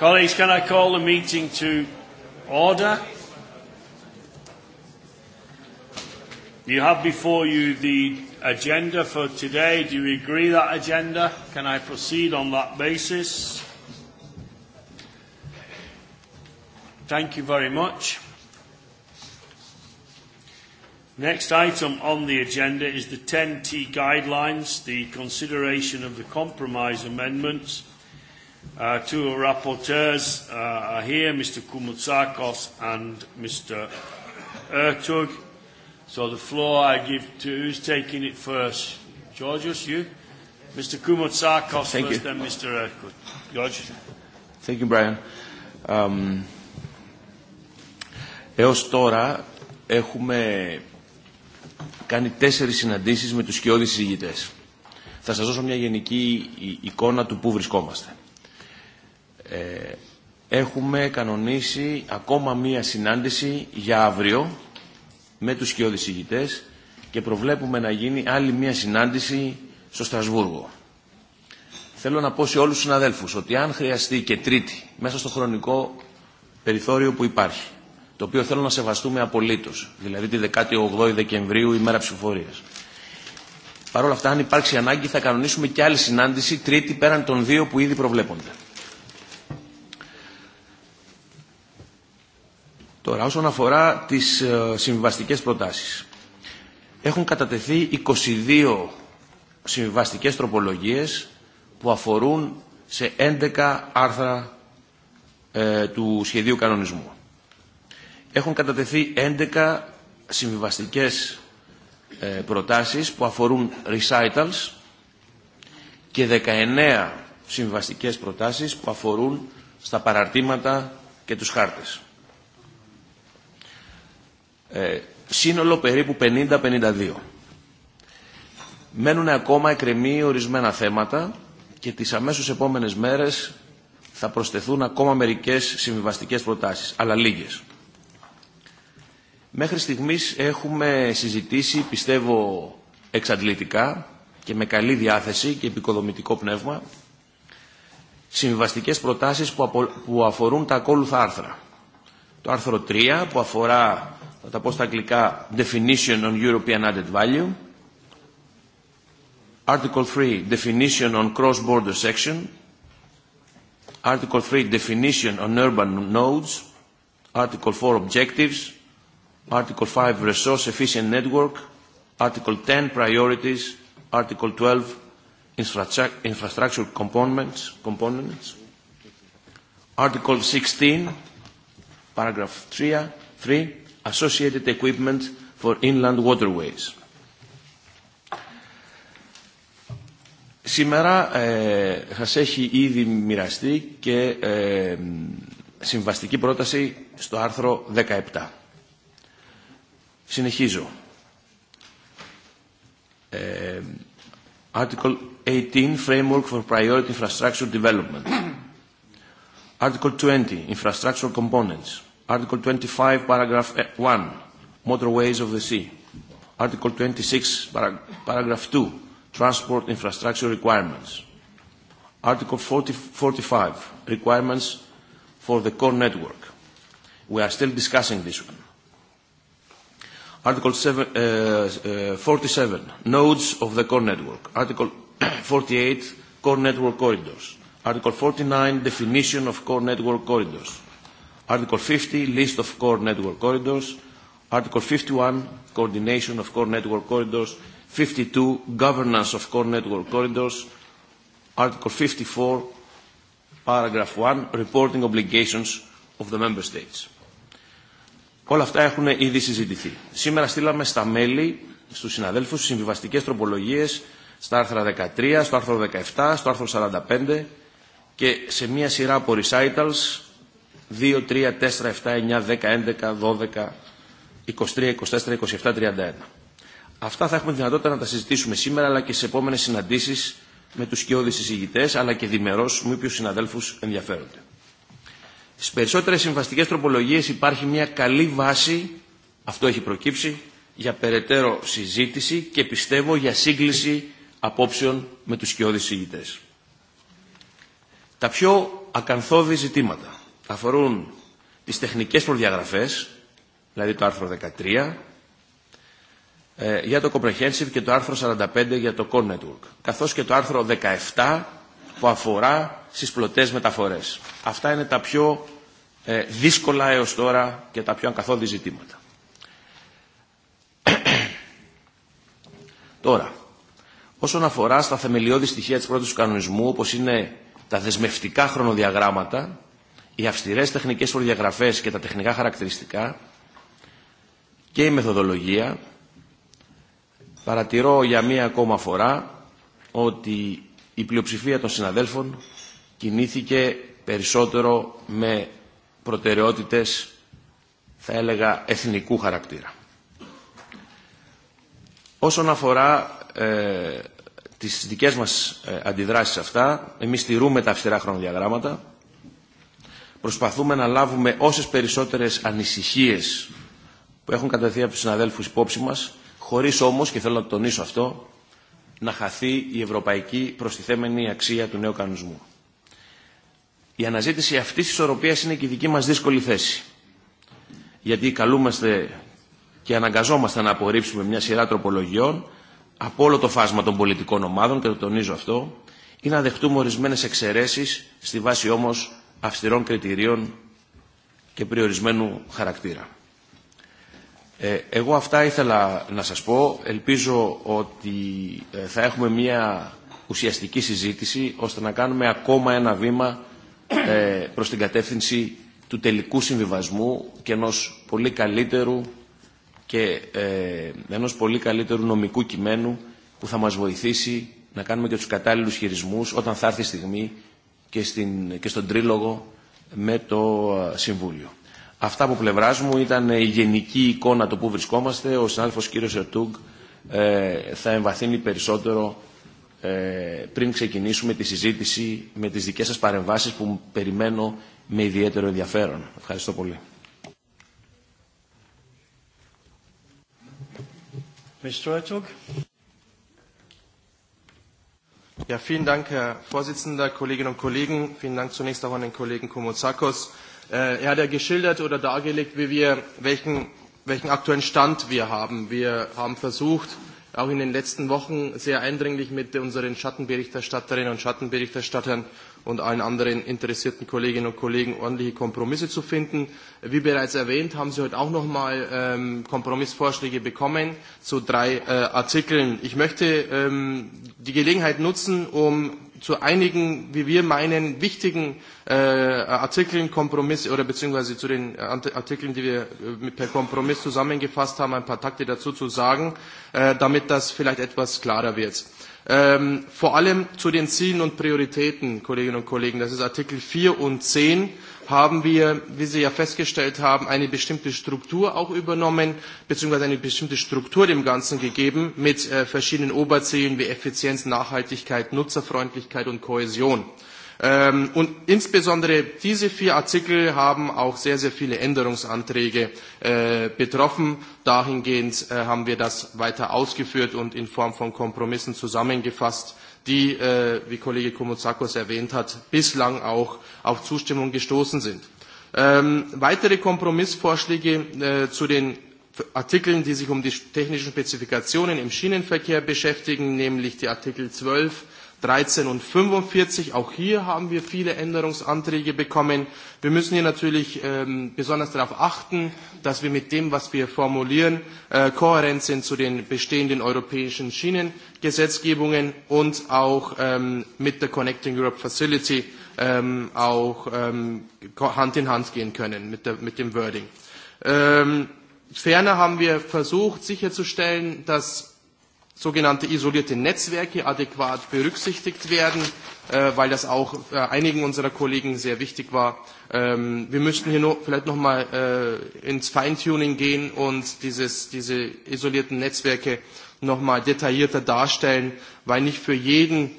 Colleagues, can I call the meeting to order? You have before you the agenda for today. Do you agree that agenda? Can I proceed on that basis? Thank you very much. Next item on the agenda is the 10T guidelines, the consideration of the compromise amendments Uh, two rapporteurs uh, are here, Mr. Kumutsakos and Mr. Ertug. So the floor I give to who's taking it first? Georgios, you? Mr. Kumutsakos Thank first, you. then Mr. Ertug. George. Thank you, Brian. Um, έως τώρα έχουμε κάνει τέσσερις συναντήσεις με τους σκιώδεις συζητητές. Θα σας δώσω μια γενική εικόνα του πού βρισκόμαστε. Ε, έχουμε κανονίσει ακόμα μία συνάντηση για αύριο με τους κοιόδης και προβλέπουμε να γίνει άλλη μία συνάντηση στο Στρασβούργο. Θέλω να πω σε όλους τους συναδέλφους ότι αν χρειαστεί και τρίτη μέσα στο χρονικό περιθώριο που υπάρχει, το οποίο θέλω να σεβαστούμε απολύτως, δηλαδή τη 18η Δεκεμβρίου ημέρα ψηφοφορίας. Παρ' όλα αυτά, αν υπάρξει ανάγκη, θα κανονίσουμε και άλλη συνάντηση τρίτη πέραν των δύο που ήδη προβλέπονται. Τώρα, όσον αφορά τις συμβιβαστικές προτάσεις. Έχουν κατατεθεί 22 συμβιβαστικές τροπολογίες που αφορούν σε 11 άρθρα ε, του σχεδίου κανονισμού. Έχουν κατατεθεί 11 συμβιβαστικές ε, προτάσεις που αφορούν recitals και 19 συμβιβαστικές προτάσεις που αφορούν στα παραρτήματα και τους χάρτες σύνολο περίπου 50-52. Μένουν ακόμα εκκρεμή ορισμένα θέματα και τις αμέσως επόμενες μέρες θα προσθεθούν ακόμα μερικές συμβιβαστικές προτάσεις, αλλά λίγες. Μέχρι στιγμής έχουμε συζητήσει, πιστεύω, εξαντλητικά και με καλή διάθεση και επικοδομητικό πνεύμα συμβιβαστικές προτάσεις που αφορούν τα ακόλουθα άρθρα. Το άρθρο 3 που αφορά θα τα πω στα αγγλικά, Definition on European Added Value. Article 3, Definition on Cross-Border Section. Article 3, Definition on Urban Nodes. Article 4, Objectives. Article 5, Resource Efficient Network. Article 10, Priorities. Article 12, Infrastructure Components. components. Article 16, Paragraph 3, 3 associated equipment for inland waterways. Σήμερα ε, σας έχει ήδη μοιραστεί και ε, συμβαστική πρόταση στο άρθρο 17. Συνεχίζω. Ε, Article 18, Framework for Priority Infrastructure Development. Article 20, Infrastructure Components. Article 25, paragraph 1, motorways of the sea. Article 26, parag paragraph 2, transport infrastructure requirements. Article 40, 45, requirements for the core network. We are still discussing this one. Article seven, uh, uh, 47, nodes of the core network. Article 48, core network corridors. Article 49, definition of core network corridors. Article 50, list of core network corridors. Article 51, coordination of core network corridors. 52, governance of core network corridors. Article 54, paragraph 1, reporting obligations of the member states. Όλα αυτά έχουν ήδη συζητηθεί. Σήμερα στείλαμε στα μέλη, στους συναδέλφους, συμβιβαστικές τροπολογίες στα άρθρα 13, στο άρθρο 17, στο άρθρο 45 και σε μία σειρά από recitals 2, 3, 4, 7, 9, 10, 11, 12, 23, 24, 27, 31. Αυτά θα έχουμε δυνατότητα να τα συζητήσουμε σήμερα αλλά και σε επόμενε συναντήσει με του σκιώδει συζητητέ αλλά και διμερώ με όποιου συναδέλφου ενδιαφέρονται. Στι περισσότερε συμβαστικέ τροπολογίε υπάρχει μια καλή βάση, αυτό έχει προκύψει, για περαιτέρω συζήτηση και πιστεύω για σύγκληση απόψεων με του σκιώδει συζητητέ. Τα πιο ακαθόδη ζητήματα αφορούν τις τεχνικές προδιαγραφές, δηλαδή το άρθρο 13, για το Comprehensive και το άρθρο 45 για το Core Network, καθώς και το άρθρο 17 που αφορά στις πλωτές μεταφορές. Αυτά είναι τα πιο ε, δύσκολα έως τώρα και τα πιο ανκαθόδη ζητήματα. τώρα, όσον αφορά στα θεμελιώδη στοιχεία της πρώτης του κανονισμού, όπως είναι τα δεσμευτικά χρονοδιαγράμματα, οι αυστηρές τεχνικές προδιαγραφές και τα τεχνικά χαρακτηριστικά και η μεθοδολογία. Παρατηρώ για μία ακόμα φορά ότι η πλειοψηφία των συναδέλφων κινήθηκε περισσότερο με προτεραιότητες, θα έλεγα, εθνικού χαρακτήρα. Όσον αφορά ε, τις δικές μας ε, αντιδράσεις αυτά, εμείς στηρούμε τα αυστηρά χρονοδιαγράμματα, προσπαθούμε να λάβουμε όσες περισσότερες ανησυχίες που έχουν κατευθεί από τους συναδέλφους υπόψη μας, χωρίς όμως, και θέλω να τονίσω αυτό, να χαθεί η ευρωπαϊκή προστιθέμενη αξία του νέου κανονισμού. Η αναζήτηση αυτής της ισορροπίας είναι και η δική μας δύσκολη θέση. Γιατί καλούμαστε και αναγκαζόμαστε να απορρίψουμε μια σειρά τροπολογιών από όλο το φάσμα των πολιτικών ομάδων, και το τονίζω αυτό, ή να δεχτούμε ορισμένες εξαιρέσεις, στη βάση όμως αυστηρών κριτηρίων και περιορισμένου χαρακτήρα. Εγώ αυτά ήθελα να σας πω. Ελπίζω ότι θα έχουμε μια ουσιαστική συζήτηση ώστε να κάνουμε ακόμα ένα βήμα προς την κατεύθυνση του τελικού συμβιβασμού και ενός πολύ καλύτερου και ε, ενός πολύ καλύτερου νομικού κειμένου που θα μας βοηθήσει να κάνουμε και τους κατάλληλους χειρισμούς όταν θα έρθει η στιγμή και, στην, και στον Τρίλογο με το Συμβούλιο. Αυτά από πλευρά μου ήταν η γενική εικόνα το που βρισκόμαστε. Ο συνάδελφος κύριος Ερτούγκ ε, θα εμβαθύνει περισσότερο ε, πριν ξεκινήσουμε τη συζήτηση με τις δικές σας παρεμβάσεις που περιμένω με ιδιαίτερο ενδιαφέρον. Ευχαριστώ πολύ. Mr. Ertug. Ja, vielen Dank, Herr Vorsitzender, Kolleginnen und Kollegen. Vielen Dank zunächst auch an den Kollegen Komozakos. Er hat ja geschildert oder dargelegt, wie wir, welchen, welchen aktuellen Stand wir haben. Wir haben versucht, auch in den letzten Wochen sehr eindringlich mit unseren Schattenberichterstatterinnen und Schattenberichterstattern und allen anderen interessierten Kolleginnen und Kollegen ordentliche Kompromisse zu finden. Wie bereits erwähnt, haben Sie heute auch noch mal Kompromissvorschläge bekommen zu drei Artikeln. Ich möchte die Gelegenheit nutzen, um zu einigen, wie wir meinen, wichtigen äh, Artikeln, Kompromisse oder beziehungsweise zu den Artikeln, die wir äh, per Kompromiss zusammengefasst haben, ein paar Takte dazu zu sagen, äh, damit das vielleicht etwas klarer wird. Ähm, vor allem zu den Zielen und Prioritäten, Kolleginnen und Kollegen, das ist Artikel 4 und 10, haben wir, wie Sie ja festgestellt haben, eine bestimmte Struktur auch übernommen, beziehungsweise eine bestimmte Struktur dem Ganzen gegeben mit äh, verschiedenen Oberzielen wie Effizienz, Nachhaltigkeit, Nutzerfreundlichkeit und Kohäsion. Äh, und insbesondere diese vier Artikel haben auch sehr, sehr viele Änderungsanträge betroffen. Dahingehend haben wir das weiter ausgeführt und in Form von Kompromissen zusammengefasst die, wie Kollege Komozakos erwähnt hat, bislang auch auf Zustimmung gestoßen sind. weitere Kompromissvorschläge zu den Artikeln, die sich um die technischen Spezifikationen im Schienenverkehr beschäftigen, nämlich die Artikel zwölf 13 und 45. Auch hier haben wir viele Änderungsanträge bekommen. Wir müssen hier natürlich ähm, besonders darauf achten, dass wir mit dem, was wir formulieren, äh, kohärent sind zu den bestehenden europäischen Schienengesetzgebungen und auch ähm, mit der Connecting Europe Facility ähm, auch ähm, Hand in Hand gehen können mit, der, mit dem Wording. Ähm, ferner haben wir versucht sicherzustellen, dass sogenannte isolierte Netzwerke adäquat berücksichtigt werden, weil das auch einigen unserer Kollegen sehr wichtig war. wir müssten hier vielleicht noch mal ins Feintuning gehen und dieses, diese isolierten Netzwerke noch mal detaillierter darstellen, weil nicht für jeden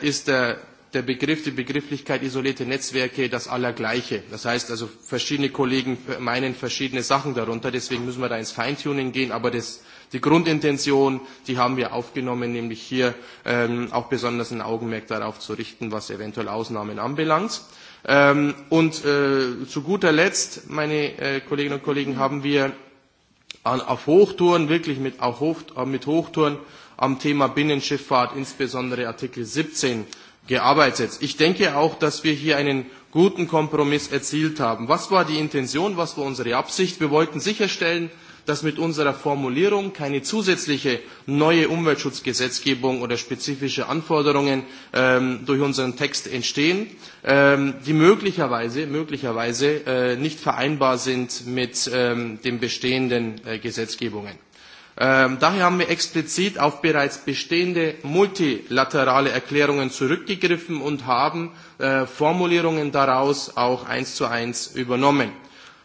ist der der Begriff, die Begrifflichkeit isolierte Netzwerke das Allergleiche. Das heißt also, verschiedene Kollegen meinen verschiedene Sachen darunter, deswegen müssen wir da ins Feintuning gehen, aber das Die Grundintention, die haben wir aufgenommen, nämlich hier auch besonders ein Augenmerk darauf zu richten, was eventuell Ausnahmen anbelangt. und zu guter Letzt, meine Kolleginnen und Kollegen, haben wir auf Hochtouren, wirklich mit, Hoch, mit Hochtouren am Thema Binnenschifffahrt, insbesondere Artikel 17, gearbeitet. Ich denke auch, dass wir hier einen guten Kompromiss erzielt haben. Was war die Intention? Was war unsere Absicht? Wir wollten sicherstellen, dass mit unserer Formulierung keine zusätzliche neue Umweltschutzgesetzgebung oder spezifische Anforderungen ähm, durch unseren Text entstehen, ähm, die möglicherweise, möglicherweise äh, nicht vereinbar sind mit ähm, den bestehenden äh, Gesetzgebungen. Ähm, daher haben wir explizit auf bereits bestehende multilaterale Erklärungen zurückgegriffen und haben äh, Formulierungen daraus auch eins zu eins übernommen.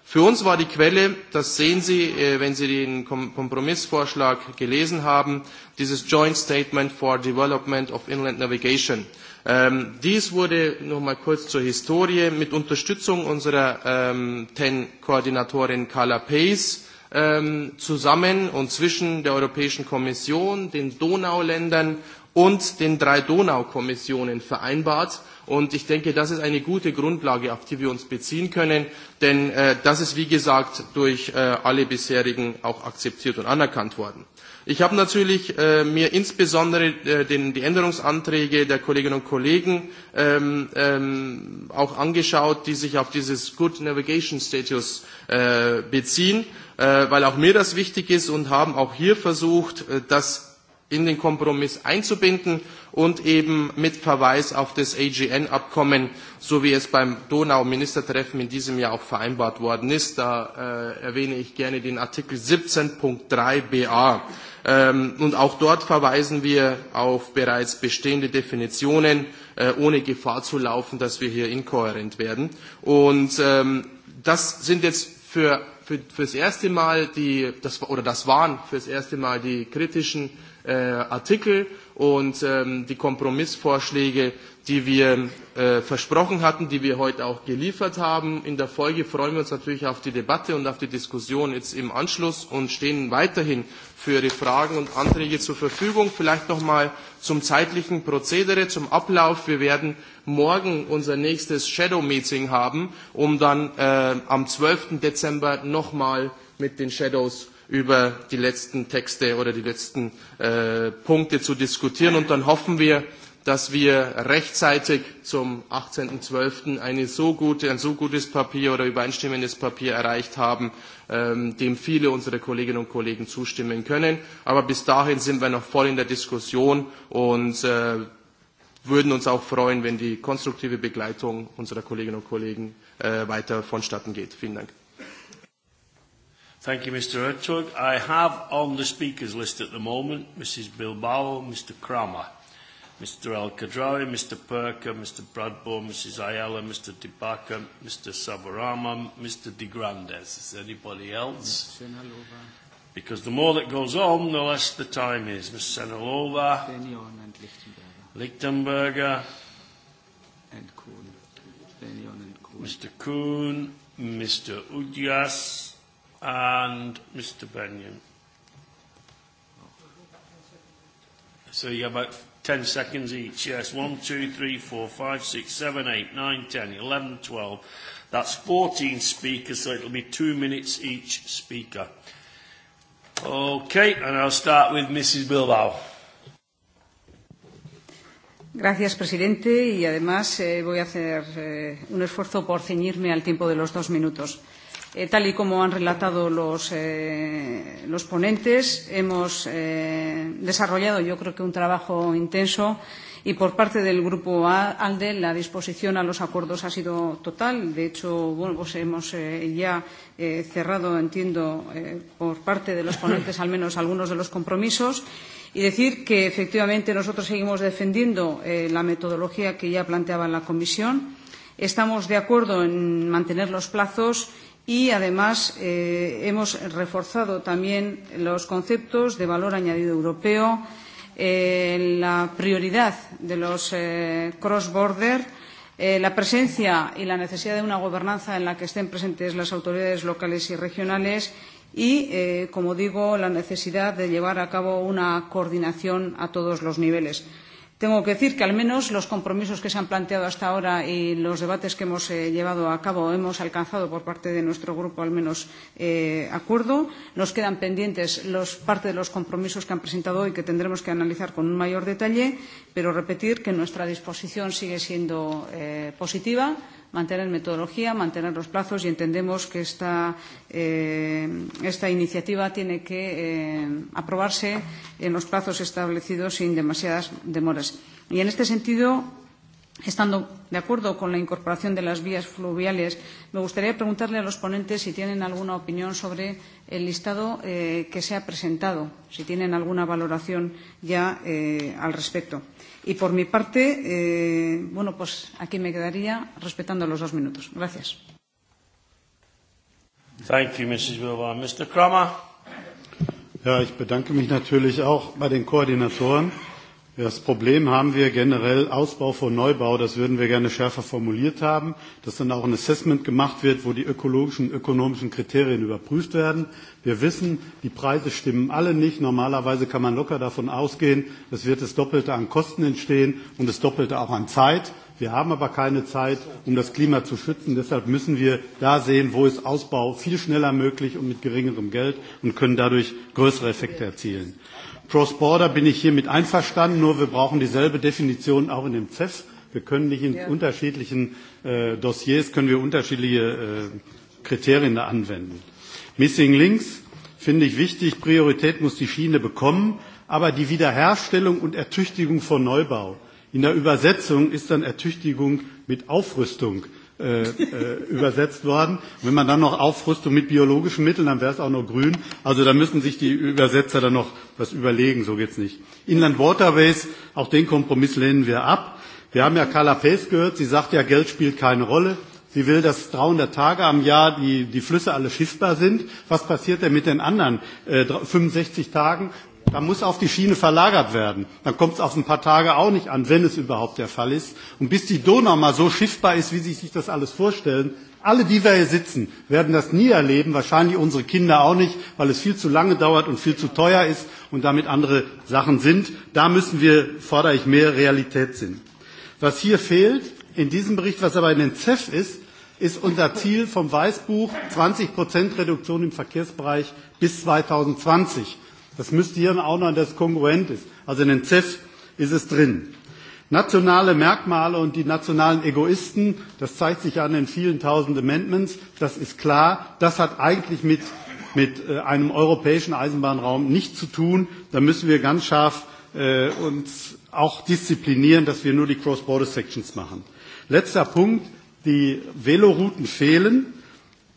Für uns war die Quelle, das sehen Sie, wenn Sie den Kompromissvorschlag gelesen haben, dieses Joint Statement for Development of Inland Navigation. dies wurde, noch mal kurz zur Historie, mit Unterstützung unserer TEN-Koordinatorin Carla Pace zusammen und zwischen der Europäischen Kommission, den Donauländern und den drei Donaukommissionen vereinbart Und ich denke, das ist eine gute Grundlage, auf die wir uns beziehen können, denn äh, das ist, wie gesagt, durch äh, alle bisherigen auch akzeptiert und anerkannt worden. Ich habe natürlich äh, mir insbesondere äh, den, die Änderungsanträge der Kolleginnen und Kollegen ähm, ähm, auch angeschaut, die sich auf dieses Good Navigation Status äh, beziehen, äh, weil auch mir das wichtig ist und haben auch hier versucht, äh, das in den Kompromiss einzubinden und eben mit Verweis auf das AGN-Abkommen, so wie es beim Donau-Ministertreffen in diesem Jahr auch vereinbart worden ist. Da äh, erwähne ich gerne den Artikel 17.3 BA. Ähm, und auch dort verweisen wir auf bereits bestehende Definitionen, äh, ohne Gefahr zu laufen, dass wir hier inkohärent werden. Und ähm, das sind jetzt für für, fürs erste Mal die, das, oder das waren fürs erste Mal die kritischen äh, Artikel und ähm, die Kompromissvorschläge, die wir äh, versprochen hatten, die wir heute auch geliefert haben. In der Folge freuen wir uns natürlich auf die Debatte und auf die Diskussion jetzt im Anschluss und stehen weiterhin für Ihre Fragen und Anträge zur Verfügung. Vielleicht noch mal zum zeitlichen Prozedere, zum Ablauf. Wir werden morgen unser nächstes Shadow Meeting haben, um dann äh, am 12. Dezember noch mal mit den Shadows über die letzten Texte oder die letzten äh, Punkte zu diskutieren. Und dann hoffen wir, dass wir rechtzeitig zum 18.12. Eine so gute, ein so gutes Papier oder übereinstimmendes Papier erreicht haben, ähm, dem viele unserer Kolleginnen und Kollegen zustimmen können. Aber bis dahin sind wir noch voll in der Diskussion und äh, würden uns auch freuen, wenn die konstruktive Begleitung unserer Kolleginnen und Kollegen äh, weiter vonstatten geht. Vielen Dank. Thank you, Mr. Hertog. I have on the speakers list at the moment Mrs. Bilbao, Mr. Kramer, Mr. El Kadrawi, Mr. Perker, Mr. Bradbourne, Mrs. Ayala, Mr. Dibaka, Mr. Sabarama, Mr. De Grandes. Is there anybody else? Because the more that goes on, the less the time is. Ms. Senalova, Lichtenberger, and Kuhn. and Kuhn. Mr. Kuhn, Mr. Udias and Mr. Benyon. So you have about 10 seconds each. Yes, 1, 2, 3, 4, 5, 6, 7, 8, 9, 10, 11, 12. That's 14 speakers, so it'll be two minutes each speaker. Okay, and I'll start with Mrs. Bilbao. Gracias, presidente. Y además eh, voy a hacer eh, un esfuerzo por ceñirme al tiempo de los dos minutos. Eh, tal y como han relatado los, eh, los ponentes, hemos eh, desarrollado yo creo que un trabajo intenso y por parte del grupo ALDE la disposición a los acuerdos ha sido total. De hecho, bueno, pues hemos eh, ya eh, cerrado, entiendo, eh, por parte de los ponentes al menos algunos de los compromisos. Y decir que efectivamente nosotros seguimos defendiendo eh, la metodología que ya planteaba la Comisión. Estamos de acuerdo en mantener los plazos Y además eh, hemos reforzado también los conceptos de valor añadido europeo, eh, la prioridad de los eh, cross-border, eh, la presencia y la necesidad de una gobernanza en la que estén presentes las autoridades locales y regionales y, eh, como digo, la necesidad de llevar a cabo una coordinación a todos los niveles. Tengo que decir que al menos los compromisos que se han planteado hasta ahora y los debates que hemos eh, llevado a cabo hemos alcanzado por parte de nuestro grupo al menos eh, acuerdo. Nos quedan pendientes los, parte de los compromisos que han presentado hoy que tendremos que analizar con un mayor detalle, pero repetir que nuestra disposición sigue siendo eh, positiva mantener metodología, mantener los plazos y entendemos que esta, eh, esta iniciativa tiene que eh, aprobarse en los plazos establecidos sin demasiadas demoras. Y en este sentido, Estando de acuerdo con la incorporación de las vías fluviales, me gustaría preguntarle a los ponentes si tienen alguna opinión sobre el listado eh, que se ha presentado, si tienen alguna valoración ya eh, al respecto. Y por mi parte, eh, bueno, pues aquí me quedaría respetando los dos minutos. Gracias. Thank you, Mrs. Mr. Kramer. Ja, ich bedanke mich natürlich auch bei den Koordinatoren. Das Problem haben wir generell Ausbau von Neubau, das würden wir gerne schärfer formuliert haben, dass dann auch ein Assessment gemacht wird, wo die ökologischen, ökonomischen Kriterien überprüft werden. Wir wissen, die Preise stimmen alle nicht. Normalerweise kann man locker davon ausgehen, es wird das Doppelte an Kosten entstehen und das Doppelte auch an Zeit. Wir haben aber keine Zeit, um das Klima zu schützen. Deshalb müssen wir da sehen, wo ist Ausbau viel schneller möglich und mit geringerem Geld und können dadurch größere Effekte erzielen. Cross-Border bin ich hiermit einverstanden, nur wir brauchen dieselbe Definition auch in dem CEF. Wir können nicht in unterschiedlichen äh, Dossiers können wir unterschiedliche äh, Kriterien da anwenden. Missing Links finde ich wichtig. Priorität muss die Schiene bekommen, aber die Wiederherstellung und Ertüchtigung von Neubau. In der Übersetzung ist dann Ertüchtigung mit Aufrüstung übersetzt worden. Wenn man dann noch Aufrüstung mit biologischen Mitteln, dann wäre es auch nur grün. Also da müssen sich die Übersetzer dann noch was überlegen, so geht es nicht. Inland Waterways, auch den Kompromiss lehnen wir ab. Wir haben ja Carla Pace gehört, sie sagt ja, Geld spielt keine Rolle. Sie will, dass 300 Tage am Jahr die, die Flüsse alle schiffbar sind. Was passiert denn mit den anderen äh, 65 Tagen? Da muss auf die Schiene verlagert werden. Dann kommt es auf ein paar Tage auch nicht an, wenn es überhaupt der Fall ist. Und bis die Donau mal so schiffbar ist, wie Sie sich das alles vorstellen, alle, die wir hier sitzen, werden das nie erleben, wahrscheinlich unsere Kinder auch nicht, weil es viel zu lange dauert und viel zu teuer ist und damit andere Sachen sind. Da müssen wir, fordere ich mehr Realitätssinn. Was hier fehlt in diesem Bericht, was aber in den CEF ist, ist unser Ziel vom Weißbuch 20 Reduktion im Verkehrsbereich bis 2020. Das müsste hier auch noch, dass es kongruent ist. Also in den CEF ist es drin. Nationale Merkmale und die nationalen Egoisten, das zeigt sich an den vielen tausend Amendments, das ist klar, das hat eigentlich mit, mit einem europäischen Eisenbahnraum nichts zu tun. Da müssen wir ganz scharf äh, uns auch disziplinieren, dass wir nur die Cross-Border-Sections machen. Letzter Punkt, die Velorouten fehlen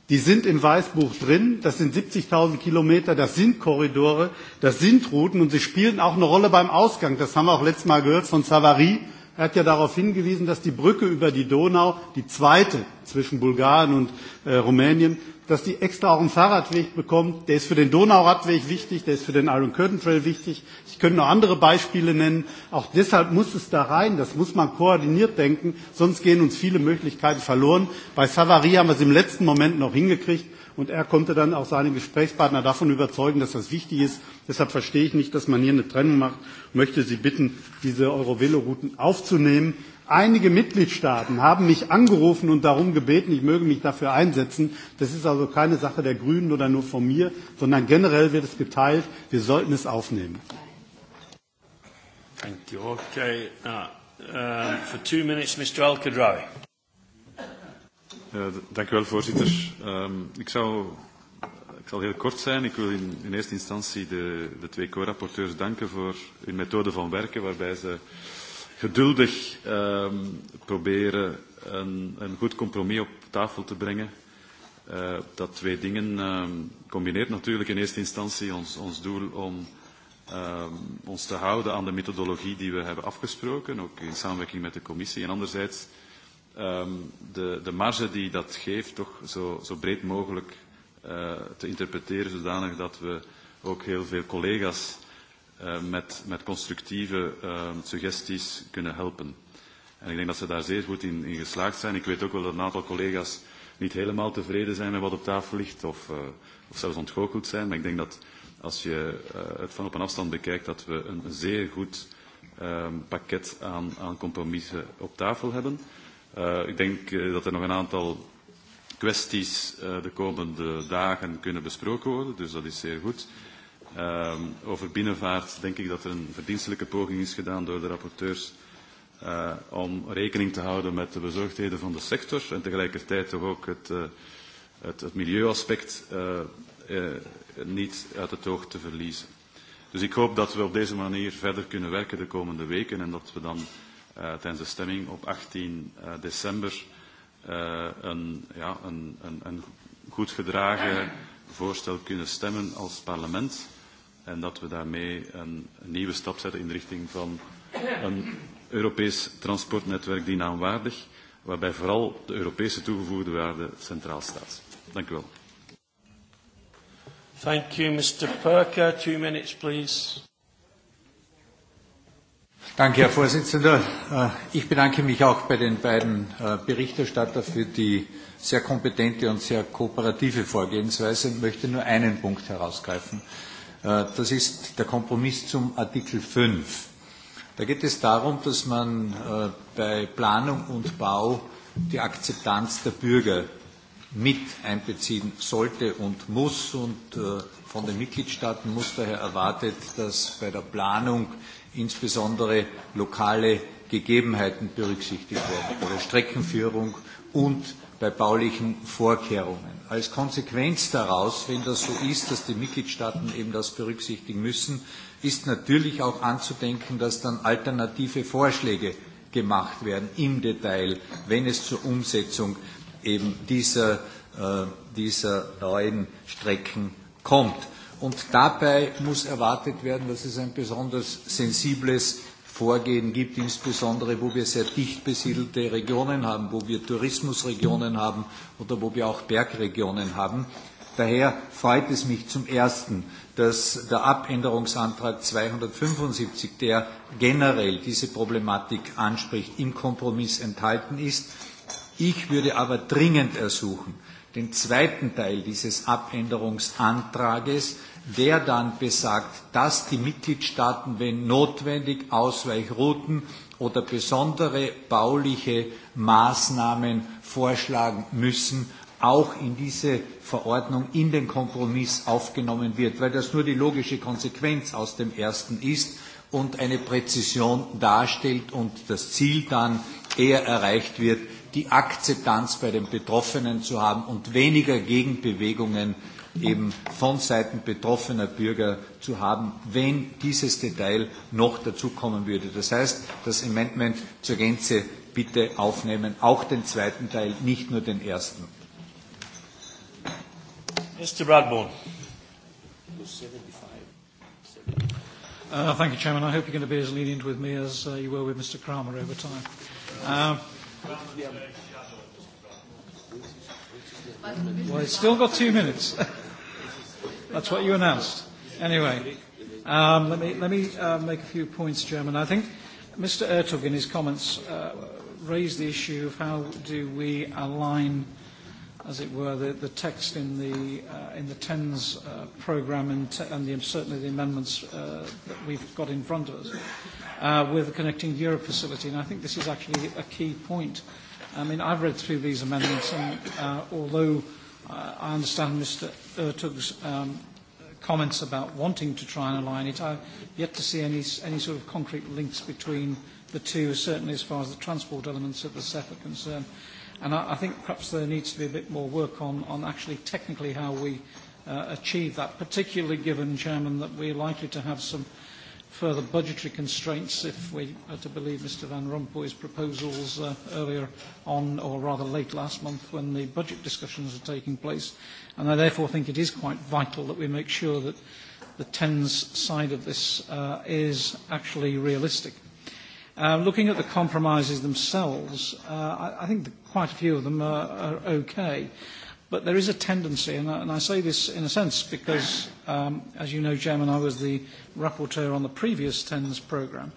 die sind im Weißbuch drin, das sind 70.000 Kilometer, das sind Korridore, das sind Routen und sie spielen auch eine Rolle beim Ausgang. Das haben wir auch letztes Mal gehört von Savary. Er hat ja darauf hingewiesen, dass die Brücke über die Donau, die zweite zwischen Bulgarien und äh, Rumänien, dass die extra auch einen Fahrradweg bekommt. Der ist für den Donauradweg wichtig, der ist für den Iron Curtain Trail wichtig, Ich könnte noch andere Beispiele nennen. Auch deshalb muss es da rein. Das muss man koordiniert denken. Sonst gehen uns viele Möglichkeiten verloren. Bei Savary haben wir es im letzten Moment noch hingekriegt. Und er konnte dann auch seine Gesprächspartner davon überzeugen, dass das wichtig ist. Deshalb verstehe ich nicht, dass man hier eine Trennung macht. Ich möchte Sie bitten, diese Eurovelo-Routen aufzunehmen. Einige Mitgliedstaaten haben mich angerufen und darum gebeten, ich möge mich dafür einsetzen. Das ist also keine Sache der Grünen oder nur von mir, sondern generell wird es geteilt. Wir sollten es aufnehmen. Thank you. Okay. Now, um, for two minutes, Mr. Al Khadraoui. Uh, dank u wel, voorzitter. Um, ik, zou, ik zal heel kort zijn. Ik wil in, in eerste instantie de, de twee co-rapporteurs danken voor hun methode van werken, waarbij ze geduldig um, proberen een, een goed compromis op tafel te brengen. Uh, dat twee dingen um, combineert natuurlijk in eerste instantie ons, ons doel om uh, ons te houden aan de methodologie die we hebben afgesproken, ook in samenwerking met de commissie. En anderzijds um, de, de marge die dat geeft toch zo, zo breed mogelijk uh, te interpreteren, zodanig dat we ook heel veel collega's uh, met, met constructieve uh, suggesties kunnen helpen. En ik denk dat ze daar zeer goed in, in geslaagd zijn. Ik weet ook wel dat een aantal collega's niet helemaal tevreden zijn met wat op tafel ligt of, uh, of zelfs ontgoocheld zijn. Maar ik denk dat als je uh, het van op een afstand bekijkt, dat we een zeer goed um, pakket aan, aan compromissen op tafel hebben. Uh, ik denk uh, dat er nog een aantal kwesties uh, de komende dagen kunnen besproken worden, dus dat is zeer goed. Um, over binnenvaart denk ik dat er een verdienstelijke poging is gedaan door de rapporteurs uh, om rekening te houden met de bezorgdheden van de sector en tegelijkertijd toch ook het, uh, het, het milieuaspect uh, uh, niet uit het oog te verliezen. Dus ik hoop dat we op deze manier verder kunnen werken de komende weken en dat we dan uh, tijdens de stemming op 18 uh, december uh, een, ja, een, een, een goed gedragen voorstel kunnen stemmen als parlement en dat we daarmee een nieuwe stap zetten in de richting van een Europees transportnetwerk die naamwaardig, waarbij vooral de Europese toegevoegde waarde centraal staat. Dank u wel. Thank you, Mr. Perker. Two minutes, please. Danke, Herr Vorsitzender. Ich bedanke mich auch bei den beiden Berichterstattern für die sehr kompetente und sehr kooperative Vorgehensweise und möchte nur einen Punkt herausgreifen. Das ist der Kompromiss zum Artikel 5. Da geht es darum, dass man bei Planung und Bau die Akzeptanz der Bürger mit einbeziehen sollte und muss. Und von den Mitgliedstaaten muss daher erwartet, dass bei der Planung insbesondere lokale Gegebenheiten berücksichtigt werden, bei der Streckenführung und bei baulichen Vorkehrungen. Als Konsequenz daraus, wenn das so ist, dass die Mitgliedstaaten eben das berücksichtigen müssen, ist natürlich auch anzudenken, dass dann alternative Vorschläge gemacht werden im Detail, wenn es zur Umsetzung eben dieser, äh, dieser neuen Strecken kommt. Und dabei muss erwartet werden, dass es ein besonders sensibles Vorgehen gibt, insbesondere wo wir sehr dicht besiedelte Regionen haben, wo wir Tourismusregionen haben oder wo wir auch Bergregionen haben. Daher freut es mich zum Ersten, dass der Abänderungsantrag 275, der generell diese Problematik anspricht, im Kompromiss enthalten ist Ich würde aber dringend ersuchen, den zweiten Teil dieses Abänderungsantrages, der dann besagt, dass die Mitgliedstaaten, wenn notwendig, Ausweichrouten oder besondere bauliche Maßnahmen vorschlagen müssen, auch in diese Verordnung, in den Kompromiss aufgenommen wird, weil das nur die logische Konsequenz aus dem ersten ist und eine Präzision darstellt und das Ziel dann eher erreicht wird, die Akzeptanz bei den Betroffenen zu haben und weniger Gegenbewegungen eben von Seiten betroffener Bürger zu haben, wenn dieses Detail noch dazukommen würde. Das heißt, das Amendment zur Gänze bitte aufnehmen, auch den zweiten Teil, nicht nur den ersten. Mr. Bradbourne. Uh, thank you, Chairman. I hope you're going to be as lenient with me as uh, you were with Mr. Kramer over time. Uh, Well, it's still got two minutes. That's what you announced. Anyway, um, let me, let me uh, make a few points, Chairman. I think Mr. Ertug, in his comments, uh, raised the issue of how do we align, as it were, the, the text in the, uh, in the TENS uh, programme and, and the, certainly the amendments uh, that we've got in front of us uh, with the Connecting Europe facility. And I think this is actually a key point. I mean, I've read through these amendments, and uh, although uh, I understand Mr. Ertug's um, comments about wanting to try and align it, I've yet to see any, any sort of concrete links between the two, certainly as far as the transport elements of the CEF are concerned. And I, I think perhaps there needs to be a bit more work on, on actually technically how we uh, achieve that, particularly given, Chairman, that we're likely to have some – further budgetary constraints if we are to believe Mr Van Rompuy's proposals uh, earlier on, or rather late last month when the budget discussions are taking place. And I therefore think it is quite vital that we make sure that the TENS side of this uh, is actually realistic. Uh, looking at the compromises themselves, uh, I, I think that quite a few of them are, are okay. But there is a tendency, and I, and I say this in a sense because, um, as you know, Jem and I was the rapporteur on the previous TENS programme,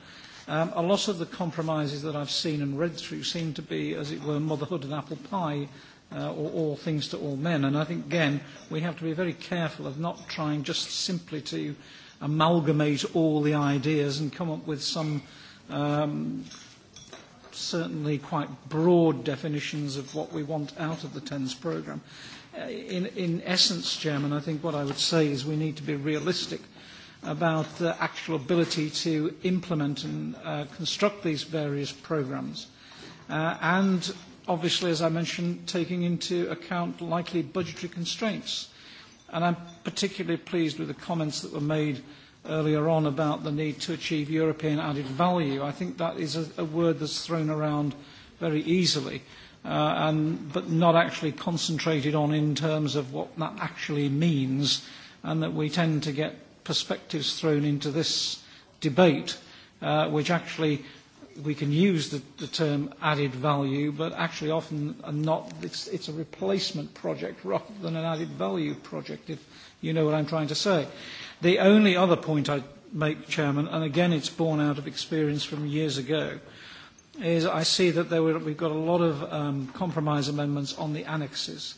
um, a lot of the compromises that I've seen and read through seem to be, as it were, motherhood and apple pie uh, or all things to all men. And I think, again, we have to be very careful of not trying just simply to amalgamate all the ideas and come up with some um, certainly quite broad definitions of what we want out of the TENS programme. In, in essence, Chairman, I think what I would say is we need to be realistic about the actual ability to implement and uh, construct these various programmes. Uh, and obviously, as I mentioned, taking into account likely budgetary constraints. And I'm particularly pleased with the comments that were made earlier on about the need to achieve European added value. I think that is a, a word that's thrown around very easily, uh, and, but not actually concentrated on in terms of what that actually means, and that we tend to get perspectives thrown into this debate, uh, which actually we can use the, the term added value, but actually often are not, it's, it's a replacement project rather than an added value project, if You know what I'm trying to say. The only other point I make, Chairman, and again it's born out of experience from years ago, is I see that there were, we've got a lot of um, compromise amendments on the annexes.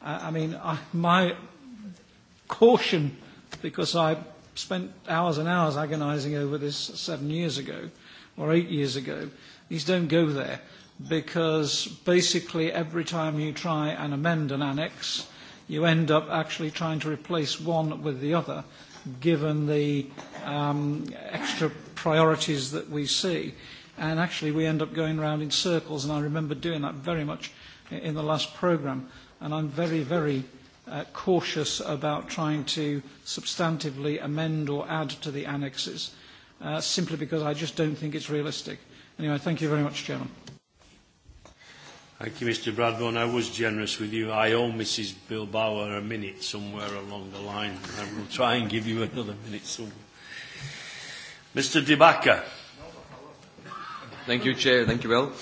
Uh, I mean, I, my caution, because I spent hours and hours agonising over this seven years ago or eight years ago, is don't go there because basically every time you try and amend an annex, you end up actually trying to replace one with the other, given the um, extra priorities that we see. And actually, we end up going round in circles, and I remember doing that very much in the last programme. And I'm very, very uh, cautious about trying to substantively amend or add to the annexes, uh, simply because I just don't think it's realistic. Anyway, thank you very much, Chairman. Thank you, Mr. Bradbourne. I was generous with you. I owe Mrs. Bilbao a minute somewhere along the line. I will try and give you another minute somewhere. Mr. Dibaka. Thank you, Chair. Thank you, wel.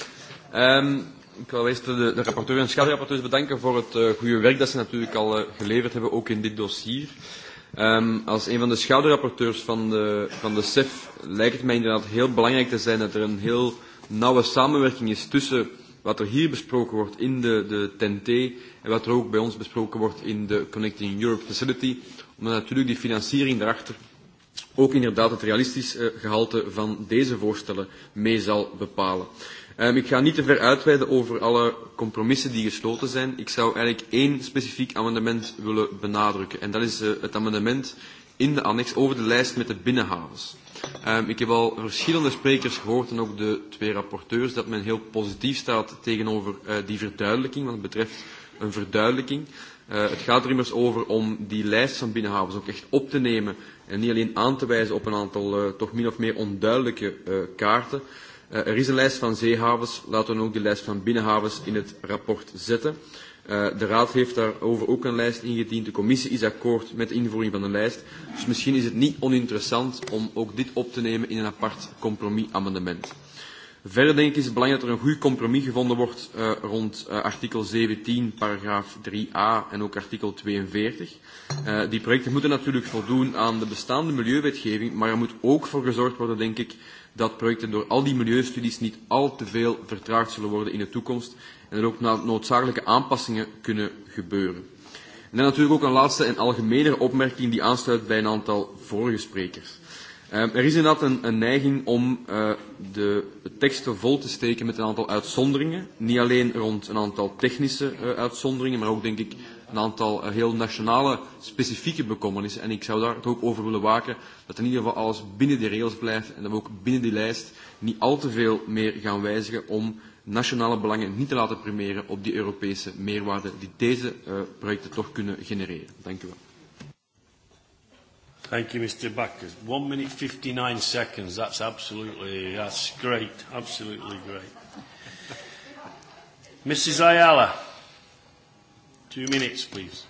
Um, ik wil eerst de, de rapporteur en schaduwrapporteurs bedanken voor het uh, goede werk dat ze natuurlijk al uh, geleverd hebben, ook in dit dossier. Um, als een van de schaduwrapporteurs van de, van de CEF lijkt het mij inderdaad heel belangrijk te zijn dat er een heel nauwe samenwerking is tussen wat er hier besproken wordt in de, de TNT en wat er ook bij ons besproken wordt in de Connecting Europe Facility, omdat natuurlijk die financiering daarachter ook inderdaad het realistisch gehalte van deze voorstellen mee zal bepalen. ik ga niet te ver uitweiden over alle compromissen die gesloten zijn. Ik zou eigenlijk één specifiek amendement willen benadrukken. En dat is het amendement in de annex over de lijst met de binnenhavens. Um, ik heb al verschillende sprekers gehoord en ook de twee rapporteurs dat men heel positief staat tegenover uh, die verduidelijking, want het betreft een verduidelijking. Uh, het gaat er immers over om die lijst van binnenhavens ook echt op te nemen en niet alleen aan te wijzen op een aantal uh, toch min of meer onduidelijke uh, kaarten. Uh, er is een lijst van zeehavens, laten we ook die lijst van binnenhavens in het rapport zetten. Uh, de Raad heeft daarover ook een lijst ingediend. De commissie is akkoord met de invoering van de lijst. Dus misschien is het niet oninteressant om ook dit op te nemen in een apart compromisamendement. Verder denk ik is het belangrijk dat er een goed compromis gevonden wordt uh, rond uh, artikel 17, paragraaf 3a en ook artikel 42. Uh, die projecten moeten natuurlijk voldoen aan de bestaande milieuwetgeving, maar er moet ook voor gezorgd worden, denk ik, dat projecten door al die milieustudies niet al te veel vertraagd zullen worden in de toekomst en ook noodzakelijke aanpassingen kunnen gebeuren. En dan natuurlijk ook een laatste en algemene opmerking die aansluit bij een aantal vorige sprekers. Er is inderdaad een, een neiging om uh, de teksten vol te steken met een aantal uitzonderingen. Niet alleen rond een aantal technische uh, uitzonderingen, maar ook denk ik een aantal uh, heel nationale specifieke bekommernissen. En ik zou daar ook over willen waken dat in ieder geval alles binnen de regels blijft en dat we ook binnen die lijst niet al te veel meer gaan wijzigen om nationale belangen niet te laten primeren op die Europese meerwaarde die deze uh, projecten toch kunnen genereren. Dank u wel. Thank you, Mr. Backers. One minute 59 seconds. That's absolutely, that's great. Absolutely great. Mrs. Ayala, two minutes, please.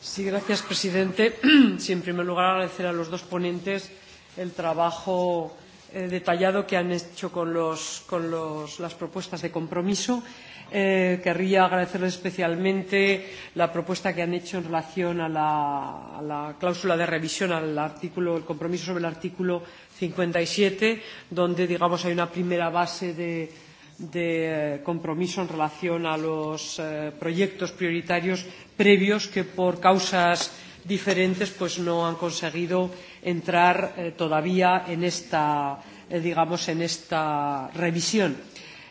Sí, gracias, presidente. Sí, en primer lugar, agradecer a los dos ponentes el trabajo detallado que han hecho con, los, con los, las propuestas de compromiso. Eh, querría agradecerles especialmente la propuesta que han hecho en relación a la, a la cláusula de revisión, al artículo, el compromiso sobre el artículo 57, donde digamos hay una primera base de, de compromiso en relación a los eh, proyectos prioritarios previos que por causas diferentes pues no han conseguido entrar todavía en esta, digamos, en esta revisión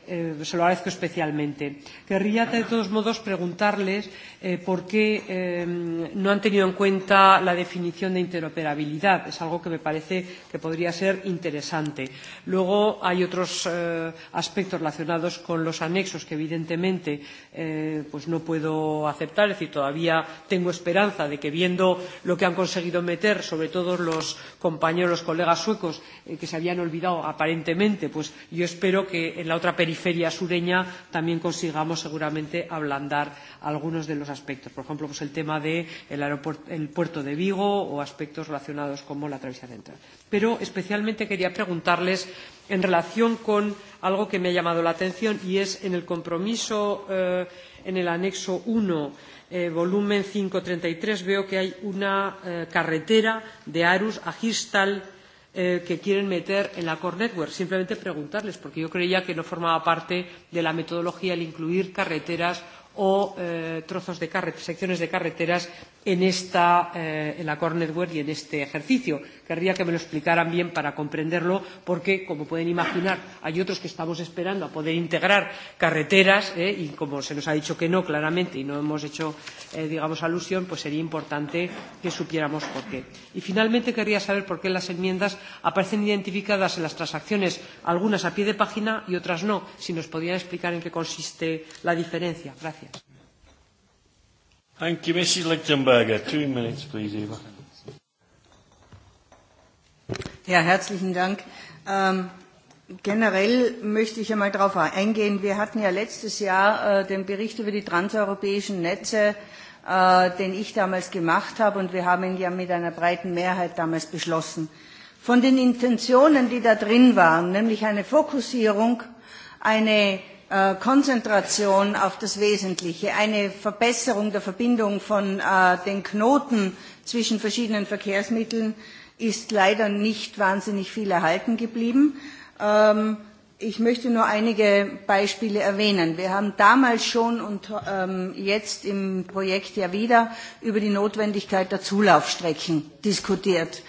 eh, se lo agradezco especialmente. Querría, de todos modos, preguntarles eh, por qué eh, no han tenido en cuenta la definición de interoperabilidad. Es algo que me parece que podría ser interesante. Luego hay otros eh, aspectos relacionados con los anexos que, evidentemente, eh, pues no puedo aceptar. Es decir, todavía tengo esperanza de que, viendo lo que han conseguido meter, sobre todo los compañeros, colegas suecos, eh, que se habían olvidado aparentemente, pues yo espero que en la otra periferia periferia sureña también consigamos seguramente ablandar algunos de los aspectos. Por ejemplo, pues el tema del de puerto de Vigo o aspectos relacionados como la travesía central. Pero especialmente quería preguntarles en relación con algo que me ha llamado la atención y es en el compromiso, en el anexo 1, volumen 533, veo que hay una carretera de Arus a Gistal eh, que quieren meter en la core network. Simplemente preguntarles, porque yo creía que no formaba parte de la metodología el incluir carreteras o eh, trozos de carreteras, secciones de carreteras en, esta, eh, en la Cornetware y en este ejercicio. Querría que me lo explicaran bien para comprenderlo, porque, como pueden imaginar, hay otros que estamos esperando a poder integrar carreteras eh, y, como se nos ha dicho que no claramente y no hemos hecho, eh, digamos, alusión, pues sería importante que supiéramos por qué. Y, finalmente, querría saber por qué las enmiendas aparecen identificadas en las transacciones, algunas a pie de página y otras no. Si nos podían explicar en qué consiste la diferencia. Gracias. Thank you, Mrs. Lichtenberger. Two minutes, please, Eva. Ja, herzlichen Dank. Ähm, generell möchte ich einmal darauf eingehen. Wir hatten ja letztes Jahr äh, den Bericht über die transeuropäischen Netze, äh, den ich damals gemacht habe, und wir haben ihn ja mit einer breiten Mehrheit damals beschlossen. Von den Intentionen, die da drin waren, nämlich eine Fokussierung, eine Konzentration auf das Wesentliche, eine Verbesserung der Verbindung von den Knoten zwischen verschiedenen Verkehrsmitteln ist leider nicht wahnsinnig viel erhalten geblieben. Ich möchte nur einige Beispiele erwähnen. Wir haben damals schon und jetzt im Projekt ja wieder über die Notwendigkeit der Zulaufstrecken diskutiert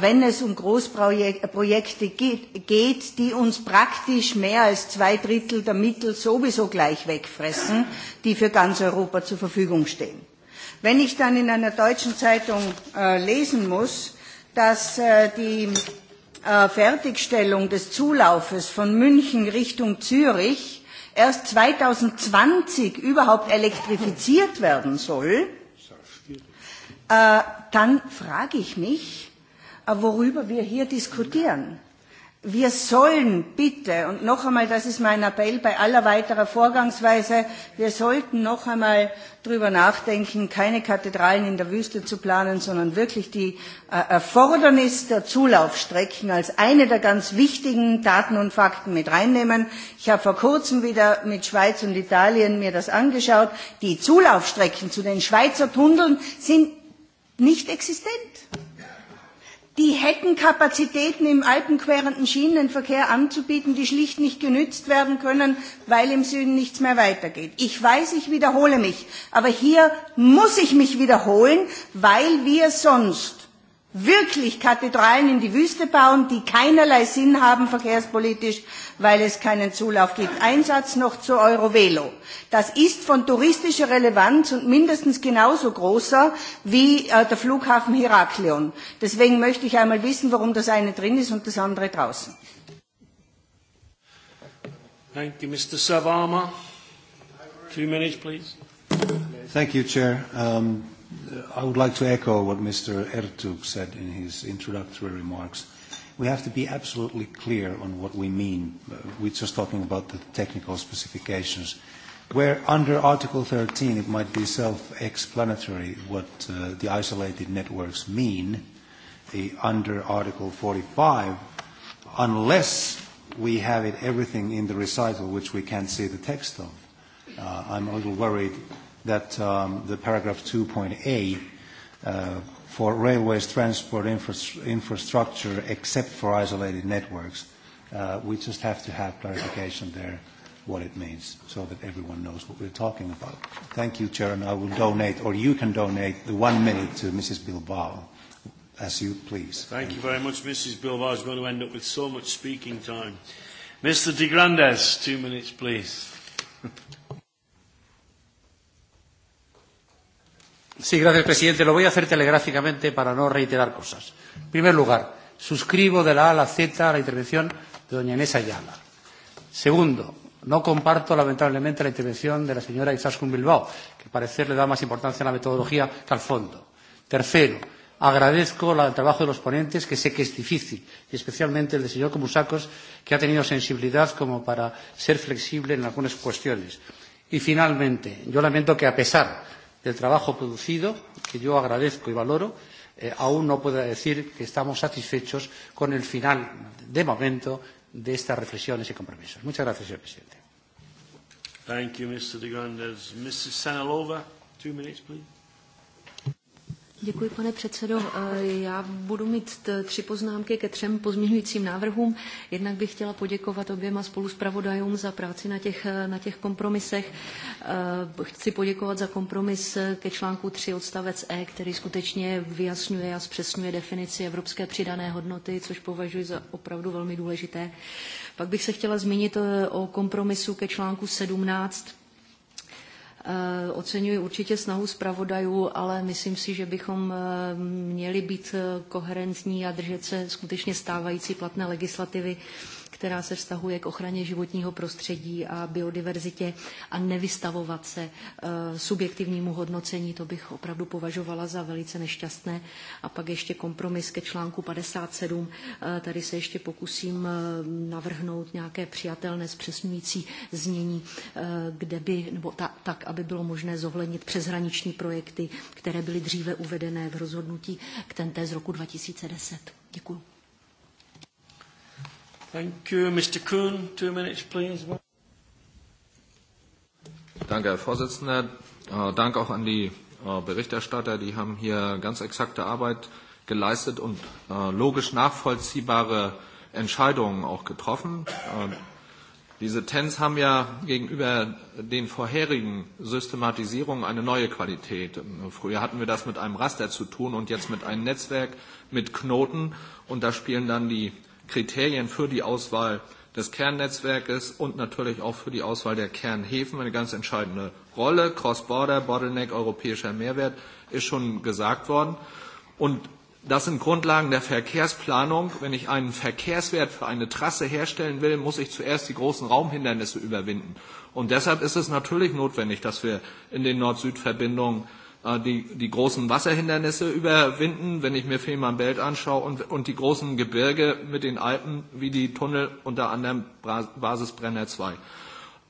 wenn es um Großprojekte geht, die uns praktisch mehr als zwei Drittel der Mittel sowieso gleich wegfressen, die für ganz Europa zur Verfügung stehen. Wenn ich dann in einer deutschen Zeitung lesen muss, dass die Fertigstellung des Zulaufes von München Richtung Zürich erst 2020 überhaupt elektrifiziert werden soll, dann frage ich mich, worüber wir hier diskutieren. Wir sollen bitte, und noch einmal, das ist mein Appell bei aller weiterer Vorgangsweise, wir sollten noch einmal darüber nachdenken, keine Kathedralen in der Wüste zu planen, sondern wirklich die Erfordernis der Zulaufstrecken als eine der ganz wichtigen Daten und Fakten mit reinnehmen. Ich habe vor kurzem wieder mit Schweiz und Italien mir das angeschaut. Die Zulaufstrecken zu den Schweizer Tunneln sind nicht existent die hätten Kapazitäten im alpenquerenden Schienenverkehr anzubieten, die schlicht nicht genützt werden können, weil im Süden nichts mehr weitergeht. Ich weiß, ich wiederhole mich, aber hier muss ich mich wiederholen, weil wir sonst wirklich Kathedralen in die Wüste bauen, die keinerlei Sinn haben verkehrspolitisch, weil es keinen Zulauf gibt. Ein Satz noch zu Eurovelo. Das ist von touristischer Relevanz und mindestens genauso großer wie der Flughafen Heraklion. Deswegen möchte ich einmal wissen, warum das eine drin ist und das andere draußen. Thank you, Mr. Savama. Two minutes, please. Thank you, Chair. Um, I would like to echo what Mr. Ertug said in his introductory remarks. We have to be absolutely clear on what we mean. We're just talking about the technical specifications. Where under Article 13 it might be self-explanatory what uh, the isolated networks mean, the, under Article 45, unless we have it everything in the recital which we can't see the text of. Uh, I'm a little worried that um, the paragraph 2.a uh, for railways transport infra- infrastructure except for isolated networks, uh, we just have to have clarification there what it means so that everyone knows what we're talking about. Thank you, Chair, and I will donate, or you can donate, the one minute to Mrs. Bilbao as you please. Thank you very much, Mrs. Bilbao. is going to end up with so much speaking time. Mr. De Grandes, two minutes, please. Sí, gracias, presidente. Lo voy a hacer telegráficamente para no reiterar cosas. En primer lugar, suscribo de la A a la Z la intervención de doña Inés Ayala. Segundo, no comparto lamentablemente la intervención de la señora Isaskun Bilbao, que parecer le da más importancia a la metodología que al fondo. Tercero, agradezco el trabajo de los ponentes, que sé que es difícil, y especialmente el del señor Comusacos, que ha tenido sensibilidad como para ser flexible en algunas cuestiones. Y finalmente, yo lamento que a pesar del trabajo producido, que yo agradezco y valoro, eh, aún no puedo decir que estamos satisfechos con el final, de momento, de estas reflexiones y compromisos. Muchas gracias, señor presidente. Thank you, Mr. De Grandes. Mrs. Sanalova, two minutes, please. Děkuji, pane předsedo. Já budu mít tři poznámky ke třem pozměňujícím návrhům. Jednak bych chtěla poděkovat oběma spoluspravodajům za práci na těch, na těch kompromisech. Chci poděkovat za kompromis ke článku 3 odstavec E, který skutečně vyjasňuje a zpřesňuje definici evropské přidané hodnoty, což považuji za opravdu velmi důležité. Pak bych se chtěla zmínit o kompromisu ke článku 17 Oceňuji určitě snahu zpravodajů, ale myslím si, že bychom měli být koherentní a držet se skutečně stávající platné legislativy která se vztahuje k ochraně životního prostředí a biodiverzitě a nevystavovat se subjektivnímu hodnocení, to bych opravdu považovala za velice nešťastné. A pak ještě kompromis ke článku 57. Tady se ještě pokusím navrhnout nějaké přijatelné zpřesňující znění, kde by, nebo ta, tak, aby bylo možné zohlednit přeshraniční projekty, které byly dříve uvedené v rozhodnutí k TNT z roku 2010. Děkuji. Thank you. Mr. Kuhn, two minutes, please. Danke, Herr Vorsitzender. Dank auch an die Berichterstatter. Die haben hier ganz exakte Arbeit geleistet und logisch nachvollziehbare Entscheidungen auch getroffen. Diese TENs haben ja gegenüber den vorherigen Systematisierungen eine neue Qualität. Früher hatten wir das mit einem Raster zu tun und jetzt mit einem Netzwerk, mit Knoten. Und da spielen dann die Kriterien für die Auswahl des Kernnetzwerkes und natürlich auch für die Auswahl der Kernhäfen eine ganz entscheidende Rolle. Cross-Border, Bottleneck, europäischer Mehrwert ist schon gesagt worden. Und das sind Grundlagen der Verkehrsplanung. Wenn ich einen Verkehrswert für eine Trasse herstellen will, muss ich zuerst die großen Raumhindernisse überwinden. Und deshalb ist es natürlich notwendig, dass wir in den Nord-Süd-Verbindungen die, die großen Wasserhindernisse überwinden, wenn ich mir Belt anschaue und, und die großen Gebirge mit den Alpen, wie die Tunnel unter anderem Basisbrenner 2.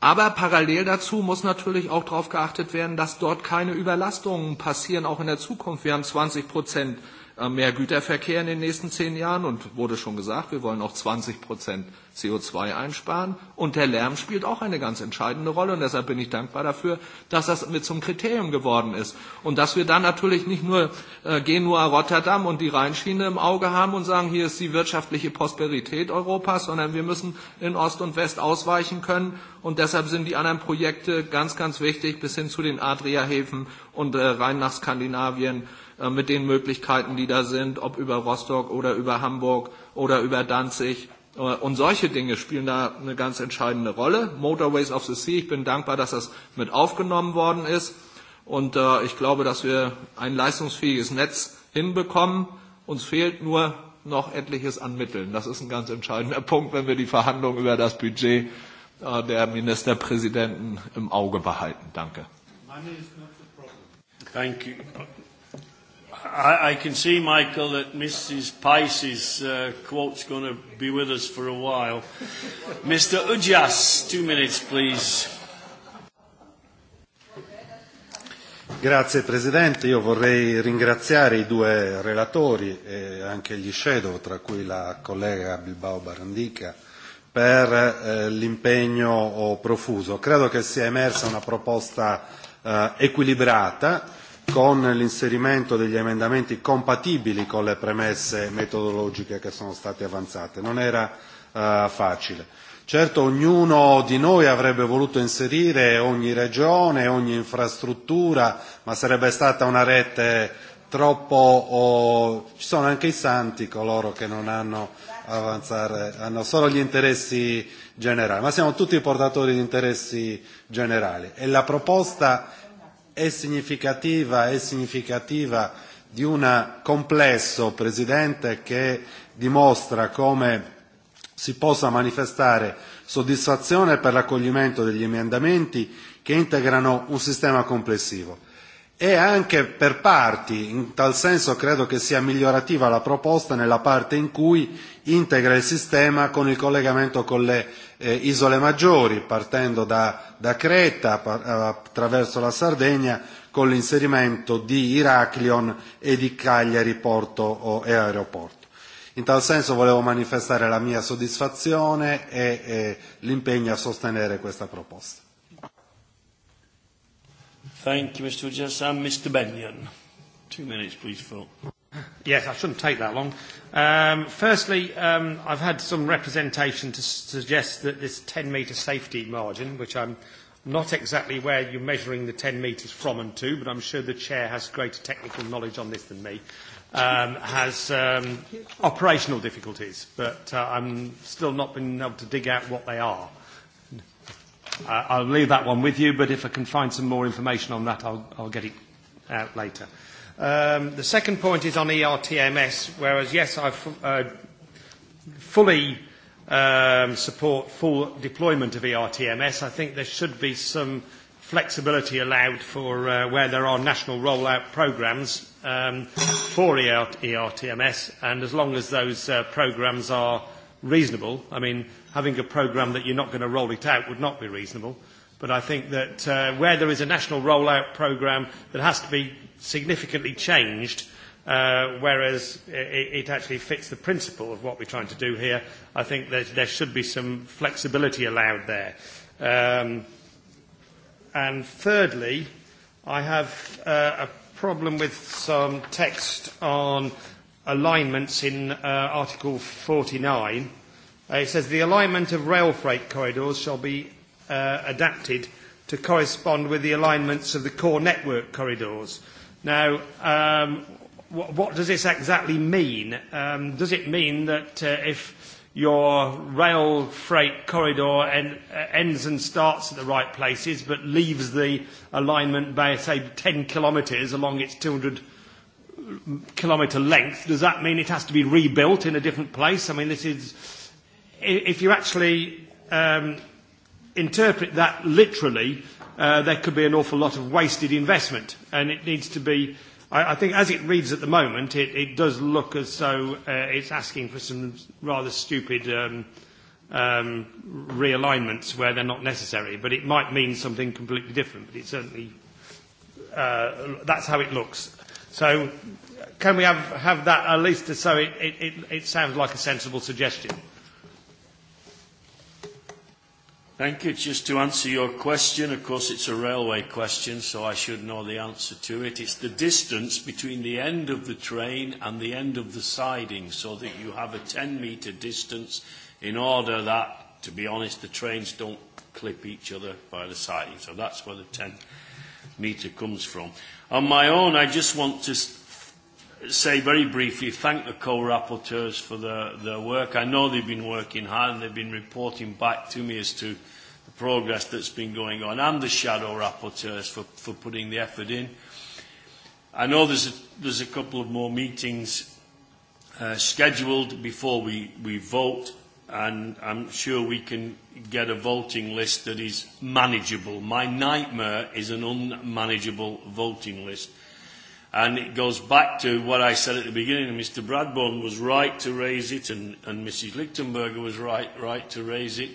Aber parallel dazu muss natürlich auch darauf geachtet werden, dass dort keine Überlastungen passieren, auch in der Zukunft. Wir haben 20 Prozent mehr Güterverkehr in den nächsten zehn Jahren und wurde schon gesagt, wir wollen auch 20 Prozent CO2 einsparen und der Lärm spielt auch eine ganz entscheidende Rolle und deshalb bin ich dankbar dafür, dass das mit zum Kriterium geworden ist und dass wir dann natürlich nicht nur äh, Genua, Rotterdam und die Rheinschiene im Auge haben und sagen, hier ist die wirtschaftliche Prosperität Europas, sondern wir müssen in Ost und West ausweichen können und deshalb sind die anderen Projekte ganz, ganz wichtig bis hin zu den Adriahäfen und äh, rein nach Skandinavien mit den Möglichkeiten, die da sind, ob über Rostock oder über Hamburg oder über Danzig. Und solche Dinge spielen da eine ganz entscheidende Rolle. Motorways of the Sea, ich bin dankbar, dass das mit aufgenommen worden ist. Und äh, ich glaube, dass wir ein leistungsfähiges Netz hinbekommen. Uns fehlt nur noch etliches an Mitteln. Das ist ein ganz entscheidender Punkt, wenn wir die Verhandlungen über das Budget äh, der Ministerpräsidenten im Auge behalten. Danke. Thank you. I, I can see, Michael, that Mrs. Pice's uh, quote's going to be with us for a while. Mr. Ujas, two minutes, please. Grazie Presidente, io vorrei ringraziare i due relatori e anche gli shadow, tra cui la collega Bilbao Barandica, per eh, l'impegno profuso. Credo che sia emersa una proposta eh, equilibrata con l'inserimento degli emendamenti compatibili con le premesse metodologiche che sono state avanzate. Non era eh, facile. Certo ognuno di noi avrebbe voluto inserire ogni regione, ogni infrastruttura, ma sarebbe stata una rete troppo... Oh, ci sono anche i santi coloro che non hanno avanzare, hanno solo gli interessi generali, ma siamo tutti portatori di interessi generali e la proposta è significativa, è significativa di un complesso, Presidente, che dimostra come si possa manifestare soddisfazione per l'accoglimento degli emendamenti che integrano un sistema complessivo e anche per parti, in tal senso credo che sia migliorativa la proposta nella parte in cui integra il sistema con il collegamento con le eh, isole maggiori, partendo da, da Creta attraverso la Sardegna, con l'inserimento di Iraclion e di Cagliari porto o, e aeroporto. In tal senso volevo manifestare la mia soddisfazione e l'impegno a sostenere questa proposta. Thank you, Mr. Mr. two minutes, please, Phil. Yes, I shouldn't take that long. Um, firstly, um, I've had some representation to suggest that this 10 metre safety margin, which I'm not exactly where you're measuring the 10 metres from and to, but I'm sure the chair has greater technical knowledge on this than me, um, has um, operational difficulties, but uh, I'm still not been able to dig out what they are. Uh, I'll leave that one with you, but if I can find some more information on that, I'll, I'll get it out later. Um, the second point is on ERTMS, whereas, yes, I f- uh, fully um, support full deployment of ERTMS. I think there should be some flexibility allowed for uh, where there are national rollout programs um, for ERTMS, and as long as those uh, programs are reasonable, I mean, having a program that you're not going to roll it out would not be reasonable. But I think that uh, where there is a national rollout program, that has to be significantly changed, uh, whereas it, it actually fits the principle of what we're trying to do here. I think that there should be some flexibility allowed there. Um, and thirdly, I have uh, a problem with some text on alignments in uh, Article 49. Uh, it says the alignment of rail freight corridors shall be uh, adapted to correspond with the alignments of the core network corridors. Uh, Now, um, what, what does this exactly mean? Um, does it mean that uh, if your rail freight corridor en- ends and starts at the right places but leaves the alignment by, say, 10 kilometres along its 200 kilometre length, does that mean it has to be rebuilt in a different place? I mean, this is. If you actually um, interpret that literally, uh, there could be an awful lot of wasted investment. And it needs to be, I, I think as it reads at the moment, it, it does look as though uh, it's asking for some rather stupid um, um, realignments where they're not necessary. But it might mean something completely different. But it certainly, uh, that's how it looks. So can we have, have that at least so it, it, it, it sounds like a sensible suggestion? Thank you. Just to answer your question, of course, it's a railway question, so I should know the answer to it. It's the distance between the end of the train and the end of the siding, so that you have a 10 metre distance in order that, to be honest, the trains don't clip each other by the siding. So that's where the 10 metre comes from. On my own, I just want to say very briefly, thank the co-rapporteurs for their, their work. I know they've been working hard and they've been reporting back to me as to the progress that's been going on and the shadow rapporteurs for, for putting the effort in. I know there's a, there's a couple of more meetings uh, scheduled before we, we vote and I'm sure we can get a voting list that is manageable. My nightmare is an unmanageable voting list And it goes back to what I said at the beginning. Mr. Bradbourne was right to raise it, and, and Mrs. Lichtenberger was right, right to raise it.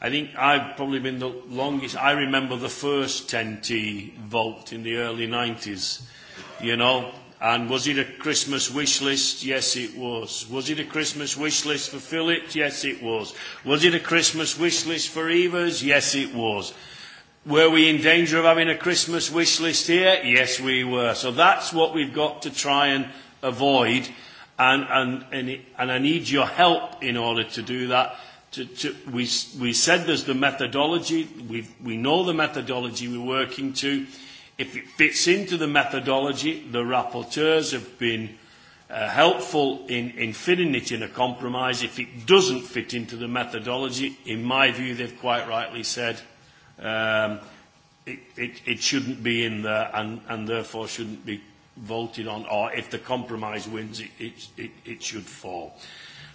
I think I've probably been the longest. I remember the first 10T vote in the early 90s, you know. And was it a Christmas wish list? Yes, it was. Was it a Christmas wish list for Phillips? Yes, it was. Was it a Christmas wish list for Evers? Yes, it was. Were we in danger of having a Christmas wish list here? Yes, we were. So that's what we've got to try and avoid. And, and, and, it, and I need your help in order to do that. To, to, we, we said there's the methodology. We've, we know the methodology we're working to. If it fits into the methodology, the rapporteurs have been uh, helpful in, in fitting it in a compromise. If it doesn't fit into the methodology, in my view, they've quite rightly said Um, it, it, it shouldn't be in there and, and therefore shouldn't be voted on, or if the compromise wins, it, it, it, it should fall.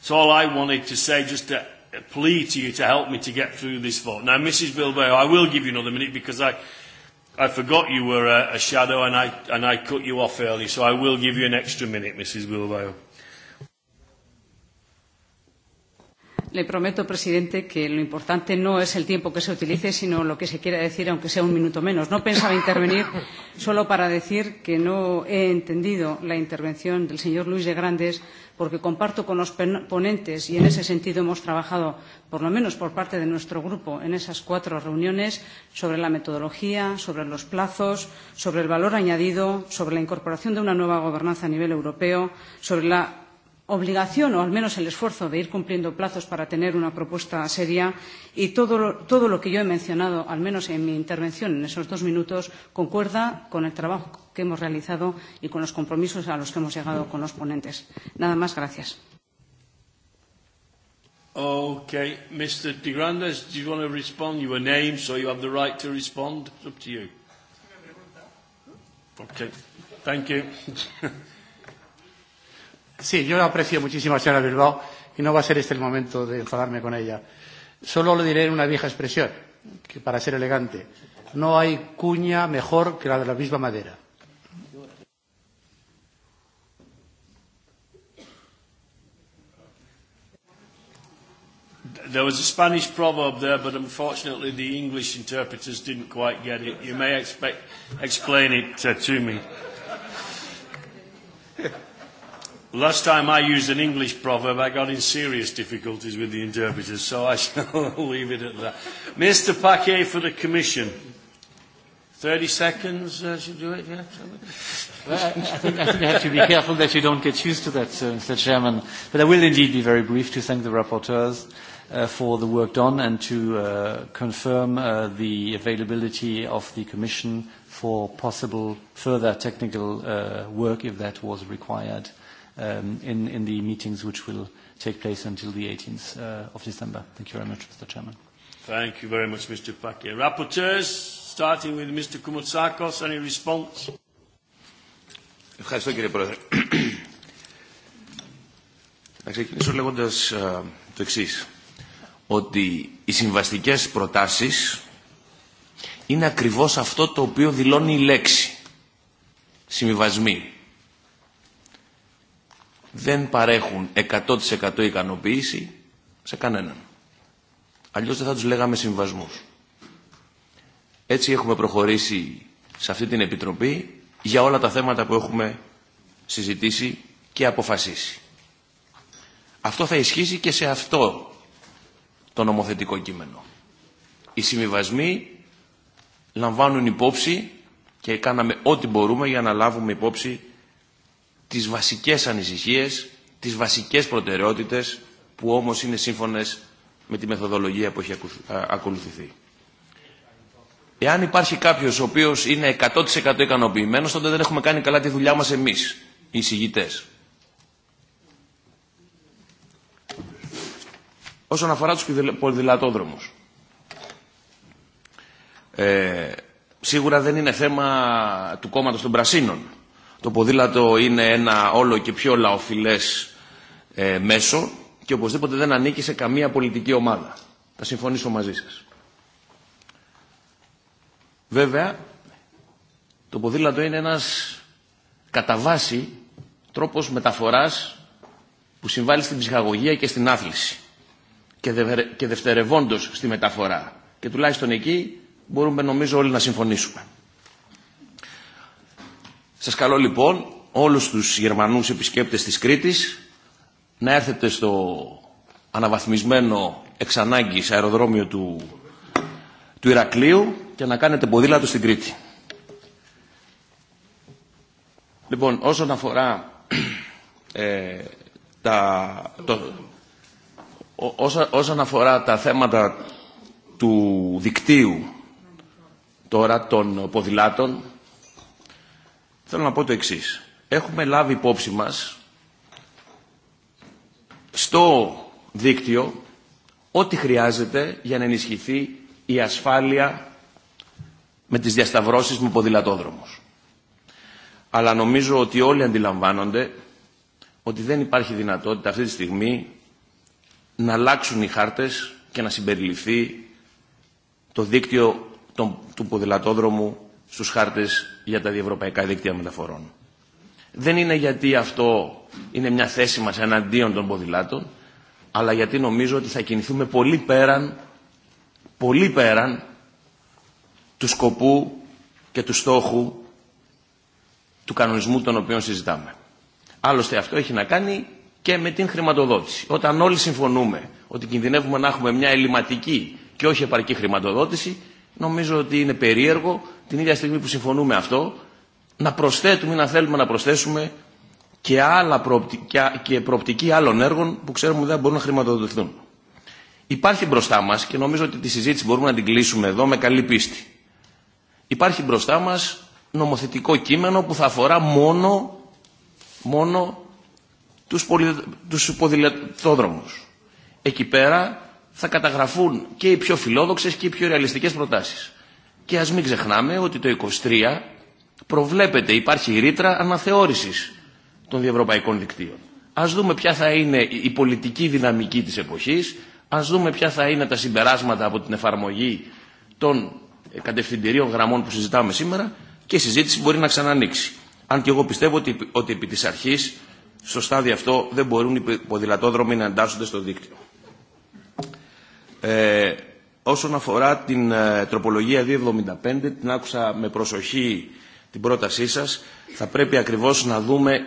So all I wanted to say, just to plea to you to help me to get through this vote. Now, Mrs. Bilbao, I will give you another minute because I, I forgot you were a, a shadow and I, and I cut you off early, so I will give you an extra minute, Mrs. Bilbao. le prometo, presidente, que lo importante no es el tiempo que se utilice, sino lo que se quiera decir, aunque sea un minuto menos. No pensaba intervenir solo para decir que no he entendido la intervención del señor Luis de Grandes, porque comparto con los ponentes, y en ese sentido hemos trabajado, por lo menos por parte de nuestro grupo, en esas cuatro reuniones, sobre la metodología, sobre los plazos, sobre el valor añadido, sobre la incorporación de una nueva gobernanza a nivel europeo, sobre la obligación o al menos el esfuerzo de ir cumpliendo plazos para tener una propuesta seria y todo lo, todo lo que yo he mencionado, al menos en mi intervención en esos dos minutos, concuerda con el trabajo que hemos realizado y con los compromisos a los que hemos llegado con los ponentes. Nada más, gracias. Okay, Mr. De Grandes, do you want to respond? You were named, so you have the right to respond. It's up to you. thank you. Sí, yo aprecio muchísimo a señora Bilbao y no va a ser este el momento de enfadarme con ella. Solo le diré una vieja expresión, que para ser elegante, no hay cuña mejor que la de la misma madera. There was a Spanish proverb there, but unfortunately the English interpreters didn't quite get it. You may expect, explain it uh, to me. Last time I used an English proverb, I got in serious difficulties with the interpreters, so I shall leave it at that. Mr. Paquet for the Commission. 30 seconds uh, should do it, yeah? Well, I, think, I think I have to be careful that you don't get used to that, uh, Mr. Chairman. But I will indeed be very brief to thank the rapporteurs uh, for the work done and to uh, confirm uh, the availability of the Commission for possible further technical uh, work if that was required um, in, in the meetings which will take place until the 18th uh, of December. Thank you very much, Mr. Chairman. Thank you very much, Mr. Paquet. Rapporteurs, starting with Mr. Koumoutsakos, any response? Ευχαριστώ κύριε Πρόεδρε. Να ξεκινήσω λέγοντας το εξής, ότι οι συμβαστικές προτάσεις είναι ακριβώς αυτό το οποίο δηλώνει η λέξη. Συμβιβασμοί δεν παρέχουν 100% ικανοποίηση σε κανέναν. Αλλιώς δεν θα τους λέγαμε συμβασμούς. Έτσι έχουμε προχωρήσει σε αυτή την Επιτροπή για όλα τα θέματα που έχουμε συζητήσει και αποφασίσει. Αυτό θα ισχύσει και σε αυτό το νομοθετικό κείμενο. Οι συμβιβασμοί λαμβάνουν υπόψη και κάναμε ό,τι μπορούμε για να λάβουμε υπόψη τις βασικές ανησυχίες, τις βασικές προτεραιότητες που όμως είναι σύμφωνες με τη μεθοδολογία που έχει ακολουθηθεί. Εάν υπάρχει κάποιο ο οποίο είναι 100% ικανοποιημένο, τότε δεν έχουμε κάνει καλά τη δουλειά μα εμεί, οι εισηγητές. Όσον αφορά του πολυδηλατόδρομους, Ε, σίγουρα δεν είναι θέμα του κόμματο των Πρασίνων Το ποδήλατο είναι ένα όλο και πιο λαοφιλές ε, μέσο και οπωσδήποτε δεν ανήκει σε καμία πολιτική ομάδα. Θα συμφωνήσω μαζί σας. Βέβαια, το ποδήλατο είναι ένας κατά βάση τρόπος μεταφοράς που συμβάλλει στην ψυχαγωγία και στην άθληση και, δευτερευόντως στη μεταφορά. Και τουλάχιστον εκεί μπορούμε νομίζω όλοι να συμφωνήσουμε. Σας καλώ λοιπόν όλους τους Γερμανούς επισκέπτες της Κρήτης να έρθετε στο αναβαθμισμένο εξ ανάγκης αεροδρόμιο του, του Ηρακλείου και να κάνετε ποδήλατο στην Κρήτη. Λοιπόν, όσον αφορά ε, τα, το, ό, όσον αφορά τα θέματα του δικτύου τώρα των ποδηλάτων Θέλω να πω το εξή. Έχουμε λάβει υπόψη μας στο δίκτυο ό,τι χρειάζεται για να ενισχυθεί η ασφάλεια με τις διασταυρώσεις με ποδηλατόδρομους. Αλλά νομίζω ότι όλοι αντιλαμβάνονται ότι δεν υπάρχει δυνατότητα αυτή τη στιγμή να αλλάξουν οι χάρτες και να συμπεριληφθεί το δίκτυο του ποδηλατόδρομου στους χάρτες για τα διευρωπαϊκά δίκτυα μεταφορών. Δεν είναι γιατί αυτό είναι μια θέση μας εναντίον των ποδηλάτων, αλλά γιατί νομίζω ότι θα κινηθούμε πολύ πέραν, πολύ πέραν του σκοπού και του στόχου του κανονισμού τον οποίο συζητάμε. Άλλωστε αυτό έχει να κάνει και με την χρηματοδότηση. Όταν όλοι συμφωνούμε ότι κινδυνεύουμε να έχουμε μια ελληματική και όχι επαρκή χρηματοδότηση, νομίζω ότι είναι περίεργο την ίδια στιγμή που συμφωνούμε αυτό, να προσθέτουμε ή να θέλουμε να προσθέσουμε και, άλλα προοπτική, και προοπτική άλλων έργων που ξέρουμε δεν μπορούν να χρηματοδοτηθούν. Υπάρχει μπροστά μας, και νομίζω ότι τη συζήτηση μπορούμε να την κλείσουμε εδώ με καλή πίστη, υπάρχει μπροστά μας νομοθετικό κείμενο που θα αφορά μόνο, μόνο τους, πολυ... τους Εκεί πέρα θα καταγραφούν και οι πιο φιλόδοξες και οι πιο ρεαλιστικές προτάσεις. Και ας μην ξεχνάμε ότι το 23 προβλέπεται, υπάρχει ρήτρα αναθεώρησης των διευρωπαϊκών δικτύων. Ας δούμε ποια θα είναι η πολιτική δυναμική της εποχής, ας δούμε ποια θα είναι τα συμπεράσματα από την εφαρμογή των κατευθυντηρίων γραμμών που συζητάμε σήμερα και η συζήτηση μπορεί να ξανανοίξει. Αν και εγώ πιστεύω ότι, ότι επί της αρχής, στο στάδιο αυτό, δεν μπορούν οι ποδηλατόδρομοι να εντάσσονται στο δίκτυο. Ε, Όσον αφορά την τροπολογία 275, την άκουσα με προσοχή την πρότασή σας. Θα πρέπει ακριβώς να δούμε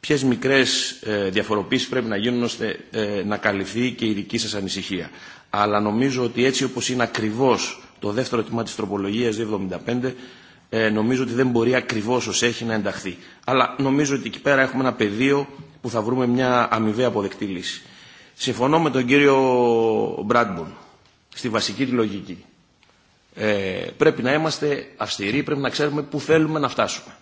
ποιες μικρές διαφοροποίησεις πρέπει να γίνουν ώστε να καλυφθεί και η δική σας ανησυχία. Αλλά νομίζω ότι έτσι όπως είναι ακριβώς το δεύτερο τμήμα της τροπολογίας 275, ε, νομίζω ότι δεν μπορεί ακριβώς ως έχει να ενταχθεί. Αλλά νομίζω ότι εκεί πέρα έχουμε ένα πεδίο που θα βρούμε μια αμοιβαία αποδεκτή λύση. Συμφωνώ με τον κύριο Μπράντμπον στη βασική τη λογική. Ε, πρέπει να είμαστε αυστηροί, πρέπει να ξέρουμε πού θέλουμε να φτάσουμε.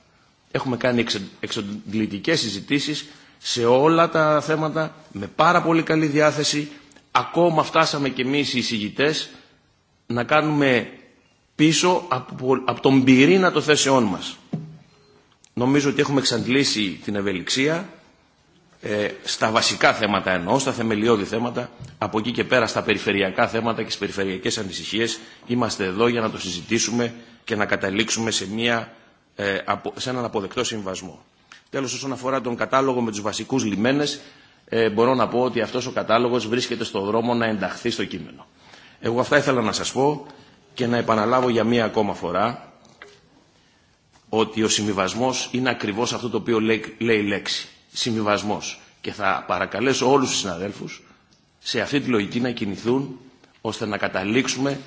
Έχουμε κάνει εξαντλητικές συζητήσεις σε όλα τα θέματα, με πάρα πολύ καλή διάθεση. Ακόμα φτάσαμε κι εμείς οι εισηγητές να κάνουμε πίσω από, από τον πυρήνα των θέσεών μας. Νομίζω ότι έχουμε εξαντλήσει την ευελιξία, ε, στα βασικά θέματα εννοώ, στα θεμελιώδη θέματα, από εκεί και πέρα στα περιφερειακά θέματα και στις περιφερειακές ανησυχίες είμαστε εδώ για να το συζητήσουμε και να καταλήξουμε σε, μια, ε, σε έναν αποδεκτό συμβασμό. Τέλος, όσον αφορά τον κατάλογο με τους βασικούς λιμένες, ε, μπορώ να πω ότι αυτός ο κατάλογος βρίσκεται στο δρόμο να ενταχθεί στο κείμενο. Εγώ αυτά ήθελα να σας πω και να επαναλάβω για μία ακόμα φορά ότι ο συμβιβασμό είναι ακριβώς αυτό το οποίο λέει, λέει λέξη συμβιβασμός. Και θα παρακαλέσω όλους τους συναδέλφους σε αυτή τη λογική να κινηθούν ώστε να καταλήξουμε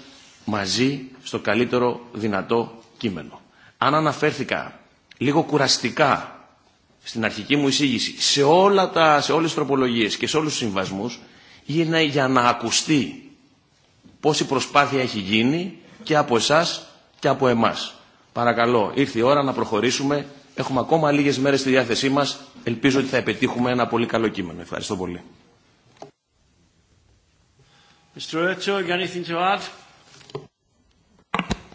μαζί στο καλύτερο δυνατό κείμενο. Αν αναφέρθηκα λίγο κουραστικά στην αρχική μου εισήγηση σε, όλα τα, σε όλες τις τροπολογίες και σε όλους τους συμβασμούς είναι για να ακουστεί πόση προσπάθεια έχει γίνει και από εσάς και από εμάς. Παρακαλώ, ήρθε η ώρα να προχωρήσουμε Έχουμε ακόμα λίγε μέρε στη διάθεσή μα. Ελπίζω ότι θα επιτύχουμε ένα πολύ καλό κείμενο. Ευχαριστώ πολύ. Mr. anything to add?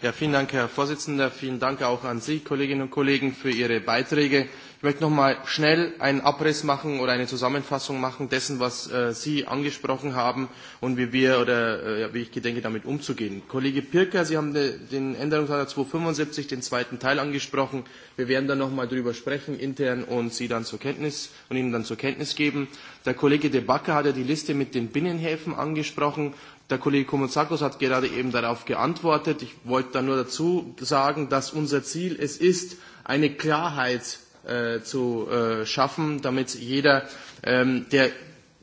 Ja, vielen Dank, Herr Vorsitzender. Vielen Dank auch an Sie, Kolleginnen und Kollegen, für Ihre Beiträge. Ich möchte noch mal schnell einen Abriss machen oder eine Zusammenfassung machen dessen, was äh, Sie angesprochen haben und wie wir oder äh, wie ich gedenke, damit umzugehen. Kollege Pirker, Sie haben de, den Änderungsantrag 275, den zweiten Teil angesprochen. Wir werden dann noch mal darüber sprechen intern und Sie dann zur Kenntnis und Ihnen dann zur Kenntnis geben. Der Kollege De Backer hat ja die Liste mit den Binnenhäfen angesprochen Der Kollege Komozakos hat gerade eben darauf geantwortet. Ich wollte da nur dazu sagen, dass unser Ziel es ist, eine Klarheit zu schaffen, damit jeder, der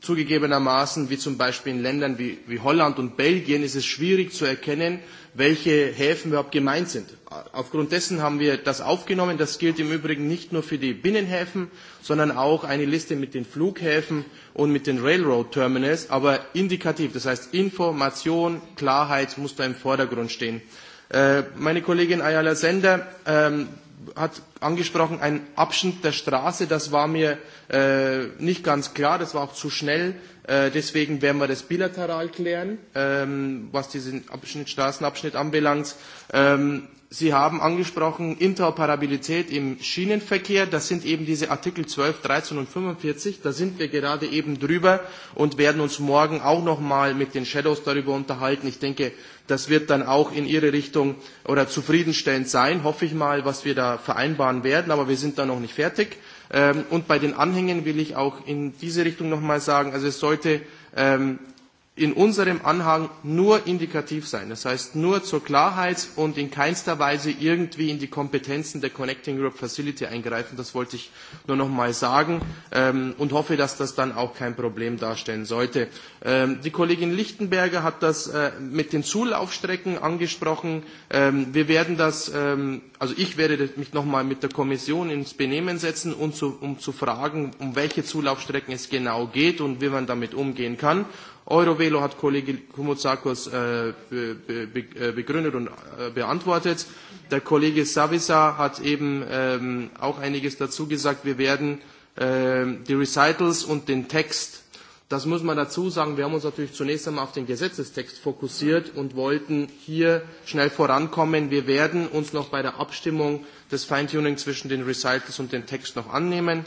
zugegebenermaßen, wie zum Beispiel in Ländern wie, Holland und Belgien, ist es schwierig zu erkennen, welche Häfen überhaupt gemeint sind. Aufgrund dessen haben wir das aufgenommen. Das gilt im Übrigen nicht nur für die Binnenhäfen, sondern auch eine Liste mit den Flughäfen und mit den Railroad Terminals, aber indikativ. Das heißt, Information, Klarheit muss da im Vordergrund stehen. Meine Kollegin Ayala Sender hat angesprochen, ein Abschnitt der Straße, das war mir äh, nicht ganz klar, das war auch zu schnell. Äh, deswegen werden wir das bilateral klären, ähm, was diesen Abschnitt, Straßenabschnitt anbelangt. Ähm, Sie haben angesprochen Interoperabilität im Schienenverkehr. Das sind eben diese Artikel 12, 13 und 45. Da sind wir gerade eben drüber und werden uns morgen auch nochmal mit den Shadows darüber unterhalten. Ich denke, das wird dann auch in Ihre Richtung oder zufriedenstellend sein, hoffe ich mal, was wir da vereinbaren fahren werden, aber wir sind da noch nicht fertig. Und bei den Anhängen will ich auch in diese Richtung nochmal sagen, also es sollte in unserem Anhang nur indikativ sein, das heißt nur zur Klarheit und in keinster Weise irgendwie in die Kompetenzen der Connecting Europe Facility eingreifen. Das wollte ich nur noch mal sagen ähm, und hoffe, dass das dann auch kein Problem darstellen sollte. Ähm, die Kollegin Lichtenberger hat das äh, mit den Zulaufstrecken angesprochen. Ähm, wir werden das, ähm, also ich werde mich noch mal mit der Kommission ins Benehmen setzen, um zu, um zu fragen, um welche Zulaufstrecken es genau geht und wie man damit umgehen kann Eurovelo hat Kollege Kumutsakos äh, begründet und beantwortet. Der Kollege Savisa hat eben ähm, auch einiges dazu gesagt. Wir werden äh, die Recitals und den Text das muss man dazu sagen, wir haben uns natürlich zunächst einmal auf den Gesetzestext fokussiert und wollten hier schnell vorankommen. Wir werden uns noch bei der Abstimmung des Feintuning zwischen den Recitals und dem Text noch annehmen.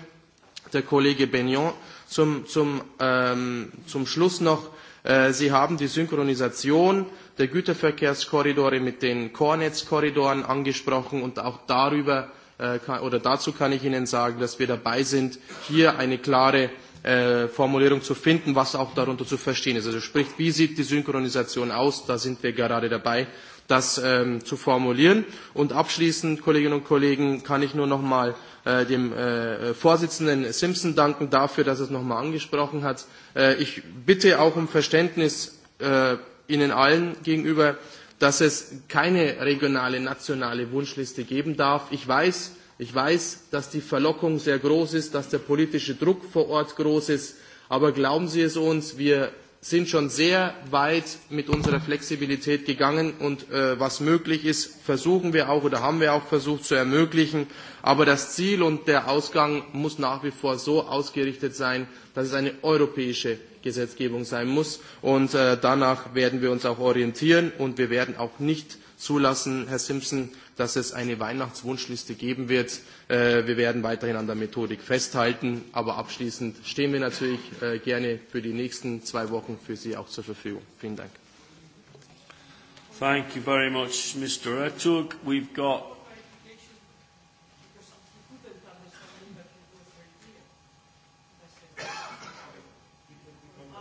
Der Kollege Benyon Zum, zum, ähm, zum Schluss noch, äh, Sie haben die Synchronisation der Güterverkehrskorridore mit den Kornetzkorridoren korridoren angesprochen und auch darüber äh, kann, oder dazu kann ich Ihnen sagen, dass wir dabei sind, hier eine klare äh, Formulierung zu finden, was auch darunter zu verstehen ist. Also sprich, wie sieht die Synchronisation aus? Da sind wir gerade dabei das ähm, zu formulieren. Und abschließend, Kolleginnen und Kollegen, kann ich nur noch mal äh, dem äh, Vorsitzenden Simpson danken dafür, dass er es noch mal angesprochen hat. Äh, ich bitte auch um Verständnis äh, Ihnen allen gegenüber, dass es keine regionale, nationale Wunschliste geben darf. Ich weiß, ich weiß, dass die Verlockung sehr groß ist, dass der politische Druck vor Ort groß ist. Aber glauben Sie es uns, wir sind schon sehr weit mit unserer Flexibilität gegangen und äh, was möglich ist, versuchen wir auch oder haben wir auch versucht zu ermöglichen. Aber das Ziel und der Ausgang muss nach wie vor so ausgerichtet sein, dass es eine europäische Gesetzgebung sein muss. Und äh, danach werden wir uns auch orientieren und wir werden auch nicht zulassen, Herr Simpson, dass es eine Weihnachtswunschliste geben wird. Wir werden weiterhin an der Methodik festhalten, aber abschließend stehen wir natürlich gerne für die nächsten zwei Wochen für Sie auch zur Verfügung. Vielen Dank. Thank you very much, Mr. We've got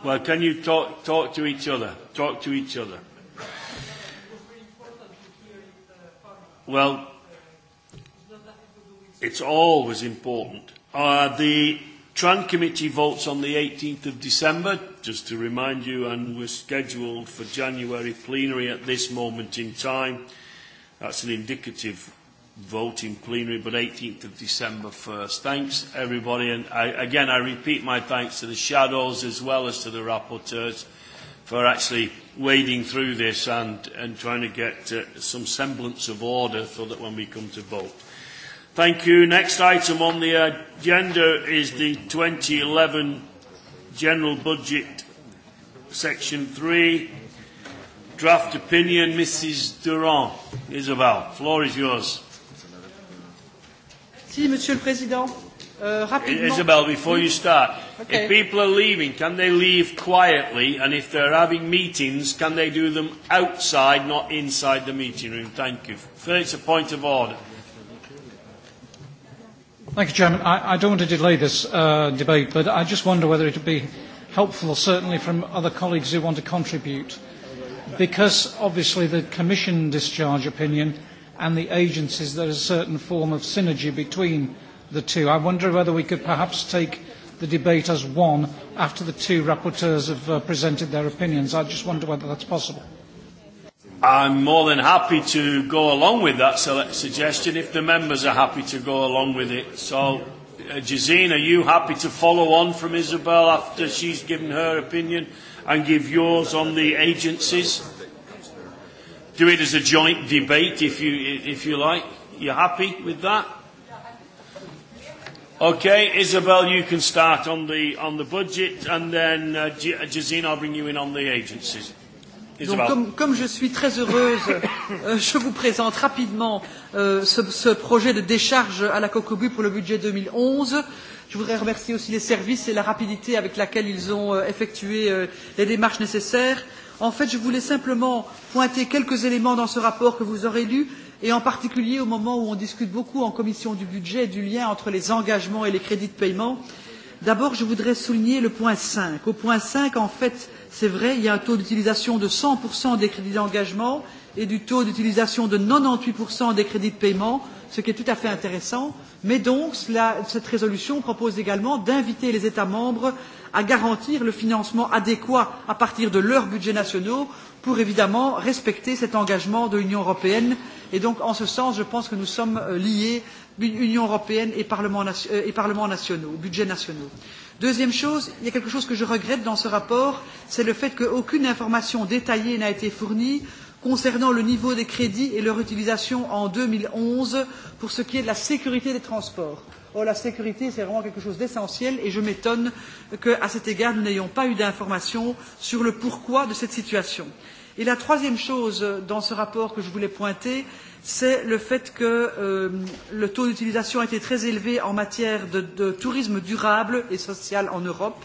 Well, can you talk, talk to each other? Talk to each other. Well, it's always important. Uh, the Tran Committee votes on the 18th of December, just to remind you, and we're scheduled for January plenary at this moment in time. That's an indicative vote in plenary, but 18th of December first. Thanks, everybody. And I, again, I repeat my thanks to the shadows as well as to the rapporteurs for actually wading through this and, and trying to get uh, some semblance of order so that when we come to vote. Thank you. Next item on the agenda is the 2011 General Budget Section 3 draft opinion. Mrs. Durand, Isabel, floor is yours. Merci, Monsieur le Président uh, rapidement. Isabel, before you start, okay. if people are leaving, can they leave quietly? And if they're having meetings, can they do them outside, not inside the meeting room? Thank you. It's a point of order. Thank you, Chairman. I, I don't want to delay this uh, debate, but I just wonder whether it would be helpful, certainly from other colleagues who want to contribute, because obviously the Commission discharge opinion and the agencies, there is a certain form of synergy between the two. I wonder whether we could perhaps take the debate as one after the two rapporteurs have uh, presented their opinions. I just wonder whether that's possible. I'm more than happy to go along with that suggestion if the members are happy to go along with it. So, uh, are you happy to follow on from Isabel after she's given her opinion and give yours on the agencies? Do it as a joint debate if you, if you like. You happy with that? Okay, Isabel, you can start on the on the budget, and then uh, Jazine, I'll bring you in on the agencies. Donc, comme, comme je suis très heureuse, euh, je vous présente rapidement euh, ce, ce projet de décharge à la Cocobu pour le budget 2011. Je voudrais remercier aussi les services et la rapidité avec laquelle ils ont euh, effectué euh, les démarches nécessaires. En fait, je voulais simplement pointer quelques éléments dans ce rapport que vous aurez lu et en particulier au moment où on discute beaucoup en commission du budget du lien entre les engagements et les crédits de paiement. D'abord, je voudrais souligner le point cinq. Au point cinq, en fait, c'est vrai, il y a un taux d'utilisation de cent des crédits d'engagement et du taux d'utilisation de huit des crédits de paiement, ce qui est tout à fait intéressant. Mais donc, cette résolution propose également d'inviter les États membres à garantir le financement adéquat à partir de leurs budgets nationaux pour évidemment respecter cet engagement de l'Union européenne. Et donc, en ce sens, je pense que nous sommes liés, Union européenne et parlements et Parlement nationaux, budgets nationaux. Deuxième chose, il y a quelque chose que je regrette dans ce rapport, c'est le fait qu'aucune information détaillée n'a été fournie concernant le niveau des crédits et leur utilisation en deux mille onze pour ce qui est de la sécurité des transports Or, la sécurité, c'est vraiment quelque chose d'essentiel et je m'étonne qu'à cet égard, nous n'ayons pas eu d'informations sur le pourquoi de cette situation. Et la troisième chose dans ce rapport que je voulais pointer, c'est le fait que euh, le taux d'utilisation a été très élevé en matière de, de tourisme durable et social en Europe.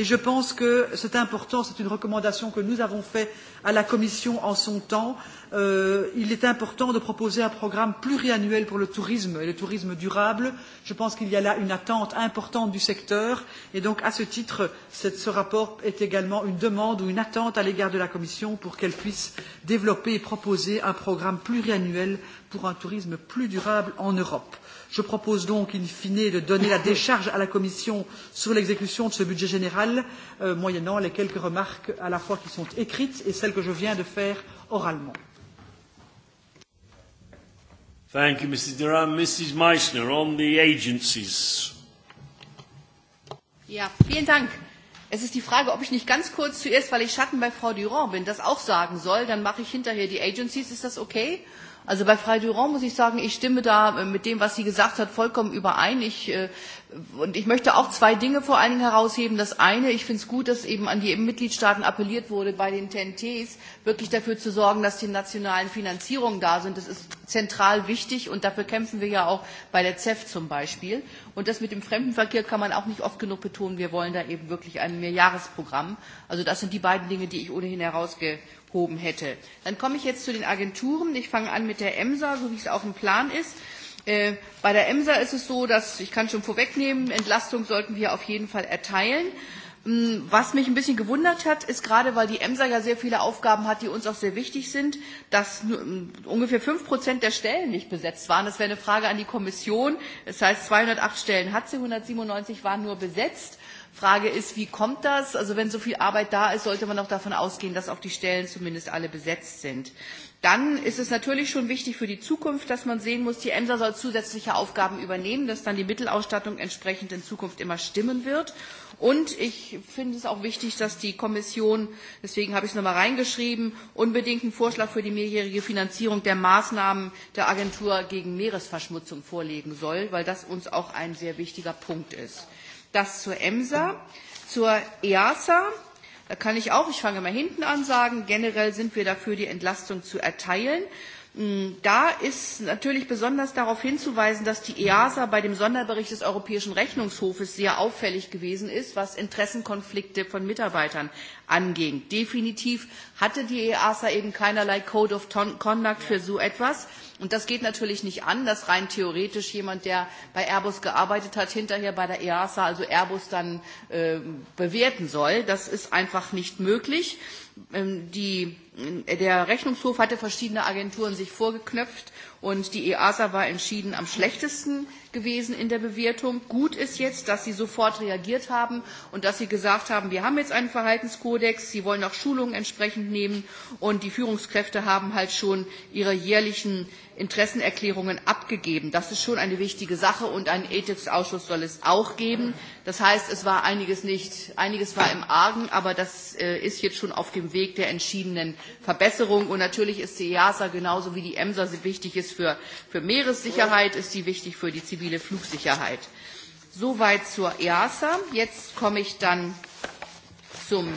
Et je pense que c'est important, c'est une recommandation que nous avons faite à la Commission en son temps. Euh, il est important de proposer un programme pluriannuel pour le tourisme et le tourisme durable. Je pense qu'il y a là une attente importante du secteur. Et donc, à ce titre, ce rapport est également une demande ou une attente à l'égard de la Commission pour qu'elle puisse développer et proposer un programme pluriannuel pour un tourisme plus durable en Europe. Je propose donc, in fine, de donner la décharge à la Commission sur l'exécution de ce budget général, moyennant les quelques remarques à la fois qui sont écrites et celles que je viens de faire oralement. Thank you, Mrs. Durham. Mrs. Meissner, on the agencies. Ja, vielen Dank. Es ist die Frage, ob ich nicht ganz kurz zuerst, weil ich Schatten bei Frau Durand bin, das auch sagen soll. Dann mache ich hinterher die Agencies. Ist das okay? Also bei Frei Durand muss ich sagen, ich stimme da mit dem, was sie gesagt hat, vollkommen überein. Ich, und ich möchte auch zwei Dinge vor allen Dingen herausheben. Das eine, ich finde es gut, dass eben an die Mitgliedstaaten appelliert wurde, bei den TNTs wirklich dafür zu sorgen, dass die nationalen Finanzierungen da sind. Das ist zentral wichtig und dafür kämpfen wir ja auch bei der CEF zum Beispiel. Und das mit dem Fremdenverkehr kann man auch nicht oft genug betonen. Wir wollen da eben wirklich ein Mehrjahresprogramm. Also das sind die beiden Dinge, die ich ohnehin herausgehe aufgehoben hätte. Dann komme ich jetzt zu den Agenturen. Ich fange an mit der EMSA, so wie es auch im Plan ist. Bei der EMSA ist es so, dass ich kann schon vorwegnehmen, Entlastung sollten wir auf jeden Fall erteilen. Was mich ein bisschen gewundert hat, ist gerade, weil die EMSA ja sehr viele Aufgaben hat, die uns auch sehr wichtig sind, dass ungefähr fünf Prozent der Stellen nicht besetzt waren. Das wäre eine Frage an die Kommission. Das heißt, 208 Stellen hat sie, 197 waren nur besetzt. Frage ist, wie kommt das? Also wenn so viel Arbeit da ist, sollte man auch davon ausgehen, dass auch die Stellen zumindest alle besetzt sind. Dann ist es natürlich schon wichtig für die Zukunft, dass man sehen muss, die EMSA soll zusätzliche Aufgaben übernehmen, dass dann die Mittelausstattung entsprechend in Zukunft immer stimmen wird. Und ich finde es auch wichtig, dass die Kommission, deswegen habe ich es nochmal reingeschrieben, unbedingt einen Vorschlag für die mehrjährige Finanzierung der Maßnahmen der Agentur gegen Meeresverschmutzung vorlegen soll, weil das uns auch ein sehr wichtiger Punkt ist. Das zur EMSA. Zur EASA, da kann ich auch, ich fange mal hinten an, sagen, generell sind wir dafür, die Entlastung zu erteilen. Da ist natürlich besonders darauf hinzuweisen, dass die EASA bei dem Sonderbericht des Europäischen Rechnungshofes sehr auffällig gewesen ist, was Interessenkonflikte von Mitarbeitern angeht. Definitiv hatte die EASA eben keinerlei Code of Conduct für so etwas. Und das geht natürlich nicht an, dass rein theoretisch jemand, der bei Airbus gearbeitet hat, hinterher bei der EASA, also Airbus, dann bewerten soll. Das ist einfach nicht möglich. die der Rechnungshof hatte verschiedene Agenturen sich vorgeknöpft und die EASA war entschieden am schlechtesten gewesen in der Bewertung. Gut ist jetzt, dass Sie sofort reagiert haben und dass Sie gesagt haben, wir haben jetzt einen Verhaltenskodex, Sie wollen auch Schulungen entsprechend nehmen und die Führungskräfte haben halt schon ihre jährlichen Interessenerklärungen abgegeben. Das ist schon eine wichtige Sache und einen Ethikausschuss soll es auch geben. Das heißt, es war einiges nicht, einiges war im Argen, aber das ist jetzt schon auf dem Weg der entschiedenen Verbesserung. Und natürlich ist die EASA genauso wie die EMSA wichtig ist für, Meeressicherheit, ist sie wichtig für die zivile Flugsicherheit. Soweit zur EASA. Jetzt komme ich dann zum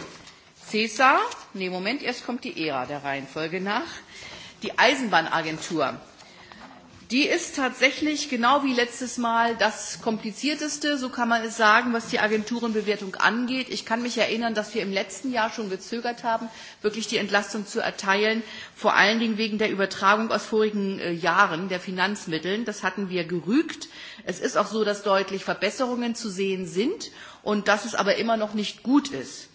CESA. Nee, Moment, erst kommt die ERA der Reihenfolge nach. Die Eisenbahnagentur. Die ist tatsächlich genau wie letztes Mal das komplizierteste, so kann man es sagen, was die Agenturenbewertung angeht. Ich kann mich erinnern, dass wir im letzten Jahr schon gezögert haben, wirklich die Entlastung zu erteilen, vor allen Dingen wegen der Übertragung aus vorigen Jahren der Finanzmitteln. Das hatten wir gerügt. Es ist auch so, dass deutlich Verbesserungen zu sehen sind und dass es aber immer noch nicht gut ist.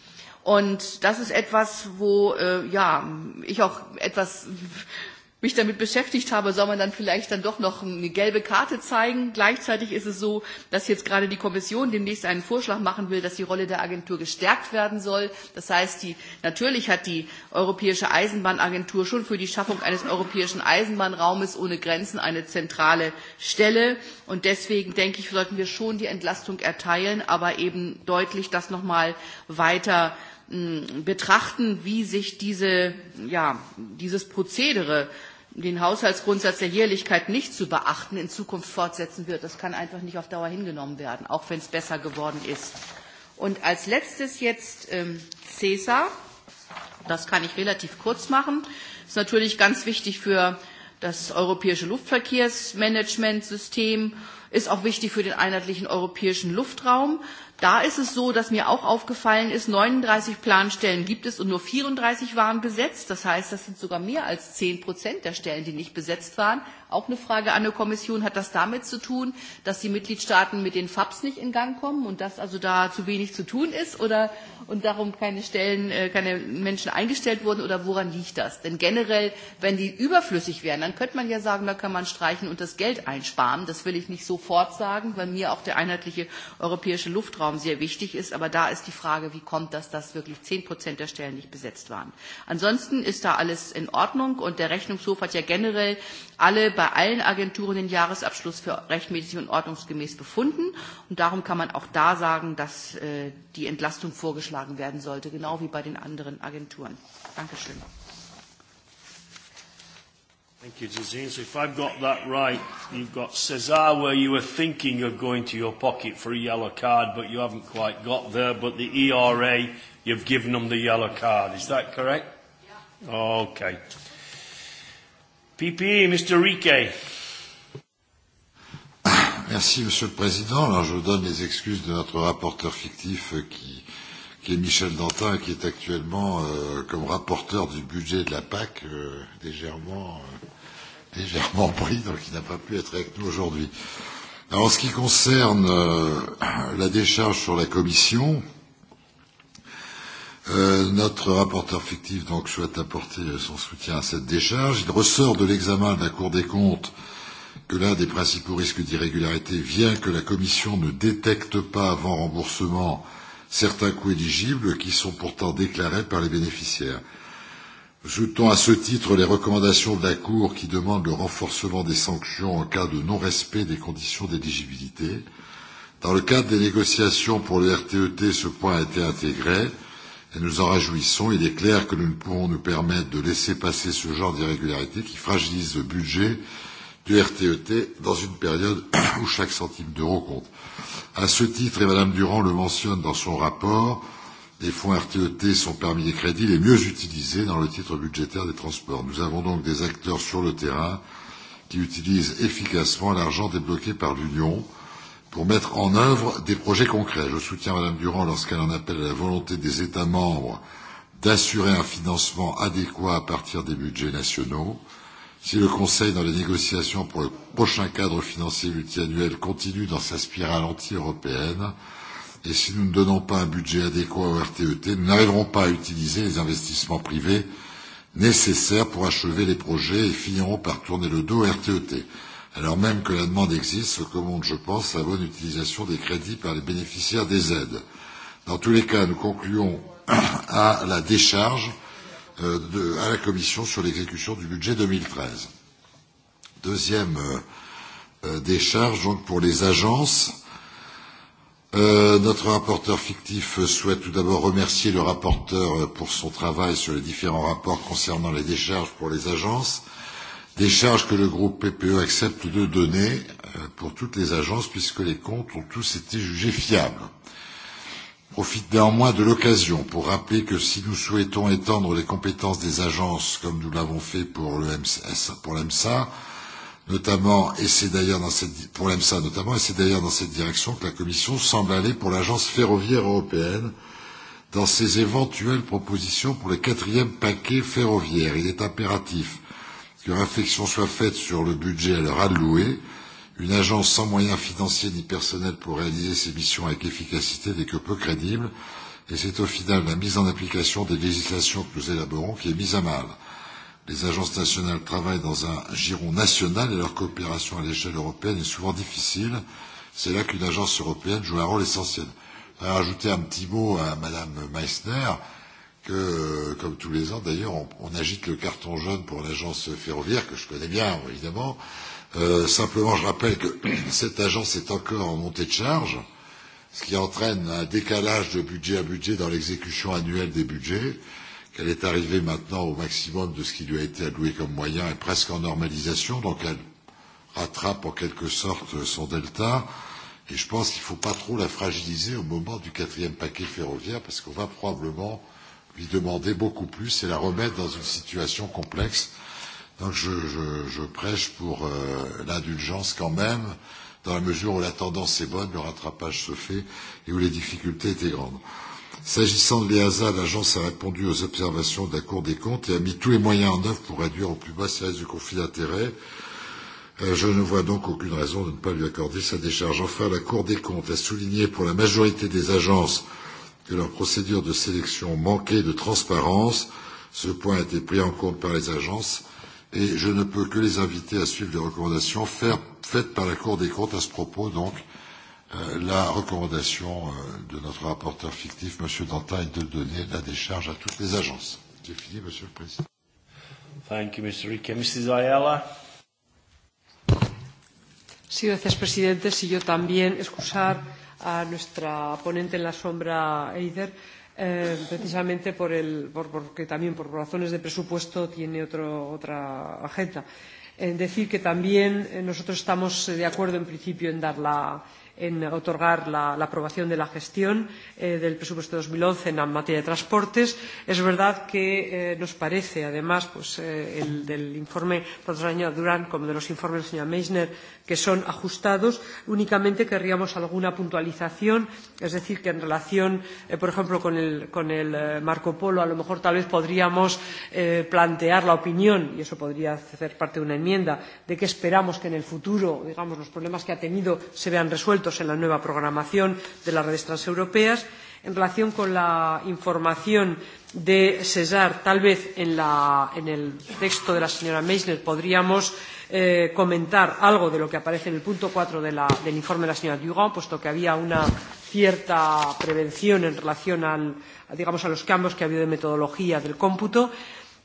Und das ist etwas, wo ja, ich auch etwas mich damit beschäftigt habe, soll man dann vielleicht dann doch noch eine gelbe Karte zeigen. Gleichzeitig ist es so, dass jetzt gerade die Kommission demnächst einen Vorschlag machen will, dass die Rolle der Agentur gestärkt werden soll. Das heißt, die, natürlich hat die Europäische Eisenbahnagentur schon für die Schaffung eines europäischen Eisenbahnraumes ohne Grenzen eine zentrale Stelle. Und deswegen denke ich, sollten wir schon die Entlastung erteilen, aber eben deutlich das nochmal weiter betrachten, wie sich diese, ja, dieses Prozedere den Haushaltsgrundsatz der Jährlichkeit nicht zu beachten, in Zukunft fortsetzen wird. Das kann einfach nicht auf Dauer hingenommen werden, auch wenn es besser geworden ist. Und als letztes jetzt ähm, CESA. Das kann ich relativ kurz machen. Ist natürlich ganz wichtig für das europäische Luftverkehrsmanagementsystem, ist auch wichtig für den einheitlichen europäischen Luftraum. Da ist es so, dass mir auch aufgefallen ist, 39 Planstellen gibt es und nur 34 waren besetzt. Das heißt, das sind sogar mehr als 10 Prozent der Stellen, die nicht besetzt waren. Auch eine Frage an die Kommission hat das damit zu tun, dass die Mitgliedstaaten mit den FAPs nicht in Gang kommen und dass also da zu wenig zu tun ist oder und darum keine Stellen, keine Menschen eingestellt wurden oder woran liegt das? Denn generell, wenn die überflüssig wären, dann könnte man ja sagen, da kann man streichen und das Geld einsparen. Das will ich nicht sofort sagen, weil mir auch der einheitliche europäische Luftraum sehr wichtig ist. Aber da ist die Frage, wie kommt das, dass wirklich zehn Prozent der Stellen nicht besetzt waren? Ansonsten ist da alles in Ordnung und der Rechnungshof hat ja generell alle bei allen Agenturen den Jahresabschluss für rechtmäßig und ordnungsgemäß befunden. Und darum kann man auch da sagen, dass die Entlastung vorgeschlagen werden sollte, genau wie bei den anderen Agenturen. Dankeschön. Thank you, Jazeen. So if I've got that right, you've got Cesar where you were thinking of going to your pocket for a yellow card, but you haven't quite got there. But the ERA, you've given them the yellow card. Is that correct? Yeah. Okay. PPE, Mr. Rike. Merci, Monsieur le Président. Alors, je vous donne les excuses de notre rapporteur fictif qui, qui est Michel Dantin et qui est actuellement euh, comme rapporteur du budget de la PAC euh, légèrement, euh, légèrement pris, donc il n'a pas pu être avec nous aujourd'hui. Alors, en ce qui concerne euh, la décharge sur la Commission, euh, notre rapporteur fictif donc souhaite apporter son soutien à cette décharge. Il ressort de l'examen de la Cour des comptes que l'un des principaux risques d'irrégularité vient que la Commission ne détecte pas avant remboursement certains coûts éligibles qui sont pourtant déclarés par les bénéficiaires. Ajoutons à ce titre les recommandations de la Cour qui demandent le renforcement des sanctions en cas de non-respect des conditions d'éligibilité. Dans le cadre des négociations pour le RTET, ce point a été intégré et nous en réjouissons. Il est clair que nous ne pouvons nous permettre de laisser passer ce genre d'irrégularité qui fragilise le budget du RTET dans une période où chaque centime d'euro compte. À ce titre, et Madame Durand le mentionne dans son rapport, les fonds RTET sont parmi les crédits les mieux utilisés dans le titre budgétaire des transports. Nous avons donc des acteurs sur le terrain qui utilisent efficacement l'argent débloqué par l'Union pour mettre en œuvre des projets concrets. Je soutiens Madame Durand lorsqu'elle en appelle à la volonté des États membres d'assurer un financement adéquat à partir des budgets nationaux. Si le Conseil, dans les négociations pour le prochain cadre financier multiannuel, continue dans sa spirale anti-européenne, et si nous ne donnons pas un budget adéquat au RTET, nous n'arriverons pas à utiliser les investissements privés nécessaires pour achever les projets et finirons par tourner le dos au RTET alors même que la demande existe, se commande, je pense, la bonne utilisation des crédits par les bénéficiaires des aides. Dans tous les cas, nous concluons à la décharge euh, de, à la Commission sur l'exécution du budget 2013. Deuxième euh, euh, décharge, donc pour les agences. Euh, notre rapporteur fictif souhaite tout d'abord remercier le rapporteur pour son travail sur les différents rapports concernant les décharges pour les agences des charges que le groupe PPE accepte de donner pour toutes les agences puisque les comptes ont tous été jugés fiables. Profite néanmoins de l'occasion pour rappeler que si nous souhaitons étendre les compétences des agences comme nous l'avons fait pour l'EMSA, notamment, et c'est d'ailleurs dans cette, pour l'EMSA notamment, et c'est d'ailleurs dans cette direction que la Commission semble aller pour l'Agence ferroviaire européenne dans ses éventuelles propositions pour le quatrième paquet ferroviaire. Il est impératif que réflexion soit faite sur le budget à leur allouer. Une agence sans moyens financiers ni personnels pour réaliser ses missions avec efficacité n'est que peu crédible, et c'est au final la mise en application des législations que nous élaborons qui est mise à mal. Les agences nationales travaillent dans un giron national et leur coopération à l'échelle européenne est souvent difficile. C'est là qu'une agence européenne joue un rôle essentiel. Je vais rajouter un petit mot à Madame Meissner. Euh, que, comme tous les ans d'ailleurs, on, on agite le carton jaune pour l'agence ferroviaire, que je connais bien évidemment. Euh, simplement, je rappelle que cette agence est encore en montée de charge, ce qui entraîne un décalage de budget à budget dans l'exécution annuelle des budgets, qu'elle est arrivée maintenant au maximum de ce qui lui a été alloué comme moyen et presque en normalisation, donc elle rattrape en quelque sorte son delta. Et je pense qu'il ne faut pas trop la fragiliser au moment du quatrième paquet ferroviaire, parce qu'on va probablement lui demander beaucoup plus et la remettre dans une situation complexe. Donc je, je, je prêche pour euh, l'indulgence quand même, dans la mesure où la tendance est bonne, le rattrapage se fait et où les difficultés étaient grandes. S'agissant de l'EASA, l'agence a répondu aux observations de la Cour des comptes et a mis tous les moyens en œuvre pour réduire au plus bas ses risques de conflit d'intérêts. Je ne vois donc aucune raison de ne pas lui accorder sa décharge. Enfin, la Cour des comptes a souligné pour la majorité des agences que leur procédure de sélection manquait de transparence. Ce point a été pris en compte par les agences et je ne peux que les inviter à suivre les recommandations faites par la Cour des comptes à ce propos, donc la recommandation de notre rapporteur fictif, M. Dantin, est de donner la décharge à toutes les agences. J'ai fini, M. le Président. Thank you, Mr. Rica. Mrs. Ayala. Sí, gracias, presidente. Si yo también excusar a nuestra ponente en la sombra, Eider, eh, precisamente por el, por, porque también por razones de presupuesto tiene otro, otra agenda. En decir que también nosotros estamos de acuerdo en principio en dar la, en otorgar la, la aprobación de la gestión eh, del presupuesto 2011 en la materia de transportes. Es verdad que eh, nos parece, además, pues, eh, el del informe de la señora Durán como de los informes de la señora Meissner que son ajustados. Únicamente querríamos alguna puntualización, es decir, que en relación, eh, por ejemplo, con el, con el eh, Marco Polo, a lo mejor tal vez podríamos eh, plantear la opinión, y eso podría hacer parte de una enmienda, de que esperamos que en el futuro, digamos, los problemas que ha tenido se vean resueltos en la nueva programación de las redes transeuropeas. En relación con la información de César, tal vez en, la, en el texto de la señora Meissner podríamos eh, comentar algo de lo que aparece en el punto 4 de la, del informe de la señora Dugan, puesto que había una cierta prevención en relación al, a, digamos, a los cambios que ha habido de metodología del cómputo.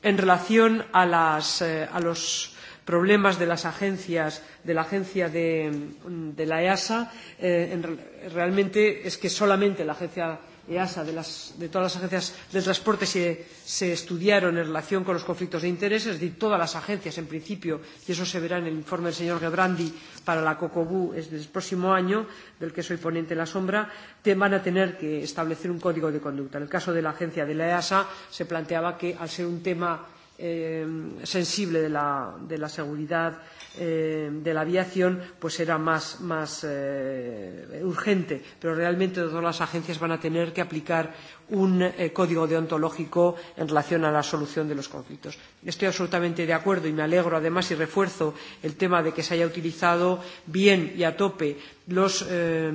En relación a, las, eh, a los problemas de las agencias de la agencia de, de la EASA, eh, en, realmente es que solamente la agencia EASA, de, las, de todas las agencias de transporte, se, se estudiaron en relación con los conflictos de intereses, es decir, todas las agencias en principio, y eso se verá en el informe del señor Gebrandi para la COCOBU del próximo año, del que soy ponente en la sombra, te, van a tener que establecer un código de conducta. En el caso de la agencia de la EASA se planteaba que, al ser un tema sensible de la, de la seguridad de la aviación pues era más, más eh, urgente, pero realmente todas las agencias van a tener que aplicar un eh, código deontológico en relación a la solución de los conflictos. Estoy absolutamente de acuerdo y me alegro además y refuerzo el tema de que se haya utilizado bien y a tope los, eh,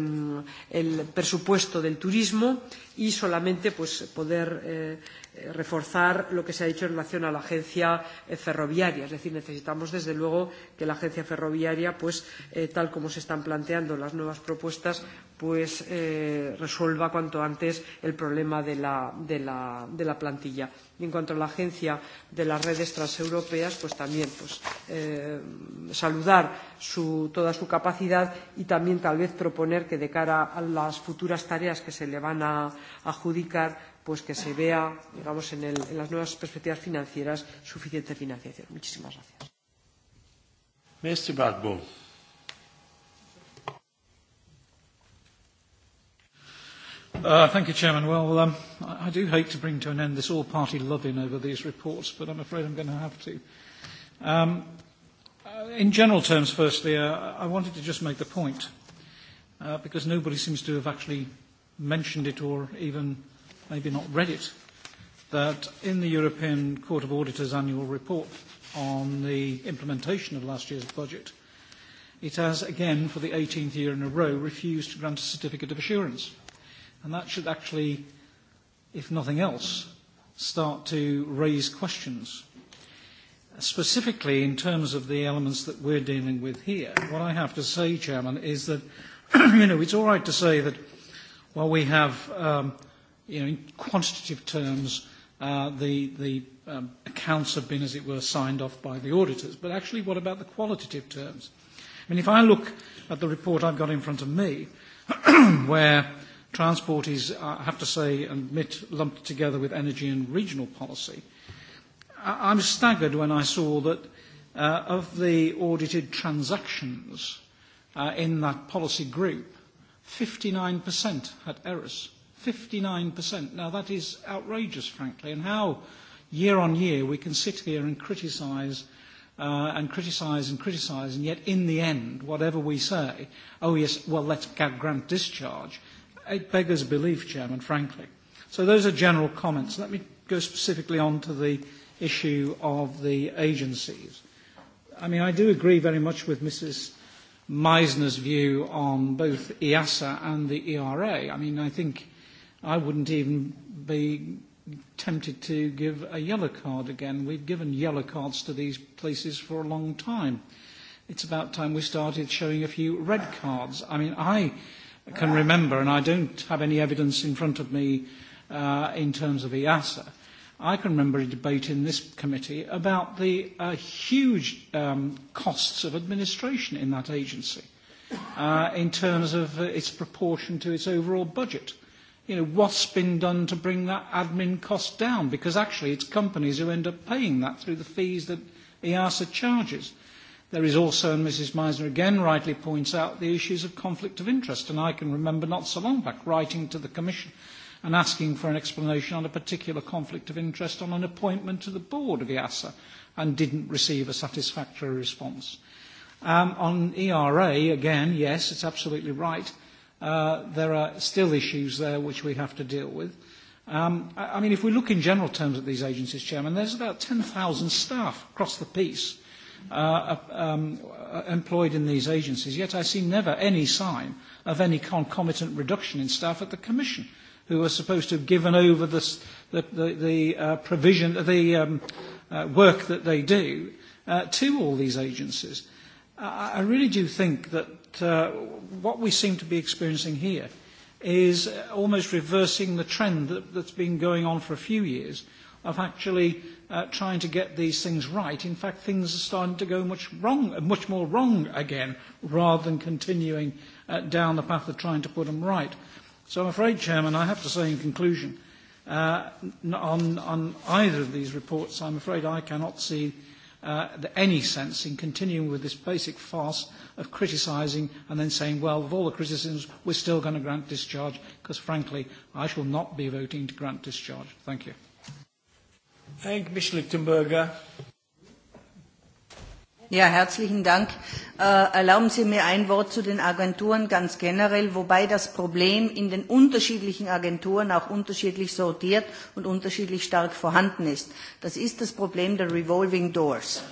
el presupuesto del turismo y solamente pues, poder eh, reforzar lo que se ha dicho en relación con la agencia ferroviaria. Es decir, necesitamos, desde luego, que la agencia ferroviaria, tal como se están planteando las nuevas propuestas, resuelva cuanto antes el problema de la, plantilla. Y en cuanto a la agencia de las redes transeuropeas, pues también saludar toda su capacidad y también tal vez proponer que de cara a las futuras tareas que se le van a adjudicar, pues que se vea, digamos, en, el, en las nuevas perspectivas financieras suficiente financiación. Muchísimas gracias. Mr. Bradbourne. Uh, thank you, Chairman. Well, um, I do hate to bring to an end this all-party love-in over these reports, but I'm afraid I'm going to have to. Um, uh, in general terms, firstly, uh, I wanted to just make the point, uh, because nobody seems to have actually mentioned it or even maybe not read it, that in the European Court of Auditors annual report on the implementation of last year's budget, it has again, for the 18th year in a row, refused to grant a certificate of assurance. And that should actually, if nothing else, start to raise questions. Specifically, in terms of the elements that we're dealing with here, what I have to say, Chairman, is that you know, it's all right to say that, while we have um, you know, in quantitative terms, uh, the, the um, accounts have been, as it were, signed off by the auditors. But actually, what about the qualitative terms? I mean, if I look at the report I've got in front of me, where transport is, I have to say, and lumped together with energy and regional policy, I, I'm staggered when I saw that uh, of the audited transactions uh, in that policy group, 59% had errors. 59%. Now, that is outrageous, frankly, and how year on year we can sit here and criticise uh, and criticise and criticise, and yet in the end, whatever we say, oh yes, well, let's grant discharge, it beggars belief, Chairman, frankly. So those are general comments. Let me go specifically on to the issue of the agencies. I mean, I do agree very much with Mrs. Meisner's view on both EASA and the ERA. I mean, I think I wouldn't even be tempted to give a yellow card again. We've given yellow cards to these places for a long time. It's about time we started showing a few red cards. I mean, I can remember, and I don't have any evidence in front of me uh, in terms of EASA, I can remember a debate in this committee about the uh, huge um, costs of administration in that agency uh, in terms of uh, its proportion to its overall budget you know, what's been done to bring that admin cost down? Because actually it's companies who end up paying that through the fees that EASA charges. There is also, and Mrs Meisner again rightly points out, the issues of conflict of interest. And I can remember not so long back writing to the Commission and asking for an explanation on a particular conflict of interest on an appointment to the board of EASA and didn't receive a satisfactory response. Um, on ERA, again, yes, it's absolutely right uh, there are still issues there which we have to deal with. Um, I, I mean, if we look in general terms at these agencies, Chairman, there's about 10,000 staff across the piece uh, um, employed in these agencies, yet I see never any sign of any concomitant reduction in staff at the Commission, who are supposed to have given over the, the, the, the uh, provision, the um, uh, work that they do uh, to all these agencies. I I really do think that that uh, what we seem to be experiencing here is almost reversing the trend that, that's been going on for a few years of actually uh, trying to get these things right. In fact, things are starting to go much wrong, much more wrong again, rather than continuing uh, down the path of trying to put them right. So I'm afraid, Chairman, I have to say in conclusion, uh, on, on either of these reports, I'm afraid I cannot see uh, any sense in continuing with this basic farce of criticising and then saying, well, of all the criticisms, we're still going to grant discharge, because frankly, I shall not be voting to grant discharge. Thank you. Thank you, Mr. Lichtenberger. Ja, herzlichen Dank. Erlauben Sie mir ein Wort zu den Agenturen ganz generell, wobei das Problem in den unterschiedlichen Agenturen auch unterschiedlich sortiert und unterschiedlich stark vorhanden ist. Das ist das Problem der Revolving Doors.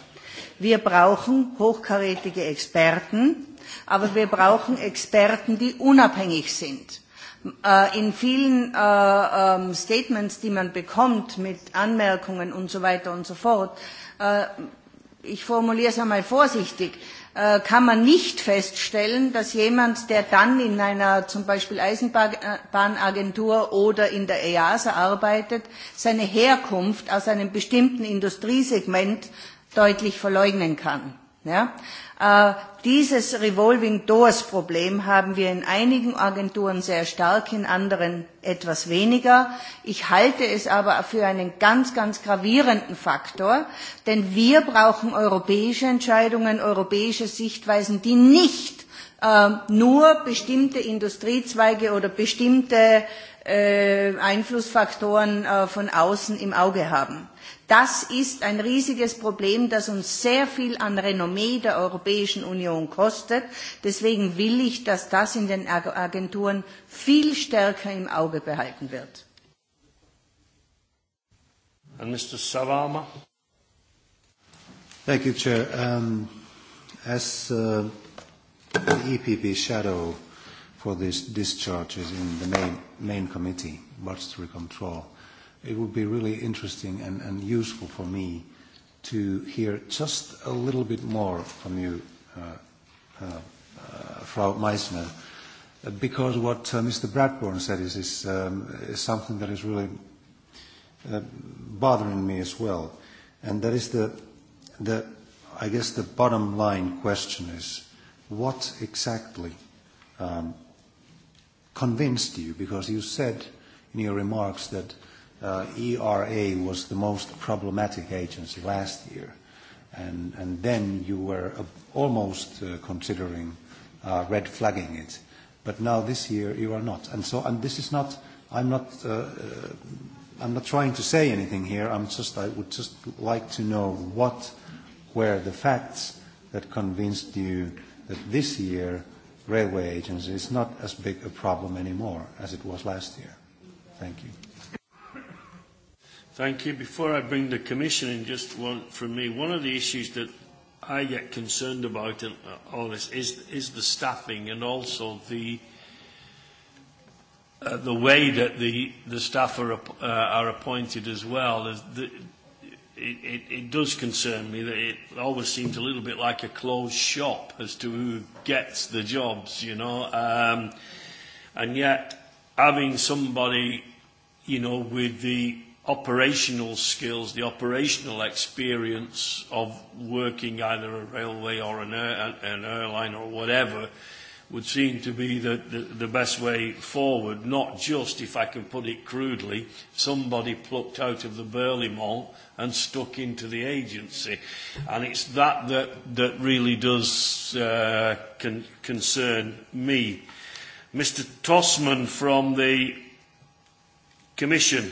Wir brauchen hochkarätige Experten, aber wir brauchen Experten, die unabhängig sind in vielen Statements, die man bekommt mit Anmerkungen und so weiter und so fort, ich formuliere es einmal vorsichtig, kann man nicht feststellen, dass jemand, der dann in einer zum Beispiel Eisenbahnagentur oder in der EASA arbeitet, seine Herkunft aus einem bestimmten Industriesegment deutlich verleugnen kann. Ja? Äh, dieses Revolving Doors Problem haben wir in einigen Agenturen sehr stark, in anderen etwas weniger. Ich halte es aber für einen ganz, ganz gravierenden Faktor, denn wir brauchen europäische Entscheidungen, europäische Sichtweisen, die nicht nur bestimmte Industriezweige oder bestimmte Einflussfaktoren von außen im Auge haben. Das ist ein riesiges Problem, das uns sehr viel an Renommee der Europäischen Union kostet. Deswegen will ich, dass das in den Agenturen viel stärker im Auge behalten wird. And Mr. Savama. Thank you, Chair. Um, as uh, the EPP shadow for these discharges in the main, main committee, budgetary control. It would be really interesting and, and useful for me to hear just a little bit more from you, uh, uh, uh, Frau Meissner, because what uh, Mr. Bradburn said is, is, um, is something that is really uh, bothering me as well. And that is the, the, I guess the bottom line question is, what exactly um, convinced you? Because you said in your remarks that uh, ERA was the most problematic agency last year, and, and then you were uh, almost uh, considering uh, red flagging it, but now this year you are not. And so, and this is not. I'm not. Uh, uh, I'm not trying to say anything here. I'm just. I would just like to know what were the facts that convinced you that this year railway agency is not as big a problem anymore as it was last year. Thank you. Thank you. Before I bring the Commission in, just one from me. One of the issues that I get concerned about in all this is, is the staffing and also the uh, the way that the, the staff are, uh, are appointed as well. The, it, it, it does concern me that it always seems a little bit like a closed shop as to who gets the jobs, you know. Um, and yet, having somebody, you know, with the operational skills, the operational experience of working either a railway or an, air, an airline or whatever would seem to be the, the, the best way forward, not just, if I can put it crudely, somebody plucked out of the Burley Mall and stuck into the agency. And it's that that, that really does uh, con- concern me. Mr. Tossman from the Commission,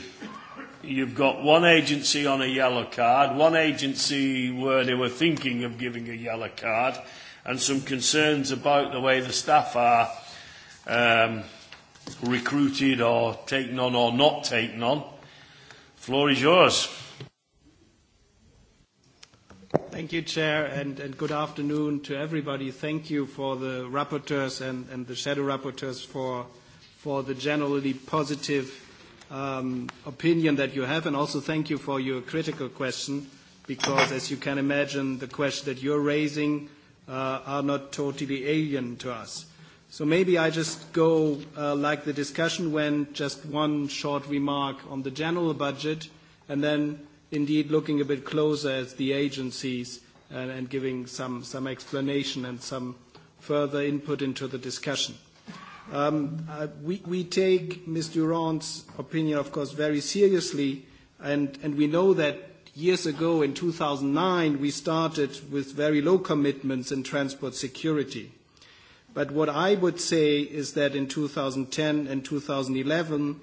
you've got one agency on a yellow card, one agency where they were thinking of giving a yellow card, and some concerns about the way the staff are um, recruited or taken on or not taken on. Floor is yours. Thank you, Chair, and good afternoon to everybody. Thank you for the rapporteurs and the shadow rapporteurs for the generally positive opinion that you have, and also thank you for your critical question, because as you can imagine, the questions that you're raising are not totally alien to us. So maybe I just go like the discussion went, just one short remark on the general budget, and then indeed looking a bit closer at the agencies and, and giving some, some explanation and some further input into the discussion. Um, uh, we, we take Ms. Durand's opinion, of course, very seriously, and, and we know that years ago, in 2009, we started with very low commitments in transport security. But what I would say is that in 2010 and 2011,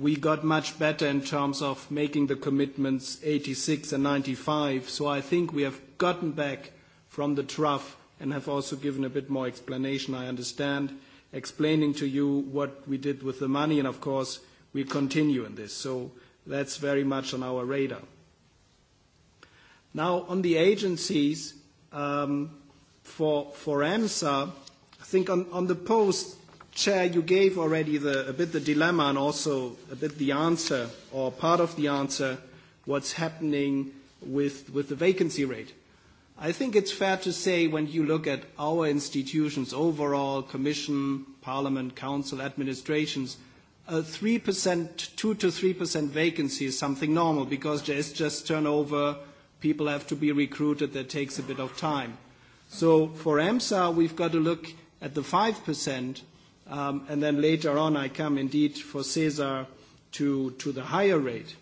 we got much better in terms of making the commitments 86 and 95. So I think we have gotten back from the trough and have also given a bit more explanation, I understand, explaining to you what we did with the money, and of course, we continue in this. So that's very much on our radar. Now, on the agencies, for EMSA, I think on the post, Chair, you gave already the, a bit the dilemma and also a bit the answer, or part of the answer, what's happening with, with the vacancy rate. I think it's fair to say when you look at our institutions overall, Commission, Parliament, Council, administrations, a 3%, 2 to 3% vacancy is something normal because it's just turnover, people have to be recruited, that takes a bit of time. So for EMSA, we've got to look at the 5% Um, and then later on, I come indeed for CESAR to, to the higher rate.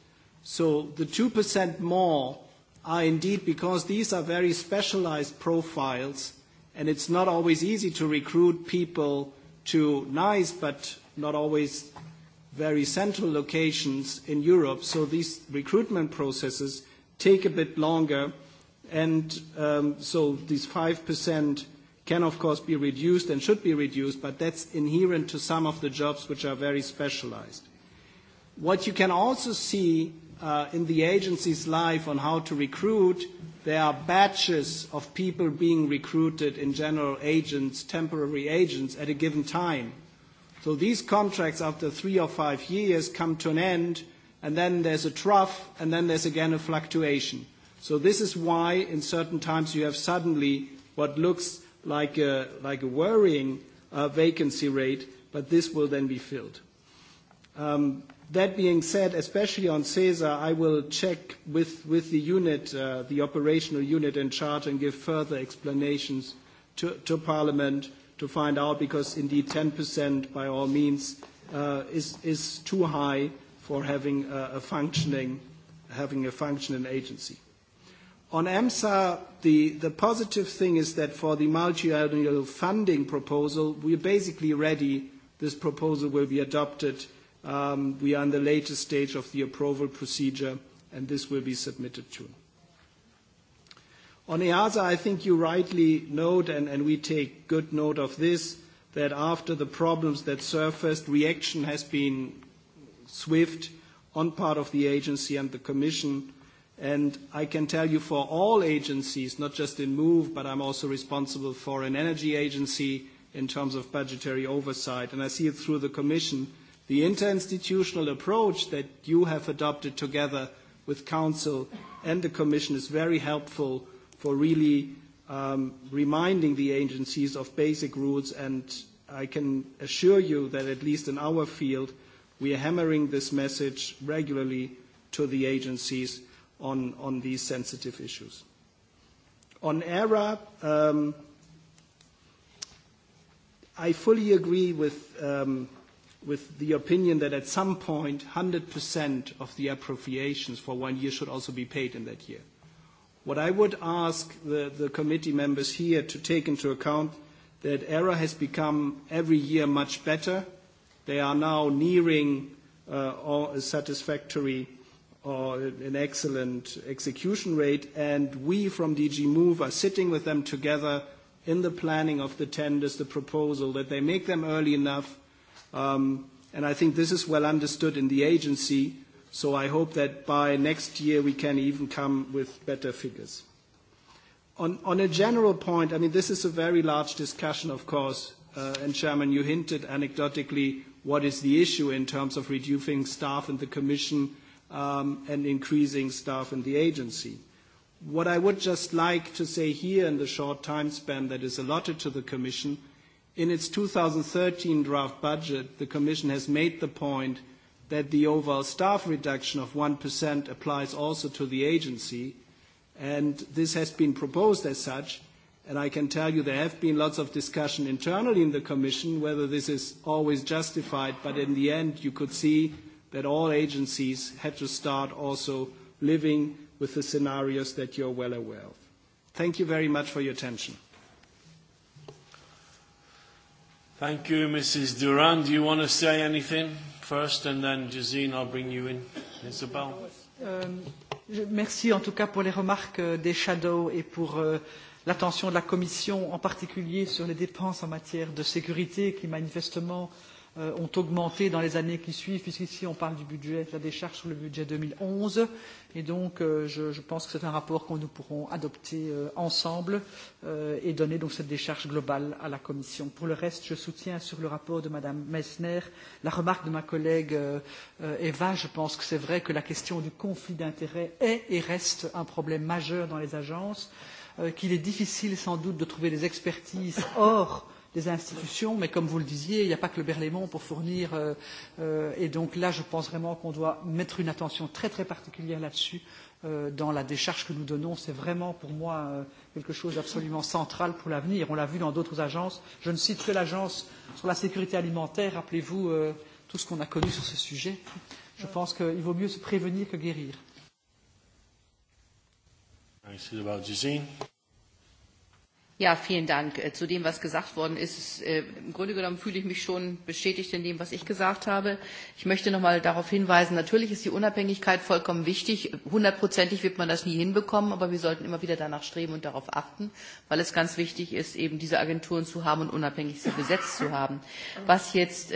So the 2% more are indeed because these are very specialized profiles, and it's not always easy to recruit people to nice but not always very central locations in Europe. So these recruitment processes take a bit longer, and um, so these 5% can of course be reduced and should be reduced, but that's inherent to some of the jobs which are very specialized. What you can also see uh, in the agency's life on how to recruit, there are batches of people being recruited in general agents, temporary agents at a given time. So these contracts after three or five years come to an end, and then there's a trough, and then there's again a fluctuation. So this is why in certain times you have suddenly what looks like a, like a worrying uh, vacancy rate, but this will then be filled. that being said, especially on CESAR, I will check with, with the unit, the operational unit in charge, and give further explanations to, Parliament to find out, because indeed 10% by all means is, is too high for having a functioning agency. On EMSA, the, positive thing is that for the multi-annual funding proposal, we are basically ready. This proposal will be adopted. we are in the latest stage of the approval procedure, and this will be submitted too. On EASA, I think you rightly note, and we take good note of this, that after the problems that surfaced, reaction has been swift on part of the agency and the Commission And I can tell you for all agencies, not just in MOVE, but I'm also responsible for an energy agency in terms of budgetary oversight, and I see it through the Commission, the interinstitutional approach that you have adopted together with Council and the Commission is very helpful for really um, reminding the agencies of basic rules, and I can assure you that at least in our field, we are hammering this message regularly to the agencies – on, on these sensitive issues. On ERA, um, I fully agree with, um, with the opinion that at some point, 100% of the appropriations for one year should also be paid in that year. What I would ask the, the committee members here to take into account that ERA has become every year much better. They are now nearing uh, a satisfactory or an excellent execution rate. And we from DG Move are sitting with them together in the planning of the tenders, the proposal, that they make them early enough. and I think this is well understood in the agency. So I hope that by next year we can even come with better figures. On, a general point, I mean, this is a very large discussion, of course, and Chairman, you hinted anecdotally what is the issue in terms of reducing staff in the Commission and increasing staff in the agency. What I would just like to say here in the short time span that is allotted to the Commission, in its 2013 draft budget, the Commission has made the point that the overall staff reduction of 1% applies also to the agency, and this has been proposed as such. And I can tell you there have been lots of discussion internally in the Commission whether this is always justified, but in the end, you could see that all agencies had to start also living with the scenarios that you're well aware of. Thank you very much for your attention. Thank you, Mrs. Duran. Do you want to say anything first, and then Jazine, I'll bring you in. Isabel. Merci en tout cas pour les remarques des shadows et pour l'attention de la Commission, en particulier sur les dépenses en matière de sécurité, qui manifestement euh, euh, ont augmenté dans les années qui suivent, puisqu'ici on parle du budget, de la décharge sur le budget 2011. Et donc euh, je, je pense que c'est un rapport que nous pourrons adopter euh, ensemble euh, et donner donc cette décharge globale à la Commission. Pour le reste, je soutiens sur le rapport de Madame Meissner la remarque de ma collègue euh, euh, Eva. Je pense que c'est vrai que la question du conflit d'intérêts est et reste un problème majeur dans les agences qu'il est difficile sans doute de trouver des expertises hors des institutions, mais comme vous le disiez, il n'y a pas que le Berlaymont pour fournir. Euh, euh, et donc là, je pense vraiment qu'on doit mettre une attention très très particulière là-dessus. Euh, dans la décharge que nous donnons, c'est vraiment pour moi euh, quelque chose d'absolument central pour l'avenir. On l'a vu dans d'autres agences. Je ne cite que l'agence sur la sécurité alimentaire. Rappelez-vous euh, tout ce qu'on a connu sur ce sujet. Je pense qu'il vaut mieux se prévenir que guérir. I see about Ja, vielen Dank. Zu dem, was gesagt worden ist, im Grunde genommen fühle ich mich schon bestätigt in dem, was ich gesagt habe. Ich möchte noch mal darauf hinweisen, natürlich ist die Unabhängigkeit vollkommen wichtig. Hundertprozentig wird man das nie hinbekommen, aber wir sollten immer wieder danach streben und darauf achten, weil es ganz wichtig ist, eben diese Agenturen zu haben und unabhängig sie besetzt zu haben. Was jetzt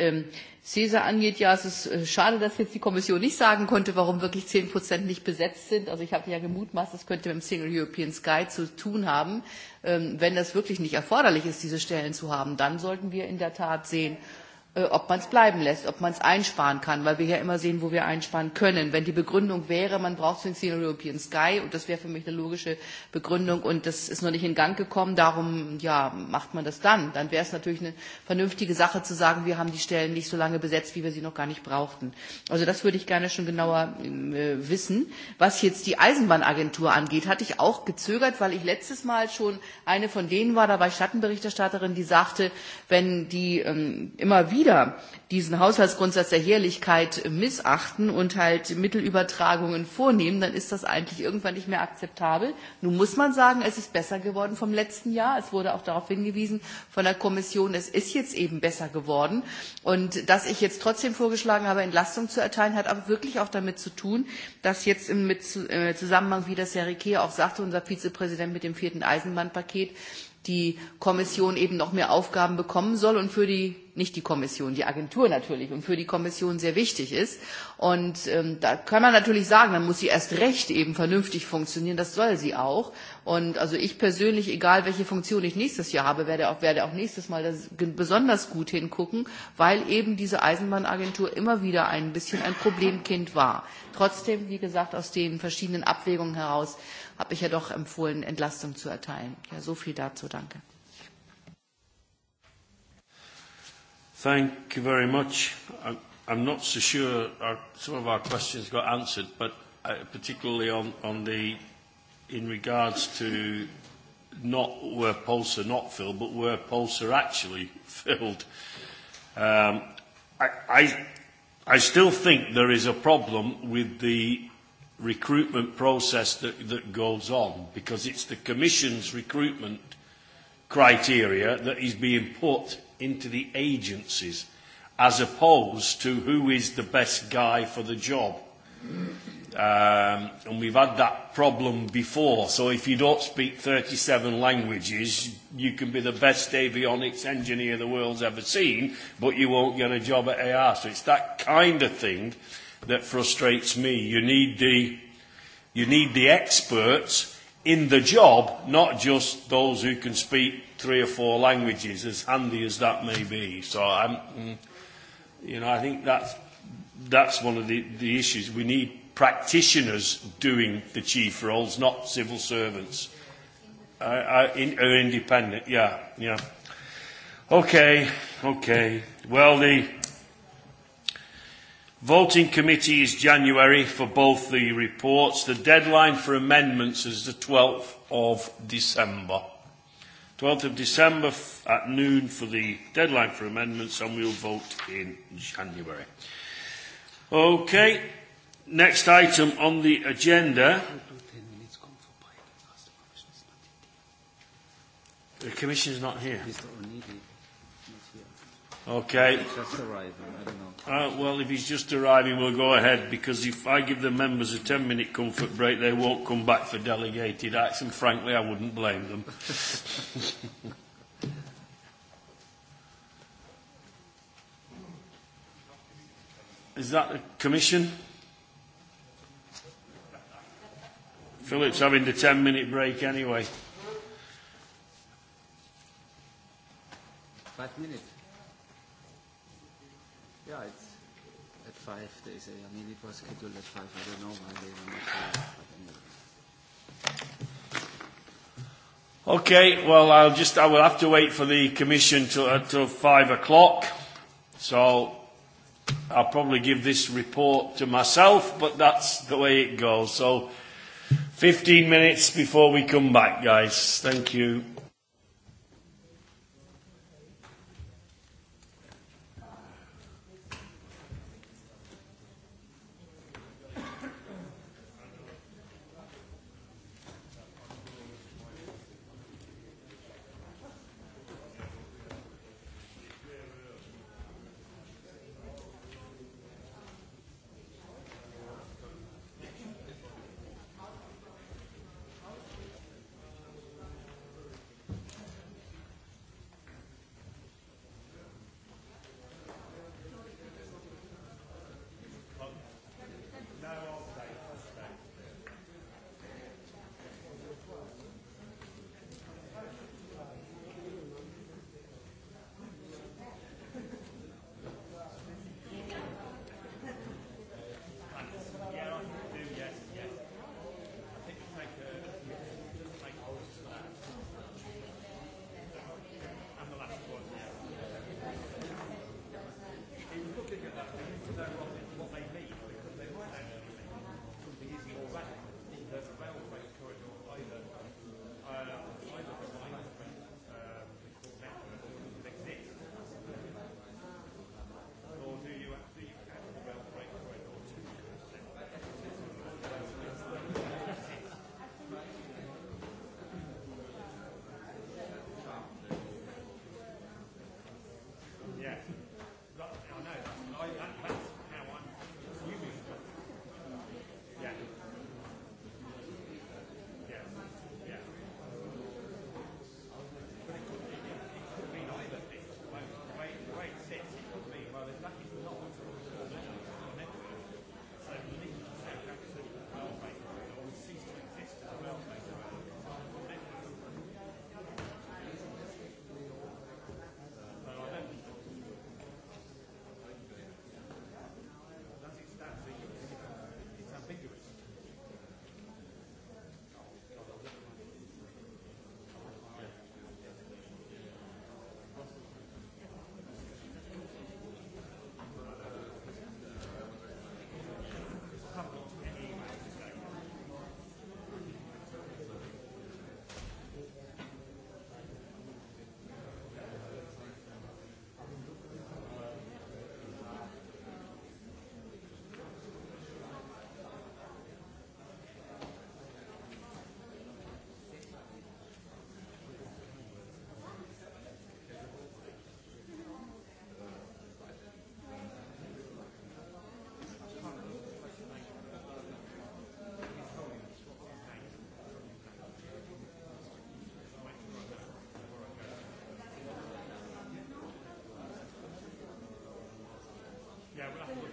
CESA angeht, ja, es ist schade, dass jetzt die Kommission nicht sagen konnte, warum wirklich zehn Prozent nicht besetzt sind. Also ich habe ja gemutmaßt, das könnte mit dem Single European Sky zu tun haben. Wenn das wirklich nicht erforderlich ist, diese Stellen zu haben, dann sollten wir in der Tat sehen, ob man es bleiben lässt, ob man es einsparen kann, weil wir ja immer sehen, wo wir einsparen können. Wenn die Begründung wäre, man braucht den Single European Sky, und das wäre für mich eine logische Begründung, und das ist noch nicht in Gang gekommen, darum ja, macht man das dann. Dann wäre es natürlich eine vernünftige Sache zu sagen, wir haben die Stellen nicht so lange besetzt, wie wir sie noch gar nicht brauchten. Also das würde ich gerne schon genauer äh, wissen. Was jetzt die Eisenbahnagentur angeht, hatte ich auch gezögert, weil ich letztes Mal schon eine von denen war, da war ich Schattenberichterstatterin, die sagte, wenn die ähm, immer wieder wieder diesen Haushaltsgrundsatz der Herrlichkeit missachten und halt Mittelübertragungen vornehmen, dann ist das eigentlich irgendwann nicht mehr akzeptabel. Nun muss man sagen, es ist besser geworden vom letzten Jahr. Es wurde auch darauf hingewiesen von der Kommission, es ist jetzt eben besser geworden. Und dass ich jetzt trotzdem vorgeschlagen habe, Entlastung zu erteilen, hat aber wirklich auch damit zu tun, dass jetzt im Zusammenhang, wie das Herr Riquet auch sagte, unser Vizepräsident mit dem vierten Eisenbahnpaket, die Kommission eben noch mehr Aufgaben bekommen soll und für die, nicht die Kommission, die Agentur natürlich und für die Kommission sehr wichtig ist. Und ähm, da kann man natürlich sagen, dann muss sie erst recht eben vernünftig funktionieren, das soll sie auch. Und also ich persönlich, egal welche Funktion ich nächstes Jahr habe, werde auch, werde auch nächstes Mal das besonders gut hingucken, weil eben diese Eisenbahnagentur immer wieder ein bisschen ein Problemkind war. Trotzdem, wie gesagt, aus den verschiedenen Abwägungen heraus habe ich ja doch empfohlen, Entlastung zu erteilen. Ja, so viel dazu. Danke. Thank you very much. I'm not so sure our, some of our questions got answered, but I, particularly on, on the, in regards to not where polls are not filled, but where polls are actually filled. Um, I, I, I still think there is a problem with the recruitment process that, that goes on because it's the Commission's recruitment criteria that is being put into the agencies as opposed to who is the best guy for the job. Um, and we've had that problem before. So if you don't speak 37 languages, you can be the best avionics engineer the world's ever seen, but you won't get a job at AR. So it's that kind of thing that frustrates me. You need the, you need the experts in the job, not just those who can speak three or four languages, as handy as that may be. So I'm, you know, I think that's, that's one of the, the issues. We need practitioners doing the chief roles, not civil servants. Uh, in, are independent, yeah, yeah. Okay, okay. Well, the Voting committee is January for both the reports. The deadline for amendments is the 12th of December. 12th of December at noon for the deadline for amendments, and we'll vote in January. Okay, next item on the agenda. The Commission's not here. Okay. Just arriving, I don't know. Uh, well, if he's just arriving, we'll go ahead because if I give the members a 10 minute comfort break, they won't come back for delegated acts, and frankly, I wouldn't blame them. Is that the Commission? Philip's having the 10 minute break anyway. Five minutes. five, they say. I mean, it was scheduled at five. I don't know why they were not anyway. Okay, well, I'll just, I will have to wait for the commission to uh, to five o'clock. So I'll probably give this report to myself, but that's the way it goes. So 15 minutes before we come back, guys. Thank you. Yeah, we'll have to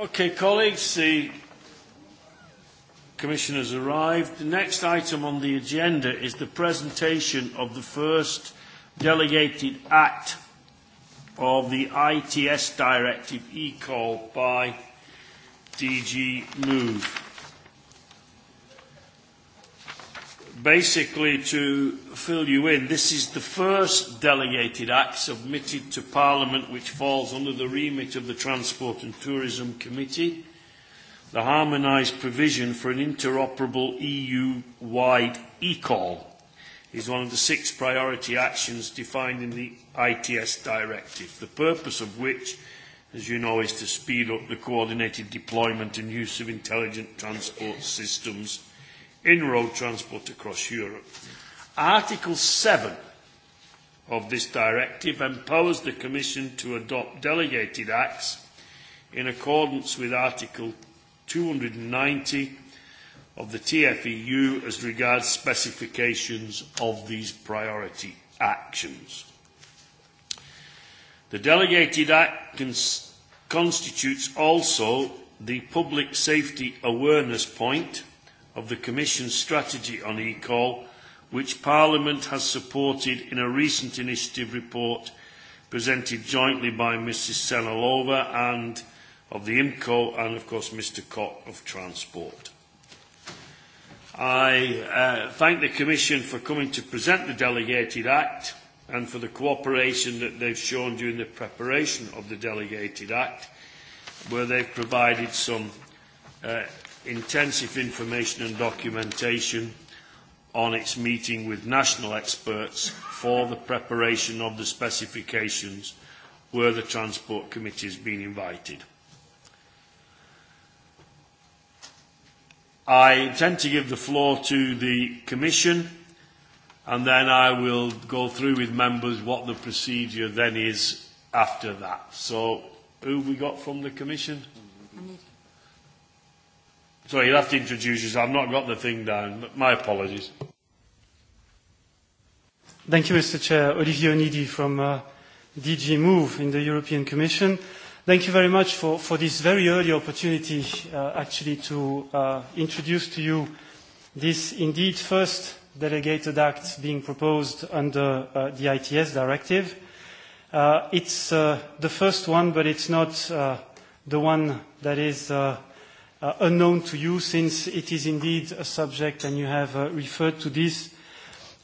Okay, colleagues, the has arrived. The next item on the agenda is the presentation of the first delegated act of the ITS Directive eCall by DG Move. basically to fill you in, this is the first delegated act submitted to Parliament which falls under the remit of the Transport and Tourism Committee, the harmonised provision for an interoperable EU-wide e-call is one of the six priority actions defined in the ITS directive, the purpose of which, as you know, is to speed up the coordinated deployment and use of intelligent transport systems in road transport across Europe. Article 7 of this directive empowers the Commission to adopt delegated acts in accordance with Article 290 of the TFEU as regards specifications of these priority actions. The Delegated Act cons- constitutes also the public safety awareness point of the Commission's strategy on eCall, which Parliament has supported in a recent initiative report presented jointly by Mrs Senalova and of the IMCO and, of course, Mr Cock of Transport. I uh, thank the Commission for coming to present the Delegated Act and for the cooperation that they've shown during the preparation of the Delegated Act, where they've provided some uh, intensive information and documentation on its meeting with national experts for the preparation of the specifications where the Transport Committee has been invited. I intend to give the floor to the Commission and then I will go through with members what the procedure then is after that. So who have we got from the Commission? Anita. So you'll have to introduce yourself. I've not got the thing down. But my apologies. Thank you, Mr. Chair. Olivier Onidi from uh, DG Move in the European Commission. Thank you very much for, for this very early opportunity, uh, actually, to uh, introduce to you this indeed first delegated act being proposed under uh, the ITS directive. Uh, it's uh, the first one, but it's not uh, the one that is uh, uh, unknown to you since it is indeed a subject and you have uh, referred to this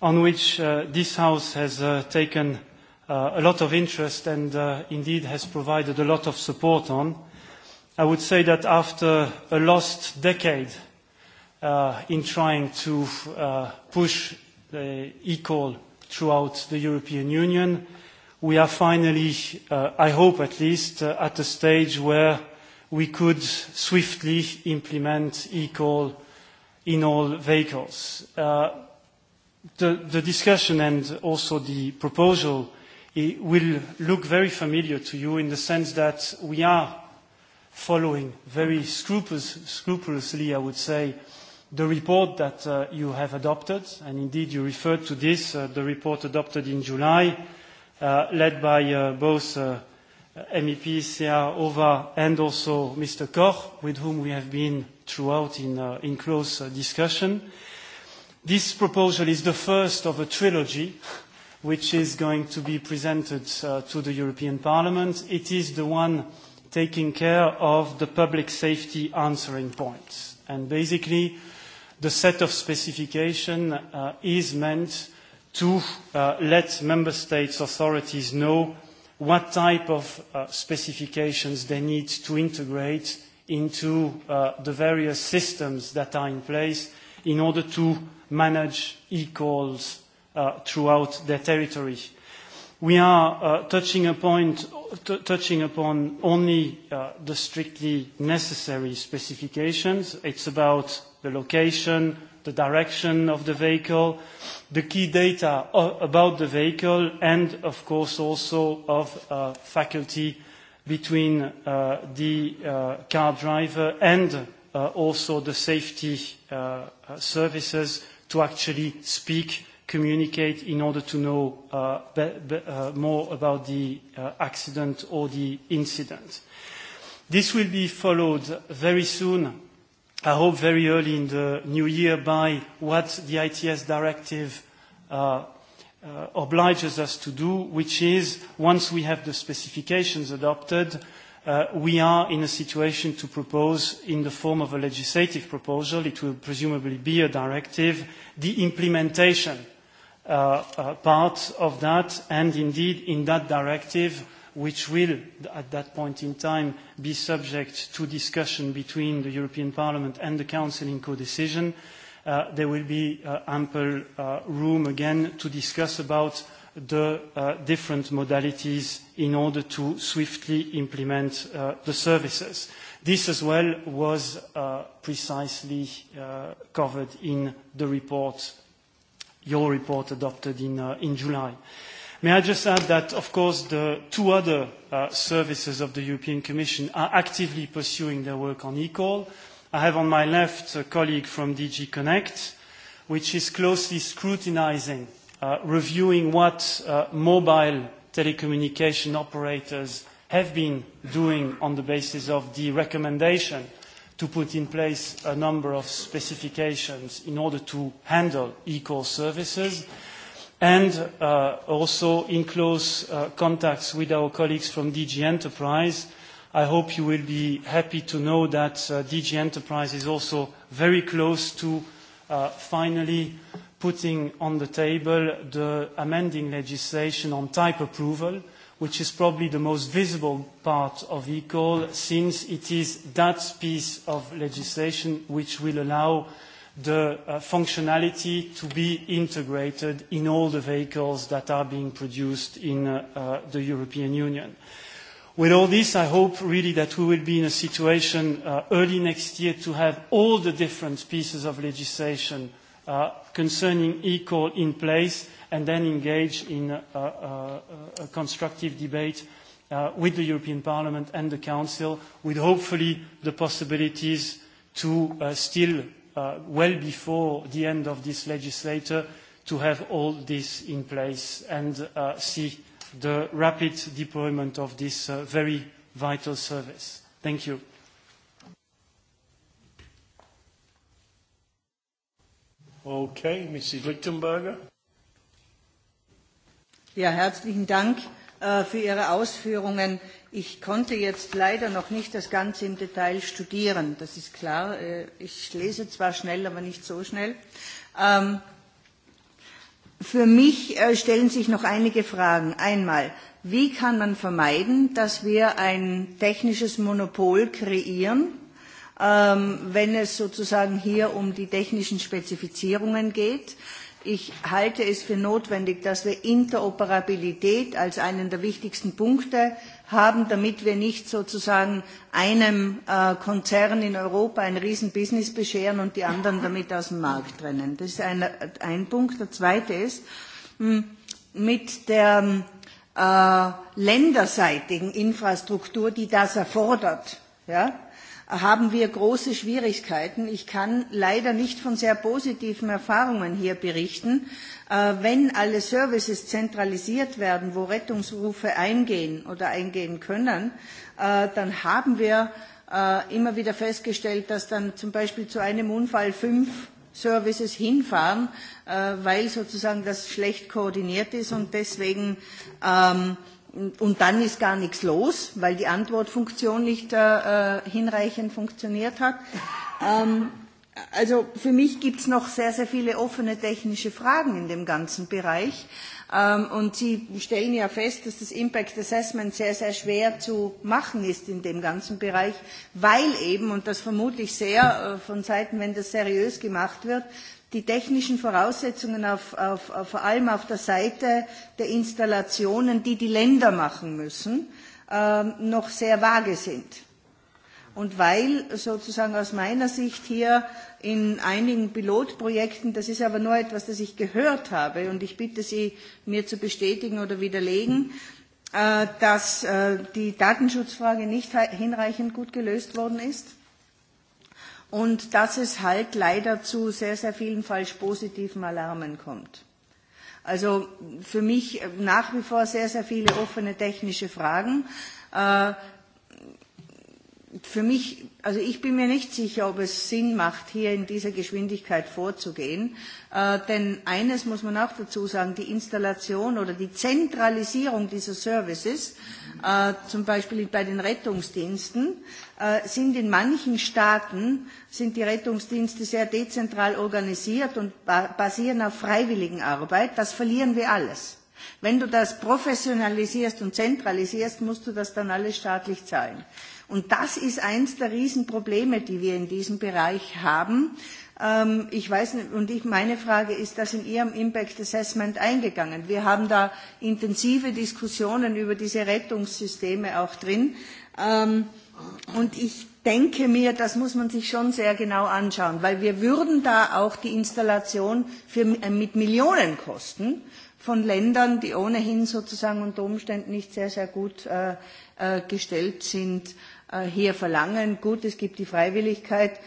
on which uh, this House has uh, taken uh, a lot of interest and uh, indeed has provided a lot of support on. I would say that after a lost decade uh, in trying to uh, push the e throughout the European Union, we are finally, uh, I hope at least, uh, at a stage where we could swiftly implement eCall in all vehicles. Uh, the, the discussion and also the proposal it will look very familiar to you in the sense that we are following very scrupulous, scrupulously, I would say, the report that uh, you have adopted, and indeed you referred to this, uh, the report adopted in July, uh, led by uh, both uh, MEP Sea Ova and also Mr. Koch, with whom we have been throughout in, uh, in close uh, discussion. This proposal is the first of a trilogy which is going to be presented uh, to the European Parliament. It is the one taking care of the public safety answering points. And basically, the set of specification uh, is meant to uh, let member states authorities know what type of uh, specifications they need to integrate into uh, the various systems that are in place in order to manage e-calls uh, throughout their territory. We are uh, touching, a point, t- touching upon only uh, the strictly necessary specifications. It's about the location, the direction of the vehicle, the key data about the vehicle, and of course also of uh, faculty between uh, the uh, car driver and uh, also the safety uh, services to actually speak, communicate in order to know uh, be, be, uh, more about the uh, accident or the incident. This will be followed very soon I hope very early in the new year by what the ITS directive uh, uh, obliges us to do, which is once we have the specifications adopted, uh, we are in a situation to propose in the form of a legislative proposal, it will presumably be a directive, the implementation uh, uh, part of that, and indeed in that directive which will, at that point in time, be subject to discussion between the European Parliament and the Council in co-decision, uh, there will be uh, ample uh, room again to discuss about the uh, different modalities in order to swiftly implement uh, the services. This as well was uh, precisely uh, covered in the report, your report adopted in, uh, in July. Uh, May I just add that, of course, the two other uh, services of the European Commission are actively pursuing their work on eCall. I have on my left a colleague from DG Connect, which is closely scrutinizing, uh, reviewing what uh, mobile telecommunication operators have been doing on the basis of the recommendation to put in place a number of specifications in order to handle eCall services and also in close contact contacts with our colleagues from DG Enterprise. I hope you will be happy to know that DG Enterprise is also very close to finally putting on the table the amending legislation on type approval, which is probably the most visible part of eCall since it is that piece of legislation which will allow the functionality to be integrated in all the vehicles that are being produced in the European Union. With all this, I hope really that we will be in a situation early next year to have all the different pieces of legislation concerning eCall in place and then engage in a, constructive debate with the European Parliament and the Council with hopefully the possibilities to still well before the end of this legislature to have all this in place and uh, see the rapid deployment of this uh, very vital service. Thank you. Okay, Mrs. Lichtenberger. Ja, herzlichen Dank uh, für Ihre Ausführungen. Ich konnte jetzt leider noch nicht das Ganze im Detail studieren, das ist klar. Ich lese zwar schnell, aber nicht so schnell. Für mich stellen sich noch einige Fragen. Einmal, wie kann man vermeiden, dass wir ein technisches Monopol kreieren, wenn es sozusagen hier um die technischen Spezifizierungen geht? Ich halte es für notwendig, dass wir Interoperabilität als einen der wichtigsten Punkte haben, damit wir nicht sozusagen einem Konzern in Europa ein Riesenbusiness bescheren und die anderen damit aus dem Markt trennen. Das ist ein, ein Punkt. Der zweite ist, mit der äh, länderseitigen Infrastruktur, die das erfordert, ja, haben wir große Schwierigkeiten. Ich kann leider nicht von sehr positiven Erfahrungen hier berichten. Wenn alle Services zentralisiert werden, wo Rettungsrufe eingehen oder eingehen können, dann haben wir immer wieder festgestellt, dass dann zum Beispiel zu einem Unfall fünf Services hinfahren, weil sozusagen das schlecht koordiniert ist und deswegen und dann ist gar nichts los, weil die Antwortfunktion nicht äh, hinreichend funktioniert hat. Ähm, also für mich gibt es noch sehr, sehr viele offene technische Fragen in dem ganzen Bereich. Ähm, und Sie stellen ja fest, dass das Impact Assessment sehr, sehr schwer zu machen ist in dem ganzen Bereich, weil eben, und das vermute ich sehr äh, von Seiten, wenn das seriös gemacht wird, die technischen Voraussetzungen auf, auf, auf, vor allem auf der Seite der Installationen, die die Länder machen müssen, ähm, noch sehr vage sind. Und weil sozusagen aus meiner Sicht hier in einigen Pilotprojekten, das ist aber nur etwas, das ich gehört habe und ich bitte Sie, mir zu bestätigen oder widerlegen, dass die Datenschutzfrage nicht hinreichend gut gelöst worden ist und dass es halt leider zu sehr, sehr vielen falsch positiven Alarmen kommt. Also für mich nach wie vor sehr, sehr viele offene technische Fragen. Äh, für mich, also ich bin mir nicht sicher, ob es Sinn macht, hier in dieser Geschwindigkeit vorzugehen. Äh, denn eines muss man auch dazu sagen, die Installation oder die Zentralisierung dieser Services, äh, zum Beispiel bei den Rettungsdiensten, äh, sind in manchen Staaten, sind die Rettungsdienste sehr dezentral organisiert und basieren auf Freiwilligenarbeit. Das verlieren wir alles. Wenn du das professionalisierst und zentralisierst, musst du das dann alles staatlich zahlen. Und das ist eines der Riesenprobleme, die wir in diesem Bereich haben. Ich weiß nicht, und ich, meine Frage ist, das in Ihrem Impact Assessment eingegangen. Wir haben da intensive Diskussionen über diese Rettungssysteme auch drin. Und ich denke mir, das muss man sich schon sehr genau anschauen, weil wir würden da auch die Installation für, mit Millionen kosten von Ländern, die ohnehin sozusagen unter Umständen nicht sehr, sehr gut äh, gestellt sind hier verlangen. Gut, es gibt die Freiwilligkeit.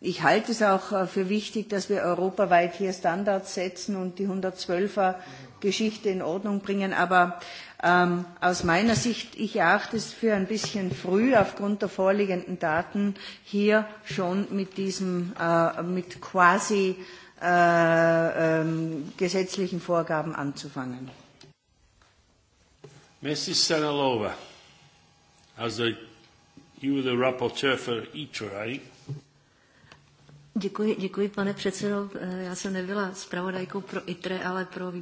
Ich halte es auch für wichtig, dass wir europaweit hier Standards setzen und die 112er Geschichte in Ordnung bringen. Aber ähm, aus meiner Sicht, ich erachte es für ein bisschen früh, aufgrund der vorliegenden Daten hier schon mit diesem, äh, mit quasi äh, ähm, gesetzlichen Vorgaben anzufangen. Mrs. Senalova, also You the rapporteur for Děkuji, děkuji, pane předsedo. Já jsem nebyla zpravodajkou pro ITRE, ale pro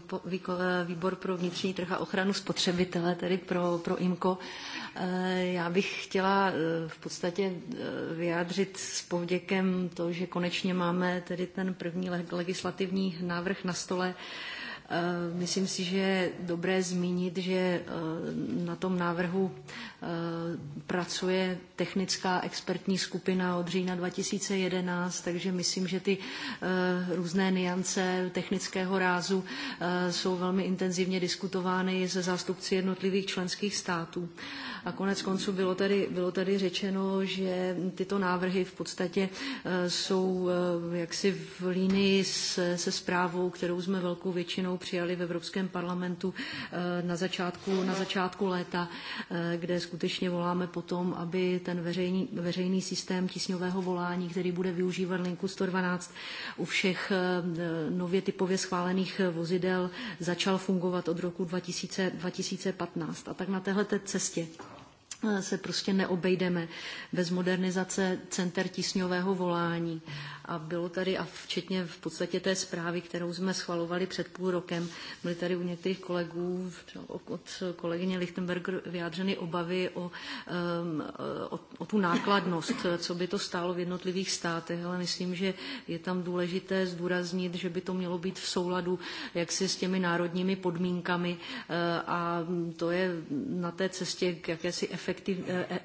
výbor pro vnitřní trh a ochranu spotřebitele, tedy pro, pro IMKO. Já bych chtěla v podstatě vyjádřit s povděkem to, že konečně máme tedy ten první legislativní návrh na stole. Myslím si, že je dobré zmínit, že na tom návrhu pracuje technická expertní skupina od října 2011, takže myslím, že ty různé niance technického rázu jsou velmi intenzivně diskutovány se zástupci jednotlivých členských států. A konec konců bylo tady, bylo tady řečeno, že tyto návrhy v podstatě jsou jaksi v línii se, se zprávou, kterou jsme velkou většinou kterou přijali v Evropském parlamentu na začátku, na začátku léta, kde skutečně voláme potom, aby ten veřejný, veřejný systém tisňového volání, který bude využívat linku 112 u všech nově typově schválených vozidel, začal fungovat od roku 2000, 2015. A tak na téhle cestě se prostě neobejdeme bez modernizace center tisňového volání A bylo tady, a včetně v podstatě té zprávy, kterou jsme schvalovali před půl rokem, byly tady u některých kolegů, od kolegyně Lichtenberger, vyjádřeny obavy o, o, o tu nákladnost, co by to stálo v jednotlivých státech, ale myslím, že je tam důležité zdůraznit, že by to mělo být v souladu jaksi s těmi národními podmínkami a to je na té cestě k jakési efektiv,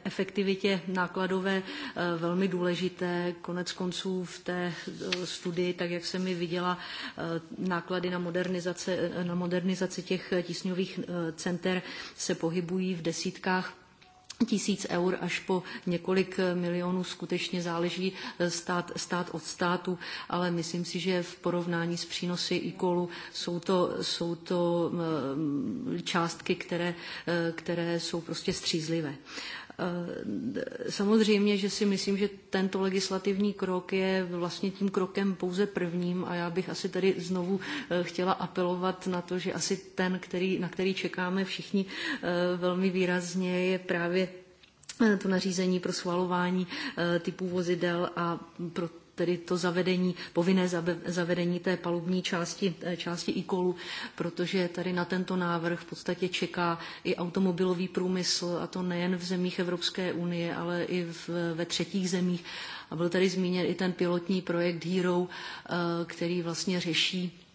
efektivitě nákladové velmi důležité. Konec konců v té té studii, tak jak jsem mi viděla, náklady na modernizaci, na modernizaci těch tisňových center se pohybují v desítkách tisíc eur až po několik milionů skutečně záleží stát, stát od státu, ale myslím si, že v porovnání s přínosy e-callu jsou to, jsou to částky, které, které jsou prostě střízlivé. Samozřejmě, že si myslím, že tento legislativní krok je vlastně tím krokem pouze prvním a já bych asi tady znovu chtěla apelovat na to, že asi ten, který, na který čekáme všichni velmi výrazně, je právě to nařízení pro schvalování typů vozidel a pro tedy to zavedení, povinné zavedení té palubní části, části e protože tady na tento návrh v podstatě čeká i automobilový průmysl, a to nejen v zemích Evropské unie, ale i v, ve třetích zemích. A byl tady zmíněn i ten pilotní projekt Hero, který vlastně řeší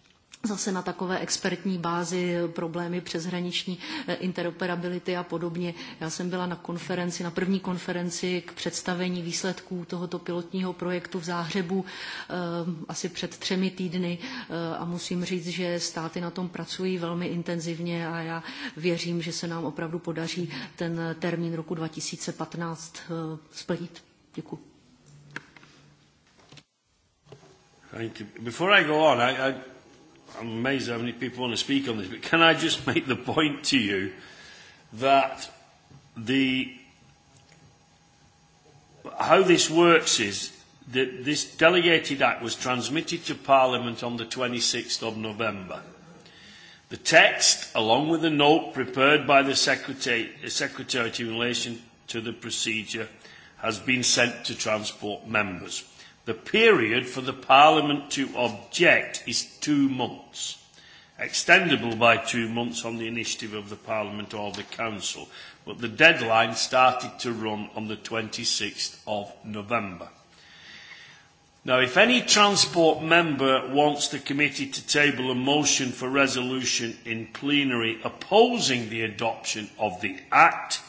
zase na takové expertní bázi problémy přeshraniční interoperability a podobně. Já jsem byla na konferenci, na první konferenci k představení výsledků tohoto pilotního projektu v Záhřebu asi před třemi týdny a musím říct, že státy na tom pracují velmi intenzivně a já věřím, že se nám opravdu podaří ten termín roku 2015 splnit. Děkuji. Before I go on, I, I I'm amazed how many people want to speak on this, but can I just make the point to you that the how this works is that this delegated act was transmitted to Parliament on the 26th of November. The text, along with a note prepared by the Secretary, Secretary in relation to the procedure, has been sent to Transport members. The period for the Parliament to object is two months, extendable by two months on the initiative of the Parliament or the Council, but the deadline started to run on the 26th of November. Now, if any Transport member wants the committee to table a motion for resolution in plenary opposing the adoption of the Act,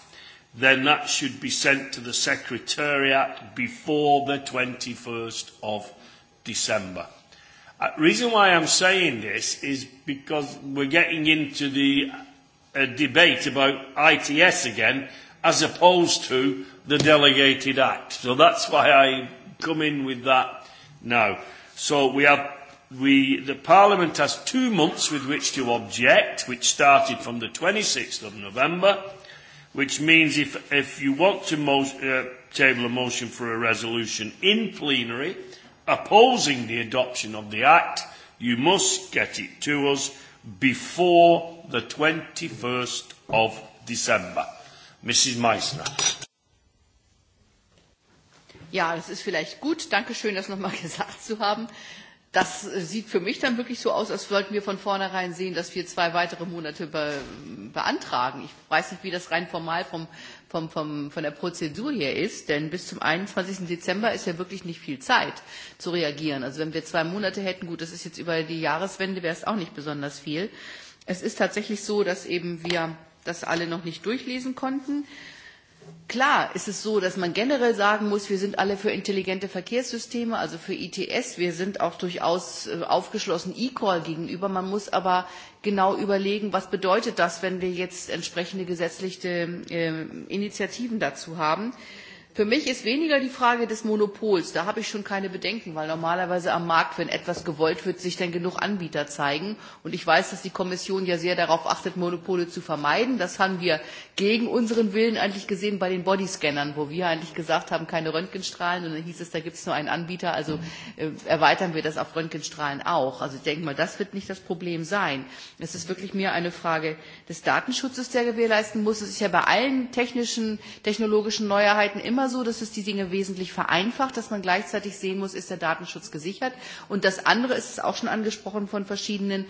then that should be sent to the Secretariat before the 21st of December. Uh, reason why I'm saying this is because we're getting into the uh, debate about ITS again, as opposed to the delegated act. So that's why I come in with that now. So we have we the Parliament has two months with which to object, which started from the 26th of November which means if, if you want to mo- uh, table a motion for a resolution in plenary opposing the adoption of the Act, you must get it to us before the 21st of December. Mrs. Meissner. Ja, es ist vielleicht gut. Danke schön, das nochmal gesagt zu haben das sieht für mich dann wirklich so aus, als sollten wir von vornherein sehen, dass wir zwei weitere Monate be beantragen. Ich weiß nicht, wie das rein formal vom, vom, vom, von der Prozedur her ist, denn bis zum 21. Dezember ist ja wirklich nicht viel Zeit zu reagieren. Also wenn wir zwei Monate hätten, gut, das ist jetzt über die Jahreswende, wäre es auch nicht besonders viel. Es ist tatsächlich so, dass eben wir das alle noch nicht durchlesen konnten. Klar ist es so, dass man generell sagen muss, wir sind alle für intelligente Verkehrssysteme, also für ITS. Wir sind auch durchaus aufgeschlossen E-Call gegenüber. Man muss aber genau überlegen, was bedeutet das, wenn wir jetzt entsprechende gesetzliche Initiativen dazu haben. Äh, Für mich ist weniger die Frage des Monopols. Da habe ich schon keine Bedenken, weil normalerweise am Markt, wenn etwas gewollt wird, sich dann genug Anbieter zeigen. Und ich weiß, dass die Kommission ja sehr darauf achtet, Monopole zu vermeiden. Das haben wir gegen unseren Willen eigentlich gesehen bei den Bodyscannern, wo wir eigentlich gesagt haben, keine Röntgenstrahlen. Und dann hieß es, da gibt es nur einen Anbieter. Also erweitern wir das auf Röntgenstrahlen auch. Also ich denke mal, das wird nicht das Problem sein. Es ist wirklich mehr eine Frage des Datenschutzes, der gewährleisten muss. Es ist ja bei allen technischen, technologischen Neuheiten immer immer so, dass es die Dinge wesentlich vereinfacht, dass man gleichzeitig sehen muss, ist der Datenschutz gesichert. Und das andere ist es auch schon angesprochen von verschiedenen,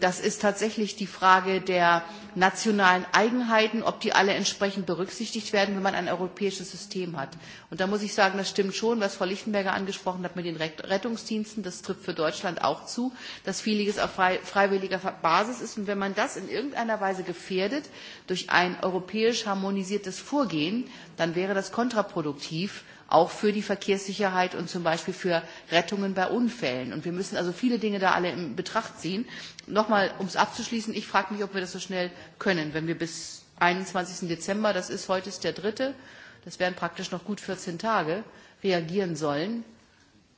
das ist tatsächlich die Frage der nationalen Eigenheiten, ob die alle entsprechend berücksichtigt werden, wenn man ein europäisches System hat. Und da muss ich sagen, das stimmt schon, was Frau Lichtenberger angesprochen hat mit den Rettungsdiensten, das trifft für Deutschland auch zu, dass vieles auf freiwilliger Basis ist. Und wenn man das in irgendeiner Weise gefährdet durch ein europäisch harmonisiertes Vorgehen, dann wäre das kontraproduktiv, auch für die Verkehrssicherheit und zum Beispiel für Rettungen bei Unfällen. Und wir müssen also viele Dinge da alle in Betracht ziehen. Nochmal, um es abzuschließen, ich frage mich, ob wir das so schnell können, wenn wir bis 21. Dezember, das ist heute ist der dritte, das wären praktisch noch gut 14 Tage, reagieren sollen.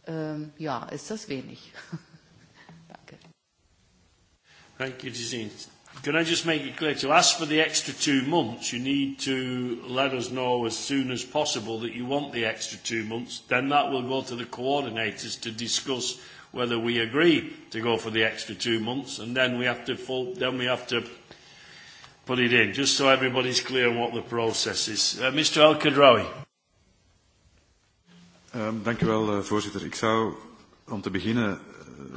Ähm, ja, ist das wenig. Danke. Can I just make it clear to ask for the extra two months? You need to let us know as soon as possible that you want the extra two months. Then that will go to the coordinators to discuss whether we agree to go for the extra two months, and then we have to full, then we have to put it in, just so everybody's clear on what the process is. Uh, Mr. El Khadraoui. Um, dank u wel, uh, voorzitter. Ik zou om te beginnen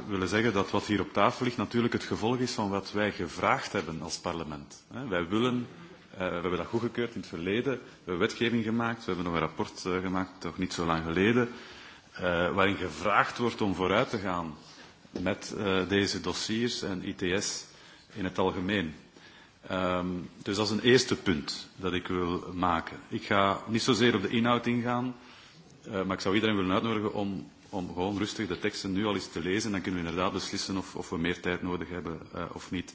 willen zeggen dat wat hier op tafel ligt natuurlijk het gevolg is van wat wij gevraagd hebben als parlement. Wij willen, we hebben dat goedgekeurd in het verleden, we hebben wetgeving gemaakt, we hebben nog een rapport gemaakt, toch niet zo lang geleden, waarin gevraagd wordt om vooruit te gaan met deze dossiers en ITS in het algemeen. dus dat is een eerste punt dat ik wil maken. Ik ga niet zozeer op de inhoud ingaan, maar ik zou iedereen willen uitnodigen om om gewoon rustig de teksten nu al eens te lezen. Dan kunnen we inderdaad beslissen of, of we meer tijd nodig hebben uh, of niet.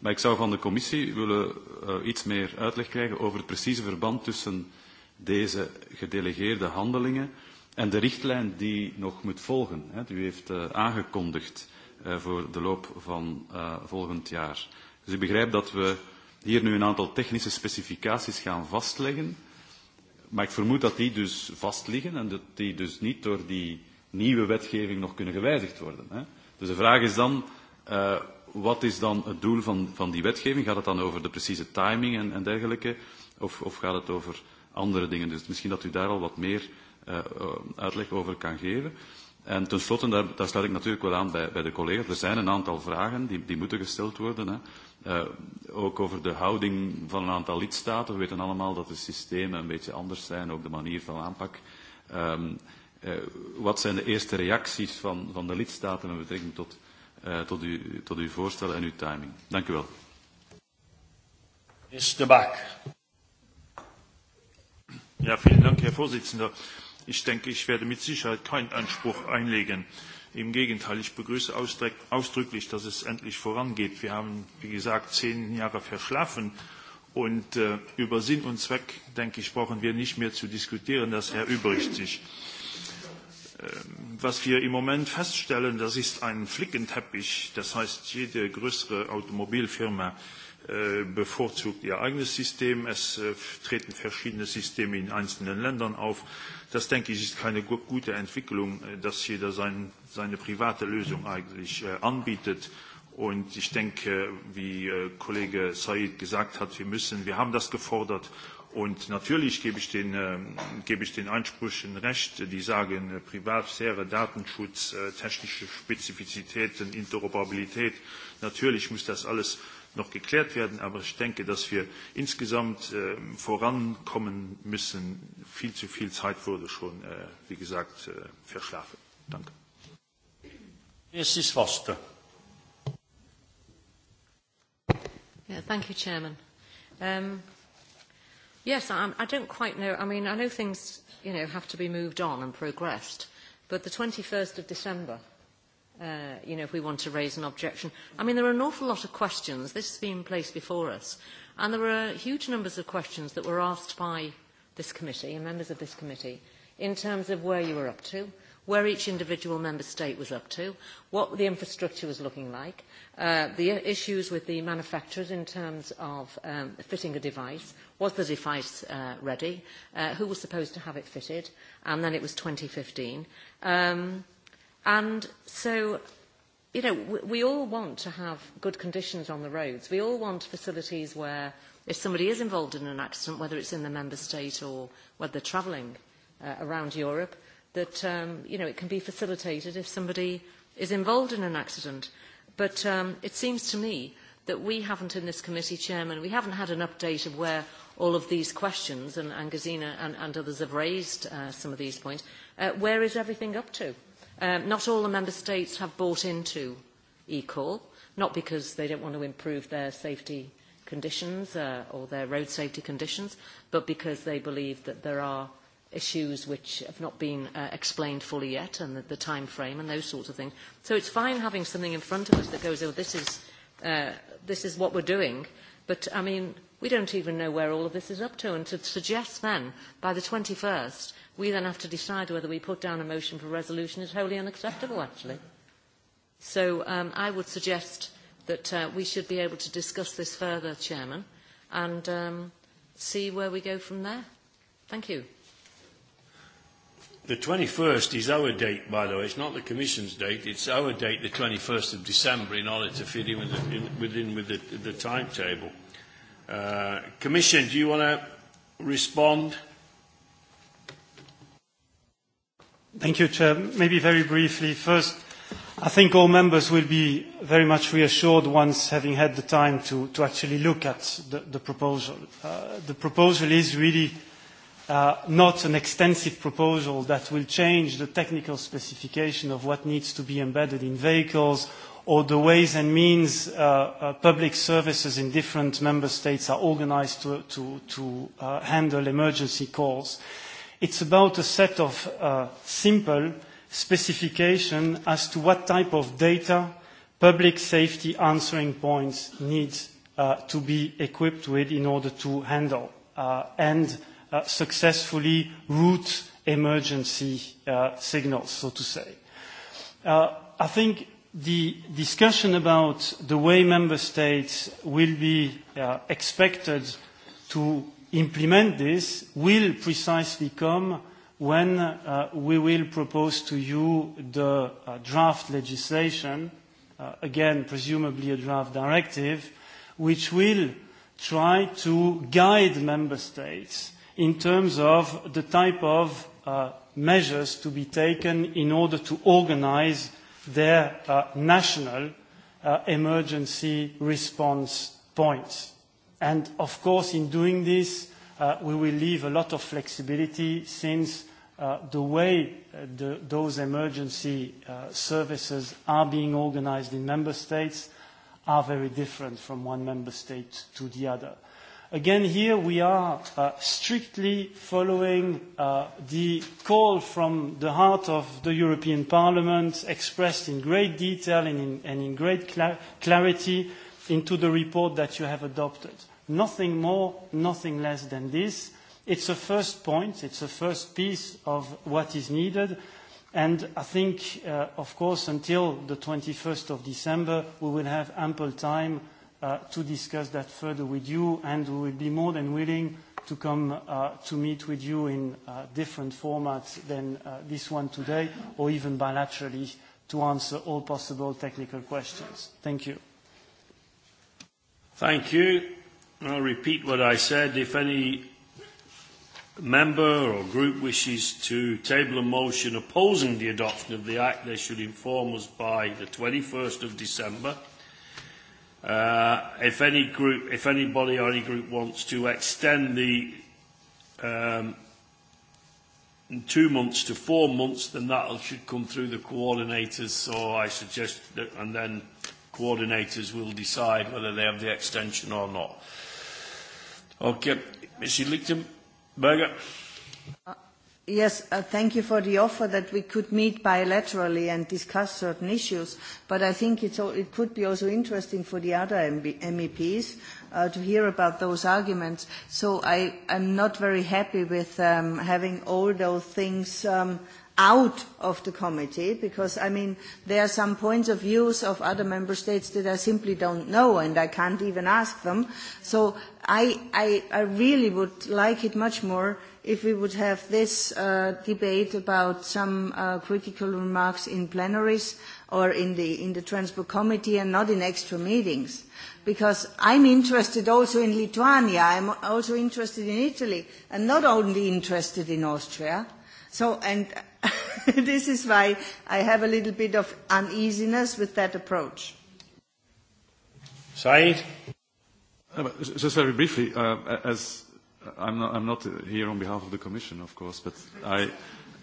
Maar ik zou van de commissie willen uh, iets meer uitleg krijgen over het precieze verband tussen deze gedelegeerde handelingen en de richtlijn die nog moet volgen. Hè, die u heeft uh, aangekondigd uh, voor de loop van uh, volgend jaar. Dus ik begrijp dat we hier nu een aantal technische specificaties gaan vastleggen. Maar ik vermoed dat die dus vastliggen en dat die dus niet door die nieuwe wetgeving nog kunnen gewijzigd worden. Hè? Dus de vraag is dan, uh, wat is dan het doel van, van die wetgeving? Gaat het dan over de precieze timing en, en dergelijke? Of, of gaat het over andere dingen? Dus misschien dat u daar al wat meer uh, uitleg over kan geven. En tenslotte, daar, daar sluit ik natuurlijk wel aan bij, bij de collega's, er zijn een aantal vragen die, die moeten gesteld worden. Hè. Uh, ook over de houding van een aantal lidstaten. We weten allemaal dat de systemen een beetje anders zijn, ook de manier van aanpak. Um, Uh, wat zijn de eerste reacties van, van de lidstaten met betrekking tot, uh, tot, u, tot uw voorstellen en uw timing? Dank u wel. Is de Bak. Ja, vielen Dank, Herr Vorsitzender. Ich denke, ich werde mit Sicherheit keinen Anspruch einlegen. Im Gegenteil, ich begrüße ausdrücklich, dass es endlich vorangeht. Wir haben, wie gesagt, zehn Jahre verschlafen. Und äh, über Sinn und Zweck, denke ich, brauchen wir nicht mehr zu diskutieren. Das erübrigt sich. Was wir im Moment feststellen, das ist ein Flickenteppich. Das heißt, jede größere Automobilfirma bevorzugt ihr eigenes System. Es treten verschiedene Systeme in einzelnen Ländern auf. Das, denke ich, ist keine gute Entwicklung, dass jeder sein, seine private Lösung eigentlich anbietet. Und ich denke, wie Kollege Said gesagt hat, wir müssen, wir haben das gefordert Und natürlich gebe ich den, äh, gebe ich den Ansprüchen recht, die sagen, äh, Privatsphäre, Datenschutz, äh, technische Spezifizitäten, Interoperabilität. Natürlich muss das alles noch geklärt werden, aber ich denke, dass wir insgesamt äh, vorankommen müssen. Viel zu viel Zeit wurde schon, äh, wie gesagt, äh, verschlafen. Danke. Mrs. Foster. Yeah, thank you, Chairman. Um, Yes, I, I don't quite know. I mean, I know things, you know, have to be moved on and progressed, but the 21st of December, uh, you know, if we want to raise an objection, I mean, there are an awful lot of questions. This has been placed before us, and there are huge numbers of questions that were asked by this committee and members of this committee in terms of where you were up to, where each individual member state was up to, what the infrastructure was looking like, the issues with the manufacturers in terms of um, fitting a device. Was the device uh, ready? Uh, who was supposed to have it fitted? And then it was 2015. Um, and so you know, we, we all want to have good conditions on the roads. We all want facilities where if somebody is involved in an accident, whether it's in the member state or whether they're travelling uh, around Europe, that, um, you know, it can be facilitated if somebody is involved in an accident. But um, it seems to me that we haven't in this committee, Chairman, we haven't had an update of where all of these questions, and Angazina and, and others have raised uh, some of these points, uh, where is everything up to? Um, not all the Member States have bought into eCall, not because they don't want to improve their safety conditions uh, or their road safety conditions, but because they believe that there are issues which have not been uh, explained fully yet and the, the time frame and those sorts of things. So it's fine having something in front of us that goes, oh, this is, uh, this is what we're doing. But, I mean, we don't even know where all of this is up to. And to suggest then, by the 21st, we then have to decide whether we put down a motion for resolution is wholly unacceptable, actually. So um, I would suggest that uh, we should be able to discuss this further, Chairman, and um, see where we go from there. Thank you. The 21st is our date, by the way. It's not the Commission's date. It's our date, the 21st of December, in order to fit in with the, in, within with the, the timetable. Uh, Commission, do you want to respond? Thank you, Chair. Maybe very briefly. First, I think all members will be very much reassured once having had the time to, to actually look at the, the proposal. Uh, the proposal is really not an extensive proposal that will change the technical specification of what needs to be embedded in vehicles or the ways and means uh, uh, public services in different member states are organized to, to, to uh, handle emergency calls. It's about a set of uh, simple specification as to what type of data public safety answering points need uh, to be equipped with in order to handle. Uh, and successfully route emergency uh, signals, so to say. Uh, I think the discussion about the way member states will be uh, expected to implement this will precisely come when uh, we will propose to you the uh, draft legislation, uh, again, presumably a draft directive, which will try to guide member states in terms of the type of uh, measures to be taken in order to organize their uh, national uh, emergency response points. And of course, in doing this, uh, we will leave a lot of flexibility since uh, the way the, those emergency uh, services are being organized in member states are very different from one member state to the other. Again, here we are uh, strictly following uh, the call from the heart of the European Parliament, expressed in great detail and in, and in great cl- clarity into the report that you have adopted. Nothing more, nothing less than this. It's a first point, it's a first piece of what is needed. And I think, uh, of course, until the 21st of December, we will have ample time to discuss that further with you, and we will be more than willing to come to meet with you in different formats than this one today, or even bilaterally, to answer all possible technical questions. Thank you. Thank you. I'll repeat what I said. If any member or group wishes to table a motion opposing the adoption of the Act, they should inform us by the 21st of December Uh, if any group, if anybody or any group wants to extend the um, two months to four months, then that should come through the coordinators. So I suggest that, and then coordinators will decide whether they have the extension or not. Okay, Mr. Lichtenberger. Yes, thank you for the offer that we could meet bilaterally and discuss certain issues. But I think it's, all it could be also interesting for the other MB MEPs to hear about those arguments. So I, I'm not very happy with having all those things out of the committee because I mean there are some points of views of other member states that I simply don't know and I can't even ask them. So I, I, I really would like it much more if we would have this uh, debate about some uh, critical remarks in plenaries or in the, in the transport committee and not in extra meetings. Because I'm interested also in Lithuania, I'm also interested in Italy, and not only interested in Austria. So, and this is why I have a little bit of uneasiness with that approach. Said? Just very briefly, uh, as I'm not, I'm not here on behalf of the Commission, of course, but I,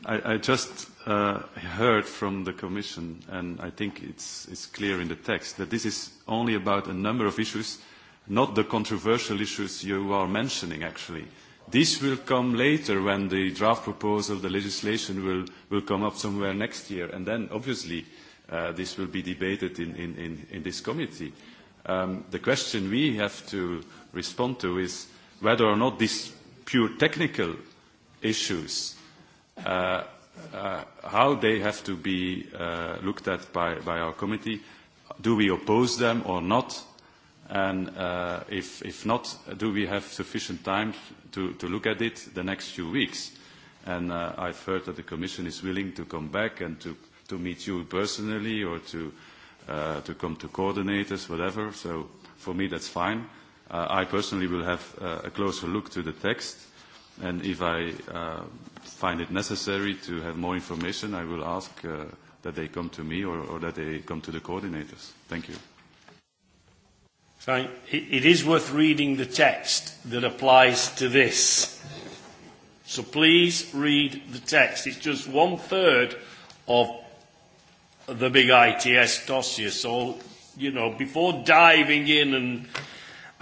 I, I just uh, heard from the Commission, and I think it's, it's clear in the text, that this is only about a number of issues, not the controversial issues you are mentioning, actually. This will come later when the draft proposal, the legislation will, will come up somewhere next year, and then obviously uh, this will be debated in, in, in, in this committee. Um, the question we have to respond to is, whether or not these pure technical issues, uh, uh, how they have to be uh, looked at by, by our committee, do we oppose them or not? And uh, if, if not, do we have sufficient time to, to look at it the next few weeks? And uh, I've heard that the Commission is willing to come back and to, to meet you personally or to, uh, to come to coordinators, whatever. So for me, that's fine. Uh, I personally will have uh, a closer look to the text, and if I uh, find it necessary to have more information, I will ask uh, that they come to me or, or that they come to the coordinators. Thank you. it is worth reading the text that applies to this. So please read the text. It's just one third of the big ITS dossier. So, you know, before diving in and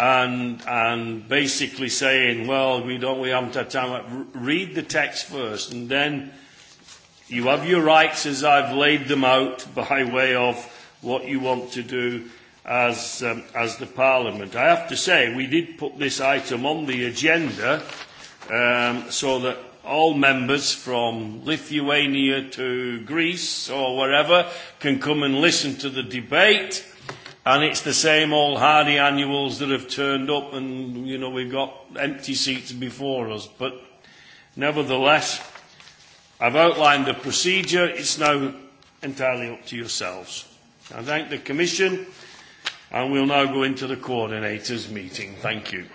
and and basically saying, well, we don't, we haven't had time. Read the text first, and then you have your rights as I've laid them out by way of what you want to do as um, as the Parliament. I have to say, we did put this item on the agenda um, so that all members from Lithuania to Greece or wherever can come and listen to the debate And it's the same old hardy annuals that have turned up, and you know we've got empty seats before us. But nevertheless, I've outlined the procedure. It's now entirely up to yourselves. I thank the Commission, and we'll now go into the coordinators' meeting. Thank you.